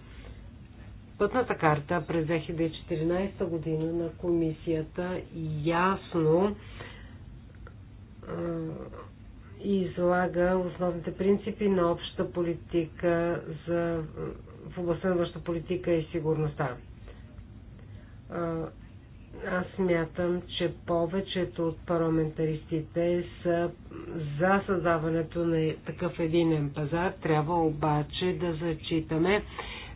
Пътната карта през 2014 година на комисията ясно излага основните принципи на общата политика за, в областта на външната политика и сигурността. Аз смятам, че повечето от парламентаристите са за създаването на такъв единен пазар. Трябва обаче да зачитаме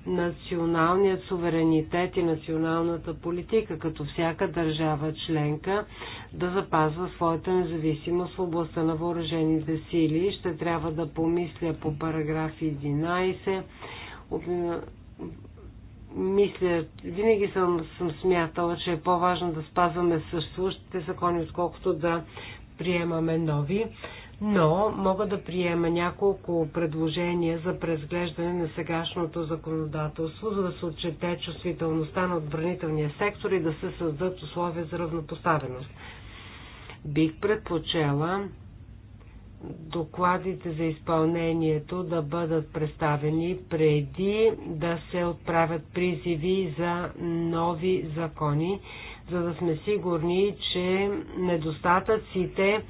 националният суверенитет и националната политика, като всяка държава членка да запазва своята независимост в областта на въоръжените сили. Ще трябва да помисля по параграф 11. Мисля, винаги съм, съм смятала, че е по-важно да спазваме съществуващите закони, отколкото да приемаме нови но мога да приема няколко предложения за презглеждане на сегашното законодателство, за да се отчете чувствителността на отбранителния сектор и да се създадат условия за равнопоставеност. Бих предпочела докладите за изпълнението да бъдат представени преди да се отправят призиви за нови закони, за да сме сигурни, че недостатъците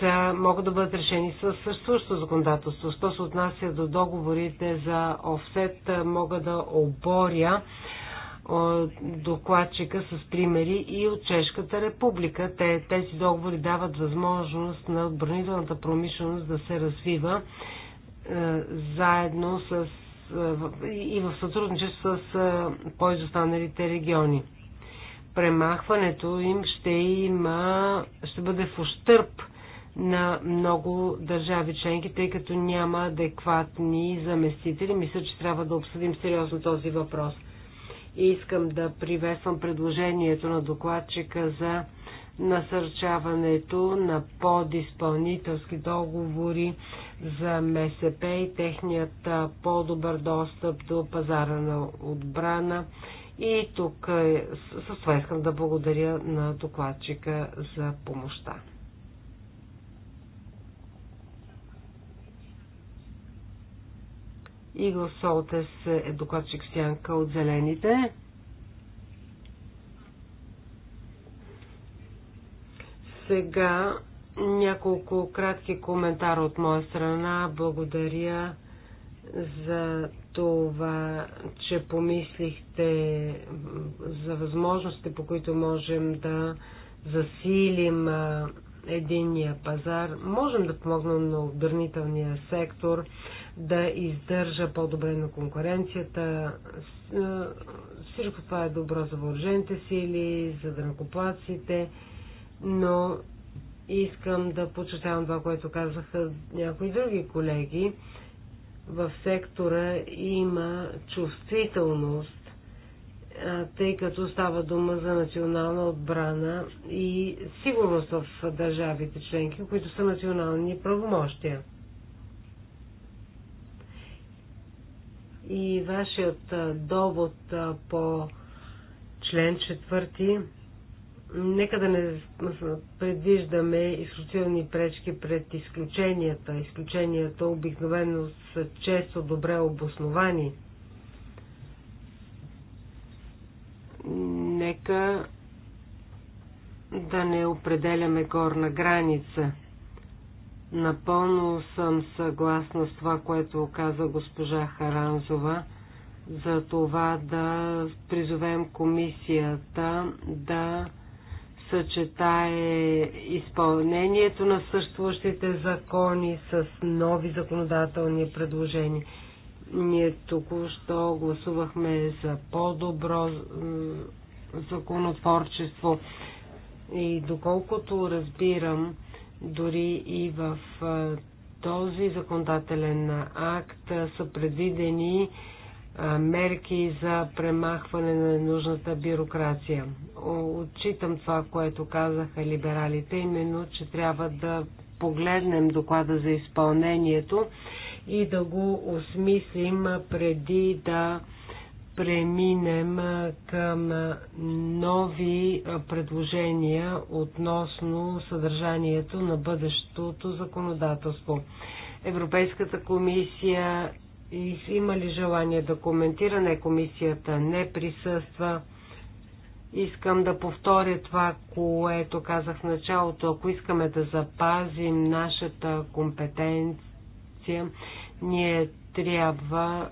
са, могат да бъдат решени с същото законодателство. Що се отнася до договорите за офсет, мога да оборя докладчика с примери и от Чешката република. Те, тези договори дават възможност на отбранителната промишленост да се развива е, заедно с, е, и в сътрудничество с е, по-изостаналите региони. Премахването им ще има, ще бъде в ущърп на много държави членки, тъй като няма адекватни заместители. Мисля, че трябва да обсъдим сериозно този въпрос. И искам да приветствам предложението на докладчика за насърчаването на подизпълнителски договори за МСП и техният по-добър достъп до пазара на отбрана. И тук е, с това искам да благодаря на докладчика за помощта. Игор Солтес е докладчик сянка от Зелените. Сега няколко кратки коментара от моя страна. Благодаря за това, че помислихте за възможности, по които можем да засилим единния пазар. Можем да помогнем на отбранителния сектор да издържа по-добре на конкуренцията. Всичко това е добро за въоръжените сили, за дънакоплаците, но искам да подчертавам това, което казаха някои други колеги. В сектора има чувствителност тъй като става дума за национална отбрана и сигурност в държавите членки, които са национални правомощия. И вашият довод по член четвърти, нека да не предвиждаме изключителни пречки пред изключенията. Изключенията обикновено са често добре обосновани. Нека да не определяме горна граница – Напълно съм съгласна с това, което каза госпожа Харанзова за това да призовем комисията да съчетае изпълнението на съществуващите закони с нови законодателни предложения. Ние току-що гласувахме за по-добро законотворчество и доколкото разбирам, дори и в този законодателен акт са предвидени мерки за премахване на нужната бюрокрация. Отчитам това, което казаха либералите, именно, че трябва да погледнем доклада за изпълнението и да го осмислим преди да преминем към нови предложения относно съдържанието на бъдещото законодателство. Европейската комисия има ли желание да коментира? Не, комисията не присъства. Искам да повторя това, което казах в началото. Ако искаме да запазим нашата компетенция, ние трябва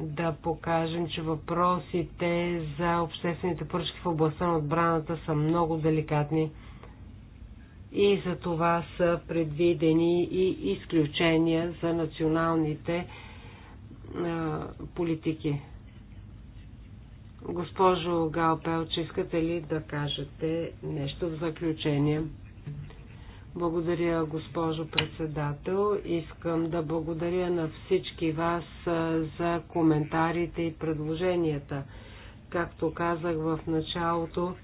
да покажем, че въпросите за обществените поръчки в областта на отбраната са много деликатни и за това са предвидени и изключения за националните а, политики. Госпожо Галпел, че искате ли да кажете нещо в заключение? Благодаря, госпожо председател. Искам да благодаря на всички вас за коментарите и предложенията. Както казах в началото,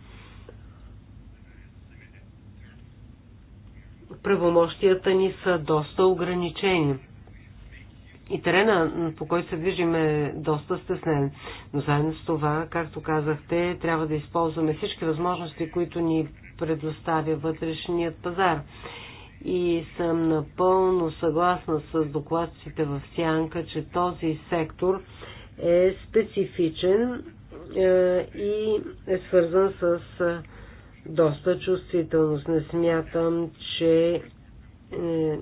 правомощията ни са доста ограничени. И терена, по който се движим, е доста стеснен. Но заедно с това, както казахте, трябва да използваме всички възможности, които ни предоставя вътрешният пазар. И съм напълно съгласна с докладците в Сянка, че този сектор е специфичен е, и е свързан с е, доста чувствителност. Не смятам, че е,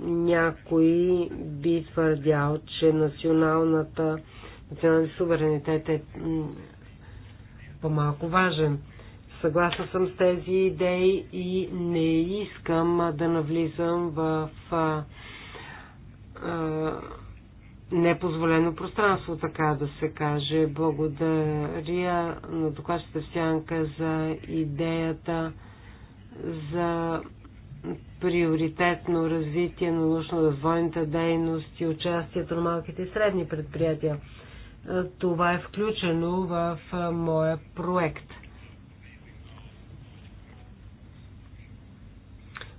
някой би твърдял, че националната, националния суверенитет е по-малко важен. Съгласна съм с тези идеи и не искам да навлизам в а, а, непозволено пространство, така да се каже. Благодаря на докладчата Сянка за идеята за приоритетно развитие на научно-развойната дейност и участието на малките и средни предприятия. Това е включено в моя проект –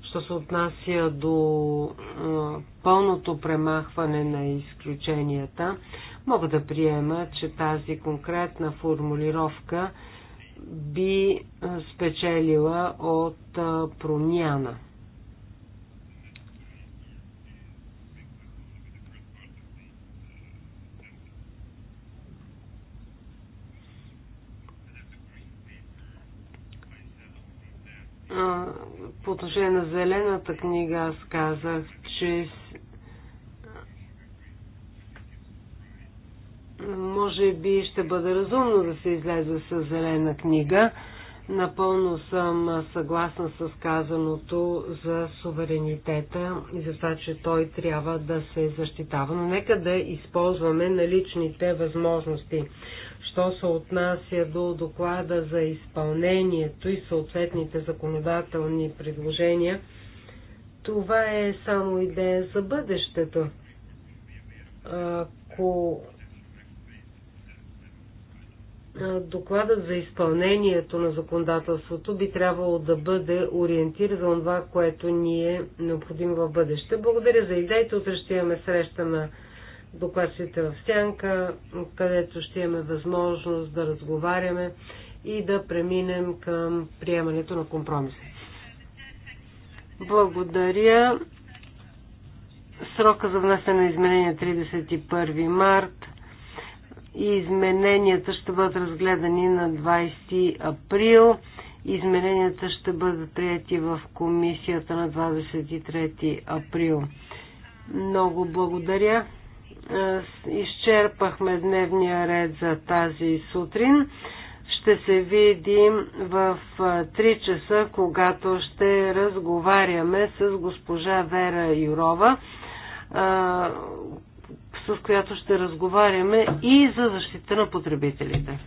Що се отнася до пълното премахване на изключенията, мога да приема, че тази конкретна формулировка би спечелила от промяна. А, по отношение на зелената книга аз казах, че може би ще бъде разумно да се излезе с зелена книга. Напълно съм съгласна с казаното за суверенитета и за това, че той трябва да се защитава. Но нека да използваме наличните възможности. Що се отнася до доклада за изпълнението и съответните законодателни предложения, това е само идея за бъдещето. Ако докладът за изпълнението на законодателството би трябвало да бъде ориентир за това, което ни е необходимо в бъдеще. Благодаря за идеята, Утре ще имаме среща на докладчите в сянка, където ще имаме възможност да разговаряме и да преминем към приемането на компромиси. Благодаря. Срока за внасяне на изменения 31 е март и измененията ще бъдат разгледани на 20 април. Измененията ще бъдат прияти в комисията на 23 април. Много благодаря. Е, изчерпахме дневния ред за тази сутрин. Ще се видим в 3 е, часа, когато ще разговаряме с госпожа Вера Юрова, е, с която ще разговаряме и за защита на потребителите.